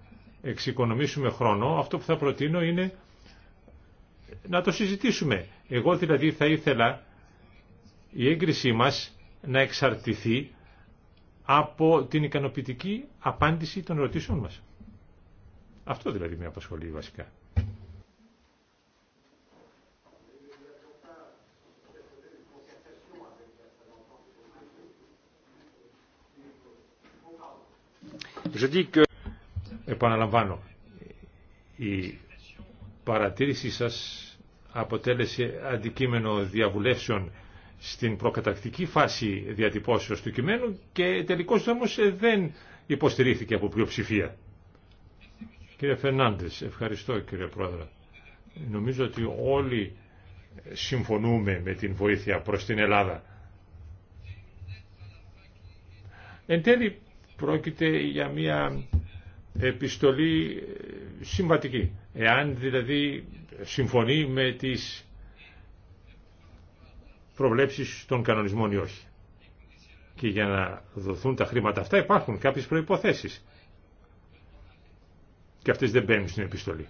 εξοικονομήσουμε χρόνο, αυτό που θα προτείνω είναι να το συζητήσουμε. Εγώ δηλαδή θα ήθελα η έγκρισή μας να εξαρτηθεί από την ικανοποιητική απάντηση των ερωτήσεων μας. Αυτό δηλαδή με απασχολεί βασικά. Επαναλαμβάνω, η παρατήρησή σας αποτέλεσε αντικείμενο διαβουλεύσεων στην προκατακτική φάση διατυπώσεως του κειμένου και τελικώς όμως ε, δεν υποστηρίχθηκε από πλειοψηφία. Κύριε Φερνάντες, ευχαριστώ κύριε Πρόεδρε. Νομίζω ότι όλοι συμφωνούμε με την βοήθεια προς την Ελλάδα. Εν τέλει πρόκειται για μια επιστολή ε, συμβατική. Εάν δηλαδή συμφωνεί με τις προβλέψεις των κανονισμών ή όχι. Και για να δοθούν τα χρήματα αυτά υπάρχουν κάποιες προϋποθέσεις. Και αυτές δεν μπαίνουν στην επιστολή.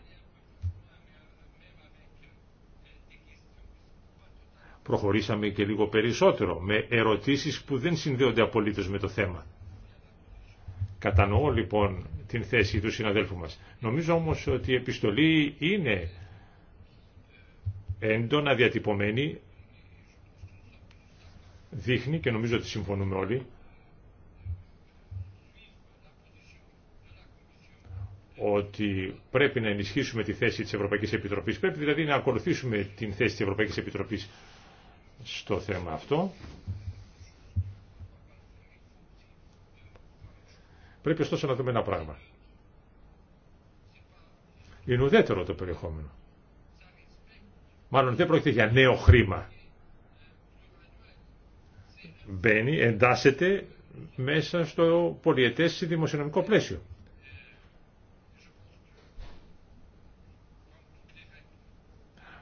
Προχωρήσαμε και λίγο περισσότερο με ερωτήσεις που δεν συνδέονται απολύτως με το θέμα. Κατανοώ λοιπόν την θέση του συναδέλφου μας. Νομίζω όμως ότι η επιστολή είναι έντονα διατυπωμένη, δείχνει και νομίζω ότι συμφωνούμε όλοι, ότι πρέπει να ενισχύσουμε τη θέση της Ευρωπαϊκής Επιτροπής. Πρέπει δηλαδή να ακολουθήσουμε την θέση της Ευρωπαϊκής Επιτροπής στο θέμα αυτό. Πρέπει ωστόσο να δούμε ένα πράγμα. Είναι ουδέτερο το περιεχόμενο. Μάλλον δεν πρόκειται για νέο χρήμα. Μπαίνει, εντάσσεται μέσα στο πολιετές δημοσιονομικό πλαίσιο.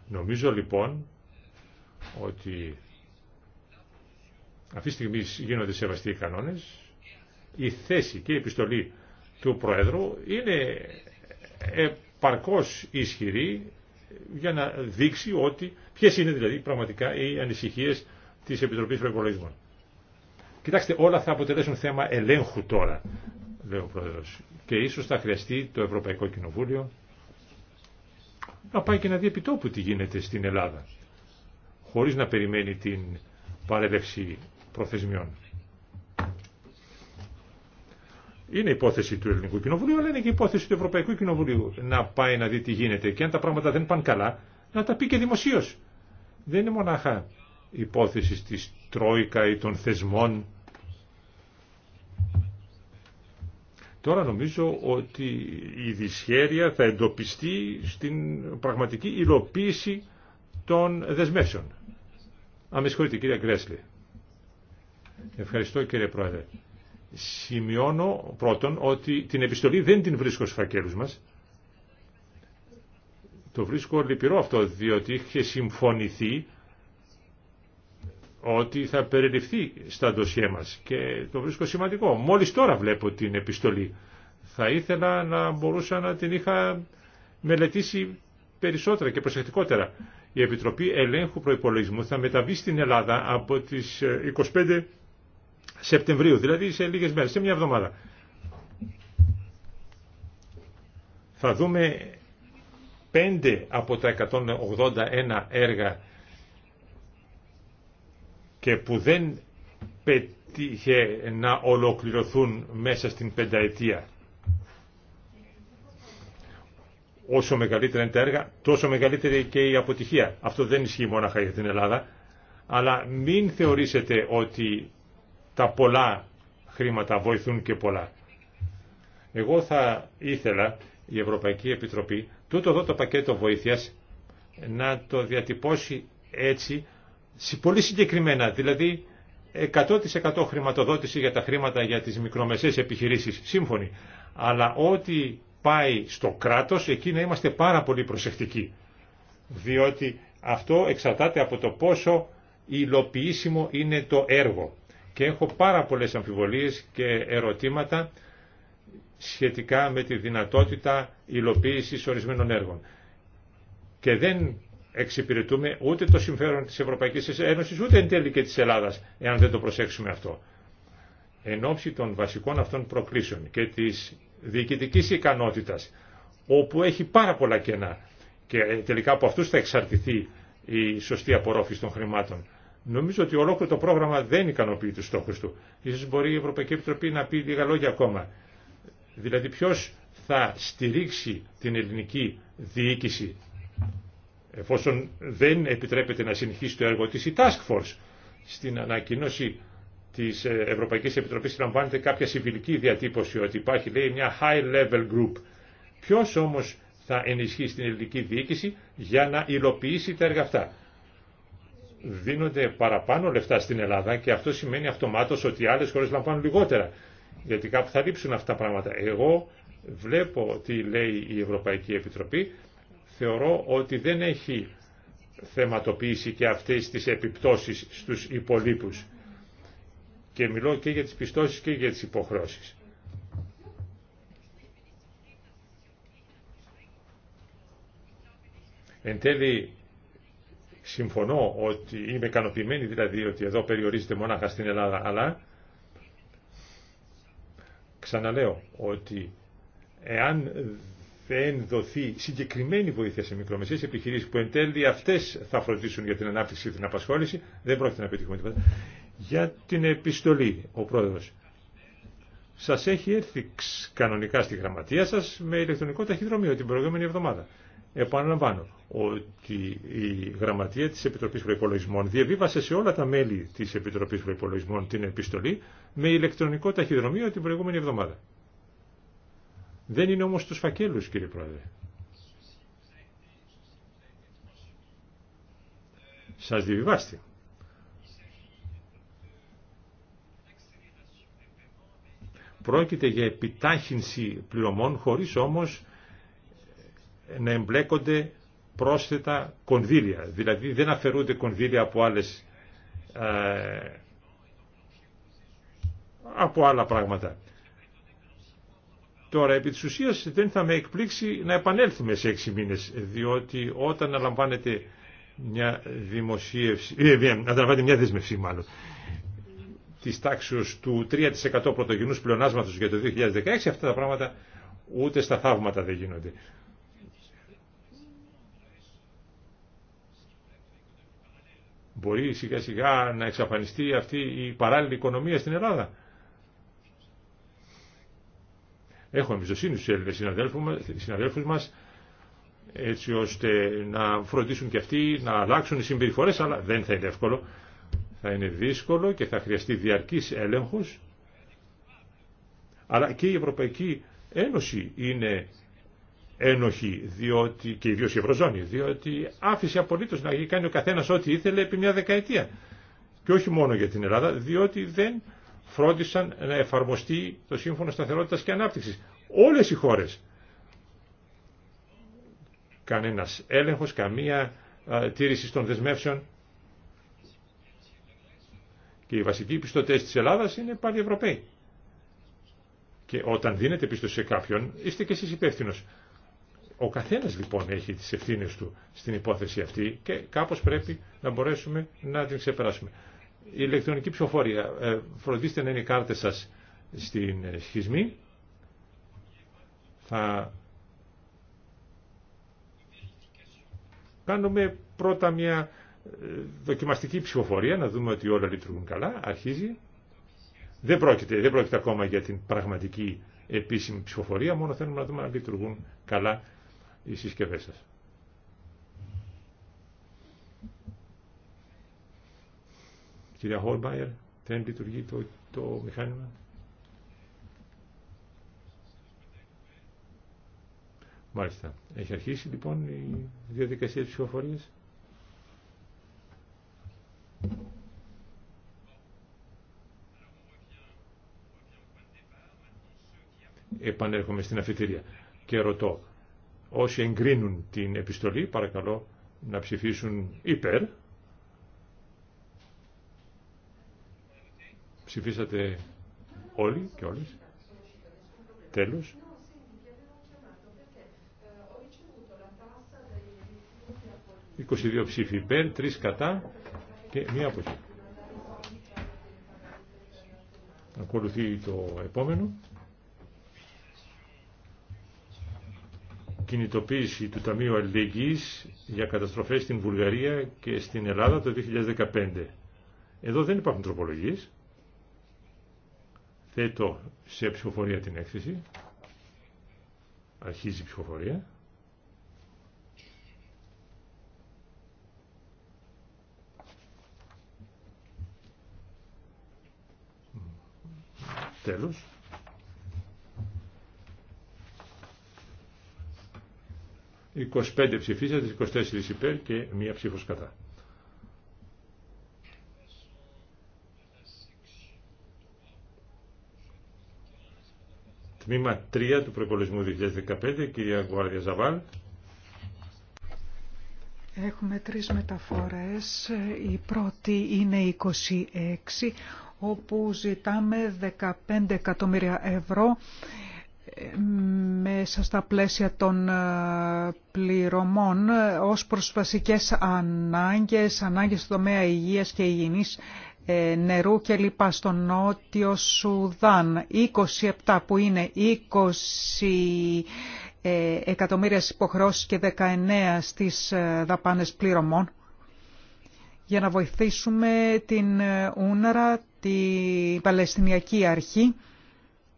Νομίζω λοιπόν ότι αυτή τη στιγμή γίνονται σεβαστοί οι κανόνες η θέση και η επιστολή του Προέδρου είναι επαρκώς ισχυρή για να δείξει ότι ποιες είναι δηλαδή πραγματικά οι ανησυχίες της Επιτροπής Προεπολογισμών. Κοιτάξτε, όλα θα αποτελέσουν θέμα ελέγχου τώρα, λέει ο Πρόεδρος. Και ίσως θα χρειαστεί το Ευρωπαϊκό Κοινοβούλιο να πάει και να δει επιτόπου τι γίνεται στην Ελλάδα, χωρίς να περιμένει την παρέλευση προθεσμιών. Είναι υπόθεση του Ελληνικού Κοινοβουλίου, αλλά είναι και υπόθεση του Ευρωπαϊκού Κοινοβουλίου να πάει να δει τι γίνεται. Και αν τα πράγματα δεν πάνε καλά, να τα πει και δημοσίω. Δεν είναι μονάχα υπόθεση τη Τρόικα ή των θεσμών. Τώρα νομίζω ότι η δυσχέρεια θα εντοπιστεί στην πραγματική υλοποίηση των δεσμεύσεων. Αν κυριε συγχωρείτε Ευχαριστώ κύριε Πρόεδρε. Σημειώνω πρώτον ότι την επιστολή δεν την βρίσκω στους φακέλους μας. Το βρίσκω λυπηρό αυτό, διότι είχε συμφωνηθεί ότι θα περιληφθεί στα ντοσιέ μας και το βρίσκω σημαντικό. Μόλις τώρα βλέπω την επιστολή. Θα ήθελα να μπορούσα να την είχα μελετήσει περισσότερα και προσεκτικότερα. Η Επιτροπή Ελέγχου Προϋπολογισμού θα μεταβεί στην Ελλάδα από τις ε, 25 Σεπτεμβρίου, δηλαδή σε λίγες μέρες, σε μια εβδομάδα. Θα δούμε 5 από τα 181 έργα και που δεν πετύχε να ολοκληρωθούν μέσα στην πενταετία. Όσο μεγαλύτερα είναι τα έργα, τόσο μεγαλύτερη και η αποτυχία. Αυτό δεν ισχύει μόνο για την Ελλάδα, αλλά μην θεωρήσετε ότι τα πολλά χρήματα βοηθούν και πολλά. Εγώ θα ήθελα η Ευρωπαϊκή Επιτροπή τούτο εδώ το πακέτο βοήθειας να το διατυπώσει έτσι πολύ συγκεκριμένα, δηλαδή 100% χρηματοδότηση για τα χρήματα για τις μικρομεσαίες επιχειρήσεις, σύμφωνοι. Αλλά ό,τι πάει στο κράτος, εκεί να είμαστε πάρα πολύ προσεκτικοί. Διότι αυτό εξαρτάται από το πόσο υλοποιήσιμο είναι το έργο και έχω πάρα πολλές αμφιβολίες και ερωτήματα σχετικά με τη δυνατότητα υλοποίησης ορισμένων έργων. Και δεν εξυπηρετούμε ούτε το συμφέρον της Ευρωπαϊκής Ένωσης, ούτε εν τέλει και της Ελλάδας, εάν δεν το προσέξουμε αυτό. Εν ώψη των βασικών αυτών προκλήσεων και της διοικητικής ικανότητας, όπου έχει πάρα πολλά κενά και τελικά από αυτούς θα εξαρτηθεί η σωστή απορρόφηση των χρημάτων. Νομίζω ότι ολόκληρο το πρόγραμμα δεν ικανοποιεί του στόχου του. σω μπορεί η Ευρωπαϊκή Επιτροπή να πει λίγα λόγια ακόμα. Δηλαδή ποιο θα στηρίξει την ελληνική διοίκηση εφόσον δεν επιτρέπεται να συνεχίσει το έργο τη η Task Force. Στην ανακοίνωση της Ευρωπαϊκής Επιτροπής λαμβάνεται κάποια συμβιλική διατύπωση ότι υπάρχει λέει μια high level group. Ποιο όμω θα ενισχύσει την ελληνική διοίκηση για να υλοποιήσει τα έργα αυτά δίνονται παραπάνω λεφτά στην Ελλάδα και αυτό σημαίνει αυτομάτως ότι οι άλλες χώρες λαμβάνουν λιγότερα. Γιατί κάπου θα λείψουν αυτά τα πράγματα. Εγώ βλέπω τι λέει η Ευρωπαϊκή Επιτροπή. Θεωρώ ότι δεν έχει θεματοποίηση και αυτές τις επιπτώσεις στους υπολείπους. Και μιλώ και για τις πιστώσεις και για τις υποχρώσεις. Εν τέλει συμφωνώ ότι είμαι ικανοποιημένη δηλαδή ότι εδώ περιορίζεται μονάχα στην Ελλάδα, αλλά ξαναλέω ότι εάν δεν δοθεί συγκεκριμένη βοήθεια σε μικρομεσαίες επιχειρήσεις που εν τέλει αυτές θα φροντίσουν για την ανάπτυξη και την απασχόληση, δεν πρόκειται να πετύχουμε τίποτα. Για την επιστολή, ο πρόεδρος. Σας έχει έρθει κανονικά στη γραμματεία σας με ηλεκτρονικό ταχυδρομείο την προηγούμενη εβδομάδα. Επαναλαμβάνω ότι η γραμματεία της Επιτροπής Προϋπολογισμών διαβίβασε σε όλα τα μέλη της Επιτροπής Προϋπολογισμών την επιστολή με ηλεκτρονικό ταχυδρομείο την προηγούμενη εβδομάδα. Δεν είναι όμως στους φακέλους κύριε Πρόεδρε. Σας διαβιβάστε. Πρόκειται για επιτάχυνση πληρωμών χωρίς όμως να εμπλέκονται πρόσθετα κονδύλια. Δηλαδή δεν αφαιρούνται κονδύλια από άλλες ε, από άλλα πράγματα. Τώρα, επί της ουσίας δεν θα με εκπλήξει να επανέλθουμε σε έξι μήνες, διότι όταν αναλαμβάνεται μια δημοσίευση, ε, αναλαμβάνεται μια δέσμευση μάλλον, της τάξης του 3% πρωτογενούς πλεονάσματος για το 2016, αυτά τα πράγματα ούτε στα θαύματα δεν γίνονται. Μπορεί σιγά σιγά να εξαφανιστεί αυτή η παράλληλη οικονομία στην Ελλάδα. Έχω εμπιστοσύνη στους Έλληνες συναδέλφους μας έτσι ώστε να φροντίσουν και αυτοί να αλλάξουν οι συμπεριφορές αλλά δεν θα είναι εύκολο. Θα είναι δύσκολο και θα χρειαστεί διαρκής έλεγχος αλλά και η Ευρωπαϊκή Ένωση είναι ένοχη διότι, και ιδίω η Ευρωζώνη, διότι άφησε απολύτω να κάνει ο καθένα ό,τι ήθελε επί μια δεκαετία. Και όχι μόνο για την Ελλάδα, διότι δεν φρόντισαν να εφαρμοστεί το Σύμφωνο Σταθερότητα και Ανάπτυξη. Όλε οι χώρε. Κανένα έλεγχο, καμία α, τήρηση των δεσμεύσεων. Και οι βασικοί πιστωτέ τη Ελλάδα είναι πάλι Ευρωπαίοι. Και όταν δίνετε πίστοση σε κάποιον, είστε και εσεί υπεύθυνο. Ο καθένας λοιπόν έχει τις ευθύνες του στην υπόθεση αυτή και κάπως πρέπει να μπορέσουμε να την ξεπεράσουμε. Η ηλεκτρονική ψηφοφορία. Ε, φροντίστε να είναι οι κάρτες σας στην ε, σχισμή. Θα κάνουμε πρώτα μια ε, δοκιμαστική ψηφοφορία, να δούμε ότι όλα λειτουργούν καλά, αρχίζει. Δεν πρόκειται, δεν πρόκειται ακόμα για την πραγματική επίσημη ψηφοφορία, μόνο θέλουμε να δούμε αν λειτουργούν καλά οι συσκευέ σα. Κυρία Χόλμπαϊερ, δεν λειτουργεί το, το μηχάνημα. Μάλιστα. Έχει αρχίσει λοιπόν η διαδικασία της ψηφοφορίας. Επανέρχομαι στην αφιτηρία και ρωτώ Όσοι εγκρίνουν την επιστολή, παρακαλώ να ψηφίσουν υπέρ. Ψηφίσατε όλοι και όλες. Τέλος. ...22 ψήφοι υπέρ, 3 κατά και μία αποχή. Ακολουθεί το επόμενο. κινητοποίηση του Ταμείου Αλληλεγγύης για καταστροφές στην Βουλγαρία και στην Ελλάδα το 2015. Εδώ δεν υπάρχουν τροπολογίες. Θέτω σε ψηφοφορία την έκθεση. Αρχίζει η ψηφοφορία. Τέλος. 25 ψηφίσατε, 24 υπέρ και μία ψήφος κατά. Τμήμα 3 του προπολισμού 2015, κυρία Γουάρδια Ζαβάλ. Έχουμε τρεις μεταφορές. Η πρώτη είναι 26, όπου ζητάμε 15 εκατομμύρια ευρώ μέσα στα πλαίσια των ε, πληρωμών ε, ως προς βασικές ανάγκες, ανάγκες στο τομέα υγείας και υγιεινής ε, νερού και λοιπά στο νότιο Σουδάν. 27 που είναι 20 εκατομμύρια υποχρεώσεις και 19 στις δαπάνες πληρωμών για να βοηθήσουμε την Ούναρα, την Παλαιστινιακή Αρχή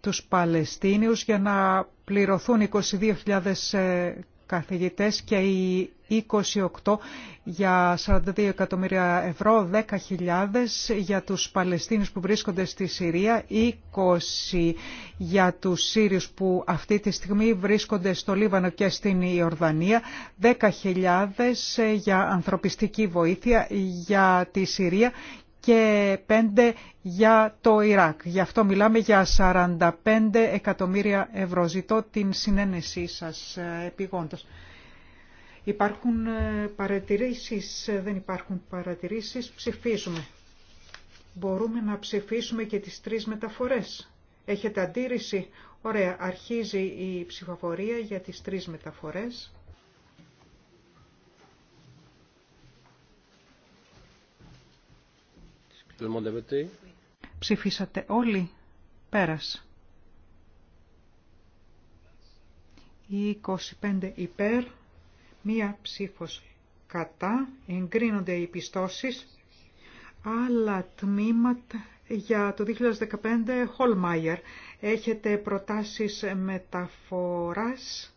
τους Παλαιστίνιους για να πληρωθούν 22.000 ε, καθηγητές και οι 28 για 42 εκατομμύρια ευρώ, 10.000 για τους Παλαιστίνιους που βρίσκονται στη Συρία, 20 για τους Σύριους που αυτή τη στιγμή βρίσκονται στο Λίβανο και στην Ιορδανία, 10.000 ε, για ανθρωπιστική βοήθεια για τη Συρία και 5 για το Ιράκ. Γι' αυτό μιλάμε για 45 εκατομμύρια ευρώ. Ζητώ την συνένεσή σας ε, επιγόντως. Υπάρχουν ε, παρατηρήσεις, ε, δεν υπάρχουν παρατηρήσεις, ψηφίζουμε. Μπορούμε να ψηφίσουμε και τις τρεις μεταφορές. Έχετε αντίρρηση. Ωραία, αρχίζει η ψηφοφορία για τις τρεις μεταφορές. Ψηφίσατε όλοι. Πέρας. 25 υπέρ, μία ψήφος κατά, εγκρίνονται οι πιστώσεις, άλλα τμήματα για το 2015 Χολμάιερ. Έχετε προτάσεις μεταφοράς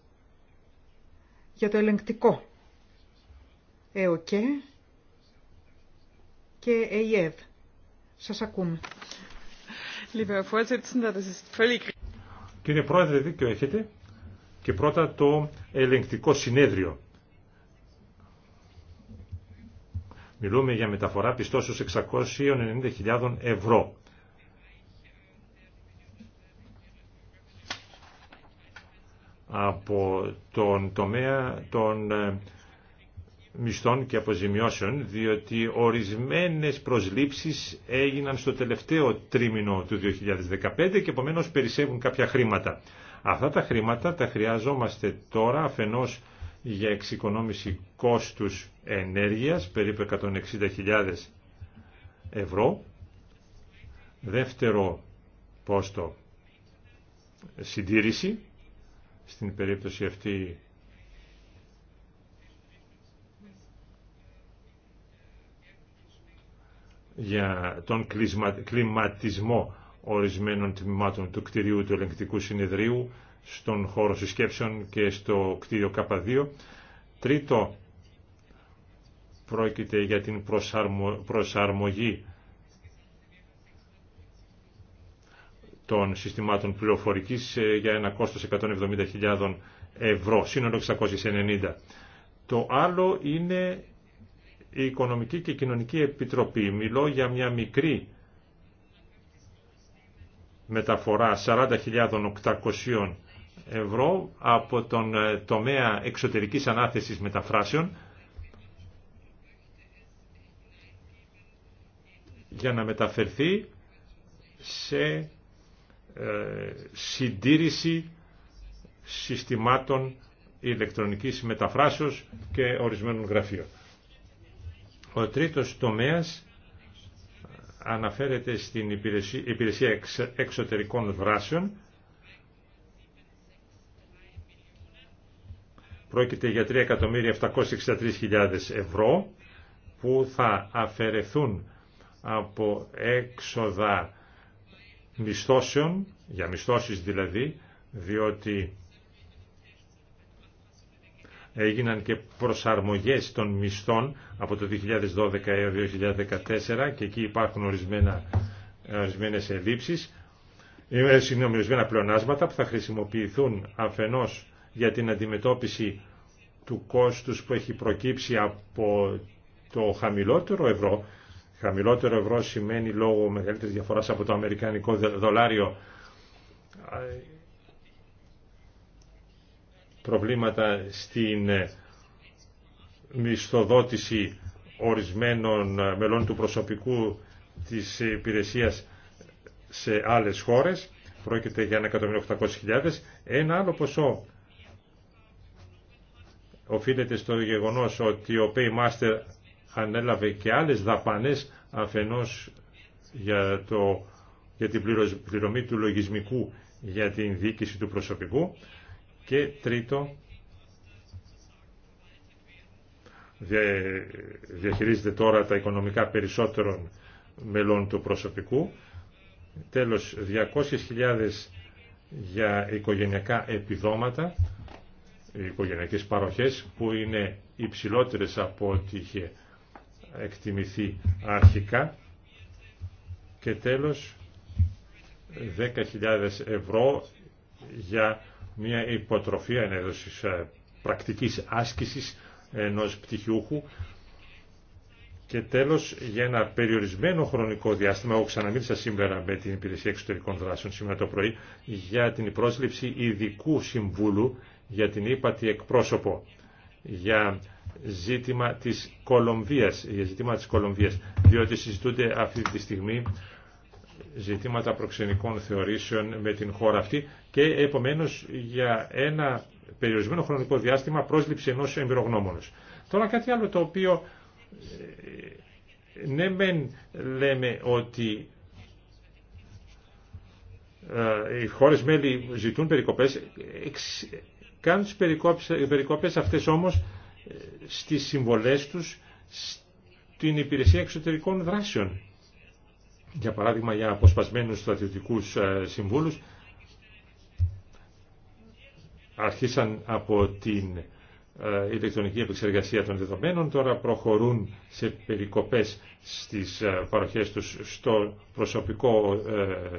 για το ελεγκτικό. ΕΟΚΕ και ΕΙΕΒ. Σας ακούμε. Κύριε Πρόεδρε, δίκιο έχετε. Και πρώτα το ελεγκτικό συνέδριο. Μιλούμε για μεταφορά πιστώσεως 690.000 ευρώ. από τον τομέα των ε, μισθών και αποζημιώσεων, διότι ορισμένες προσλήψεις έγιναν στο τελευταίο τρίμηνο του 2015 και επομένως περισσεύουν κάποια χρήματα. Αυτά τα χρήματα τα χρειάζομαστε τώρα αφενός για εξοικονόμηση κόστους ενέργειας, περίπου 160.000 ευρώ. Δεύτερο πόστο, συντήρηση. Στην περίπτωση αυτή για τον κλιματισμό ορισμένων τμήματων του κτηρίου του ελεγκτικού συνεδρίου στον χώρο συσκέψεων και στο κτίριο K2. Τρίτο, πρόκειται για την προσαρμογή των συστημάτων πληροφορικής ε, για ένα κόστος 170.000 ευρώ, σύνολο 690. Το άλλο είναι η Οικονομική και Κοινωνική Επιτροπή. Μιλώ για μια μικρή μεταφορά 40.800 ευρώ από τον ε, τομέα εξωτερικής ανάθεσης μεταφράσεων για να μεταφερθεί σε ε, συντήρηση συστημάτων ηλεκτρονικής μεταφράσεως και ορισμένων γραφείων. Ο τρίτος τομέας αναφέρεται στην υπηρεσία εξωτερικών δράσεων. Πρόκειται για 3.763.000 ευρώ που θα αφαιρεθούν από έξοδα μισθώσεων, για μισθώσεις δηλαδή, διότι έγιναν και προσαρμογές των μισθών από το 2012 έως 2014 και εκεί υπάρχουν ορισμένα, ορισμένες ε, συγγνώμη, ορισμένα πλεονάσματα που θα χρησιμοποιηθούν αφενός για την αντιμετώπιση του κόστους που έχει προκύψει από το χαμηλότερο ευρώ. Χαμηλότερο ευρώ σημαίνει λόγω μεγαλύτερης διαφοράς από το αμερικανικό δολάριο προβλήματα στην ε, μισθοδότηση ορισμένων ε, μελών του προσωπικού της υπηρεσίας σε άλλες χώρες. Πρόκειται για 1.800.000. Ένα άλλο ποσό οφείλεται στο γεγονός ότι ο Paymaster ανέλαβε και άλλες δαπανές αφενός για, το, για την πληρωμή του λογισμικού για την διοίκηση του προσωπικού και τρίτο, διαχειρίζεται τώρα τα οικονομικά περισσότερων μελών του προσωπικού. Τέλος, 200.000 για οικογενειακά επιδόματα, οικογενειακές παροχές, που είναι υψηλότερες από ό,τι είχε εκτιμηθεί αρχικά. Και τέλος, 10.000 ευρώ για μια υποτροφία ενέδωσης ε, πρακτικής άσκησης ενός πτυχιούχου και τέλος για ένα περιορισμένο χρονικό διάστημα, εγώ ξαναμίλησα σήμερα με την Υπηρεσία Εξωτερικών Δράσεων σήμερα το πρωί, για την πρόσληψη ειδικού συμβούλου για την ύπατη εκπρόσωπο για ζήτημα της Κολομβίας, για ζήτημα της Κολομβίας, διότι συζητούνται αυτή τη στιγμή ζητήματα προξενικών θεωρήσεων με την χώρα αυτή και επομένως για ένα περιορισμένο χρονικό διάστημα πρόσληψη ενός εμπειρογνώμονος. Τώρα κάτι άλλο το οποίο ε, ναι μεν λέμε ότι ε, οι χώρες μέλη ζητούν περικοπές, κάνουν τις περικοπές αυτές όμως ε, στις συμβολές τους στην υπηρεσία εξωτερικών δράσεων για παράδειγμα για αποσπασμένους στρατιωτικούς ε, συμβούλους αρχίσαν από την ε, ηλεκτρονική επεξεργασία των δεδομένων, τώρα προχωρούν σε περικοπές στις ε, παροχές τους στο, προσωπικό,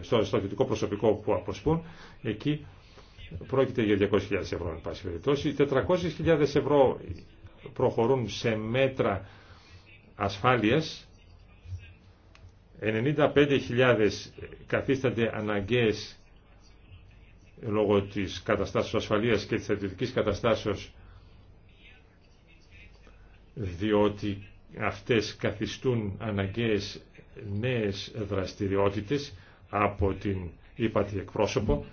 στο στρατιωτικό προσωπικό που αποσπούν. Εκεί πρόκειται για 200.000 ευρώ, εν πάση περιπτώσει. 400.000 ευρώ προχωρούν σε μέτρα ασφάλειας 95.000 καθίστανται αναγκαίες λόγω της καταστάσεως ασφαλείας και της στρατιωτικής καταστάσεως διότι αυτές καθιστούν αναγκαίες νέες δραστηριότητες από την ύπατη εκπρόσωπο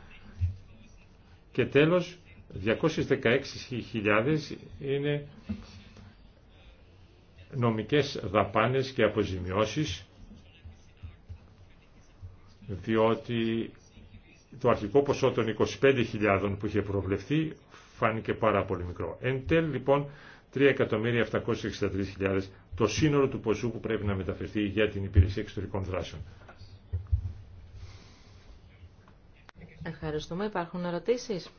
και τέλος 216.000 είναι νομικές δαπάνες και αποζημιώσεις διότι το αρχικό ποσό των 25.000 που είχε προβλεφθεί φάνηκε πάρα πολύ μικρό. Εν τέλει λοιπόν 3.763.000 το σύνολο του ποσού που πρέπει να μεταφερθεί για την υπηρεσία εξωτερικών δράσεων. Ευχαριστούμε. Υπάρχουν ερωτήσεις.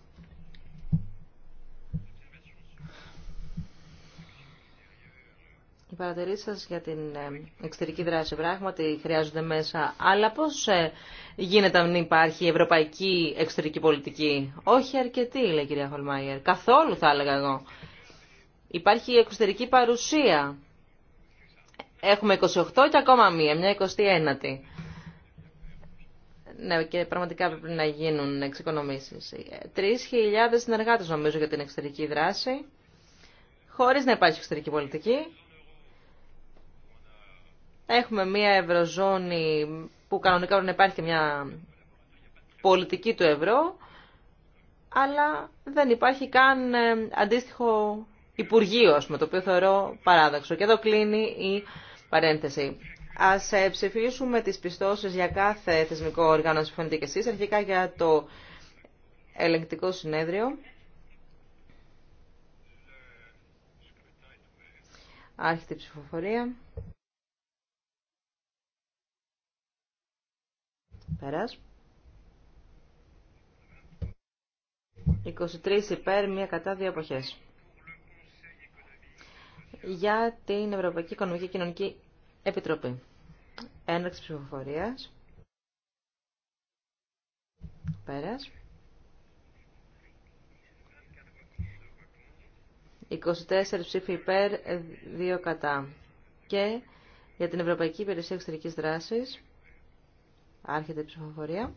Οι παρατηρήσει σας για την ε, εξωτερική δράση πράγματι χρειάζονται μέσα. Αλλά πώς ε, γίνεται αν υπάρχει ευρωπαϊκή εξωτερική πολιτική. Όχι αρκετή, λέει η κυρία Χολμάιερ. Καθόλου θα έλεγα εγώ. Υπάρχει εξωτερική παρουσία. Έχουμε 28 και ακόμα μία, μια 29η. Ναι, και πραγματικά πρέπει να γίνουν εξοικονομήσεις. 3.000 συνεργάτε νομίζω για την εξωτερική δράση, Χωρί να υπάρχει εξωτερική πολιτική. Έχουμε μια ευρωζώνη που κανονικά να υπάρχει μια πολιτική του ευρώ, αλλά δεν υπάρχει καν ε, αντίστοιχο Υπουργείο, με το οποίο θεωρώ παράδοξο. Και εδώ κλείνει η παρένθεση. Α ε, ψηφίσουμε τις πιστώσει για κάθε θεσμικό όργανο, συμφωνείτε και εσεί αρχικά για το ελεγκτικό συνέδριο. Άρχεται ψηφοφορία. Πέρας. 23 υπέρ, μία κατά, δύο εποχές Για την Ευρωπαϊκή Οικονομική Κοινωνική Επιτροπή. Έναρξη ψηφοφορίας. Πέρας. 24 ψήφοι υπέρ, 2 κατά. Και για την Ευρωπαϊκή Υπηρεσία Εξωτερικής Δράσης. Άρχεται η ψηφοφορία.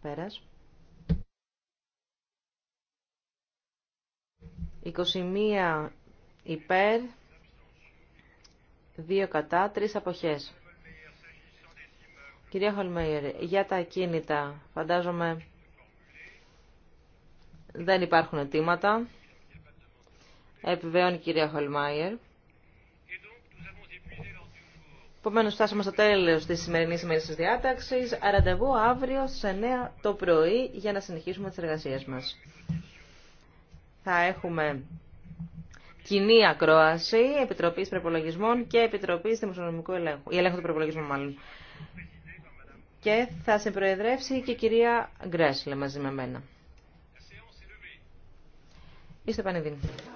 Πέρας. 21 υπέρ, 2 κατά, 3 αποχές. Κυρία Χολμέιερ, για τα ακίνητα, φαντάζομαι δεν υπάρχουν αιτήματα. Επιβεβαιώνει η κυρία Χολμάιερ. Επομένω, φτάσαμε στο τέλο τη σημερινή τη διάταξη. Ραντεβού αύριο στι 9 το πρωί για να συνεχίσουμε τι εργασίε μα. Θα έχουμε κοινή ακρόαση Επιτροπή Προπολογισμών και Επιτροπή Δημοσιονομικού Ελέγχου. Η ελέγχου του προπολογισμού, μάλλον. Και θα σε προεδρεύσει και η κυρία Γκρέσλε μαζί με μένα. Είστε πανεδίνοι.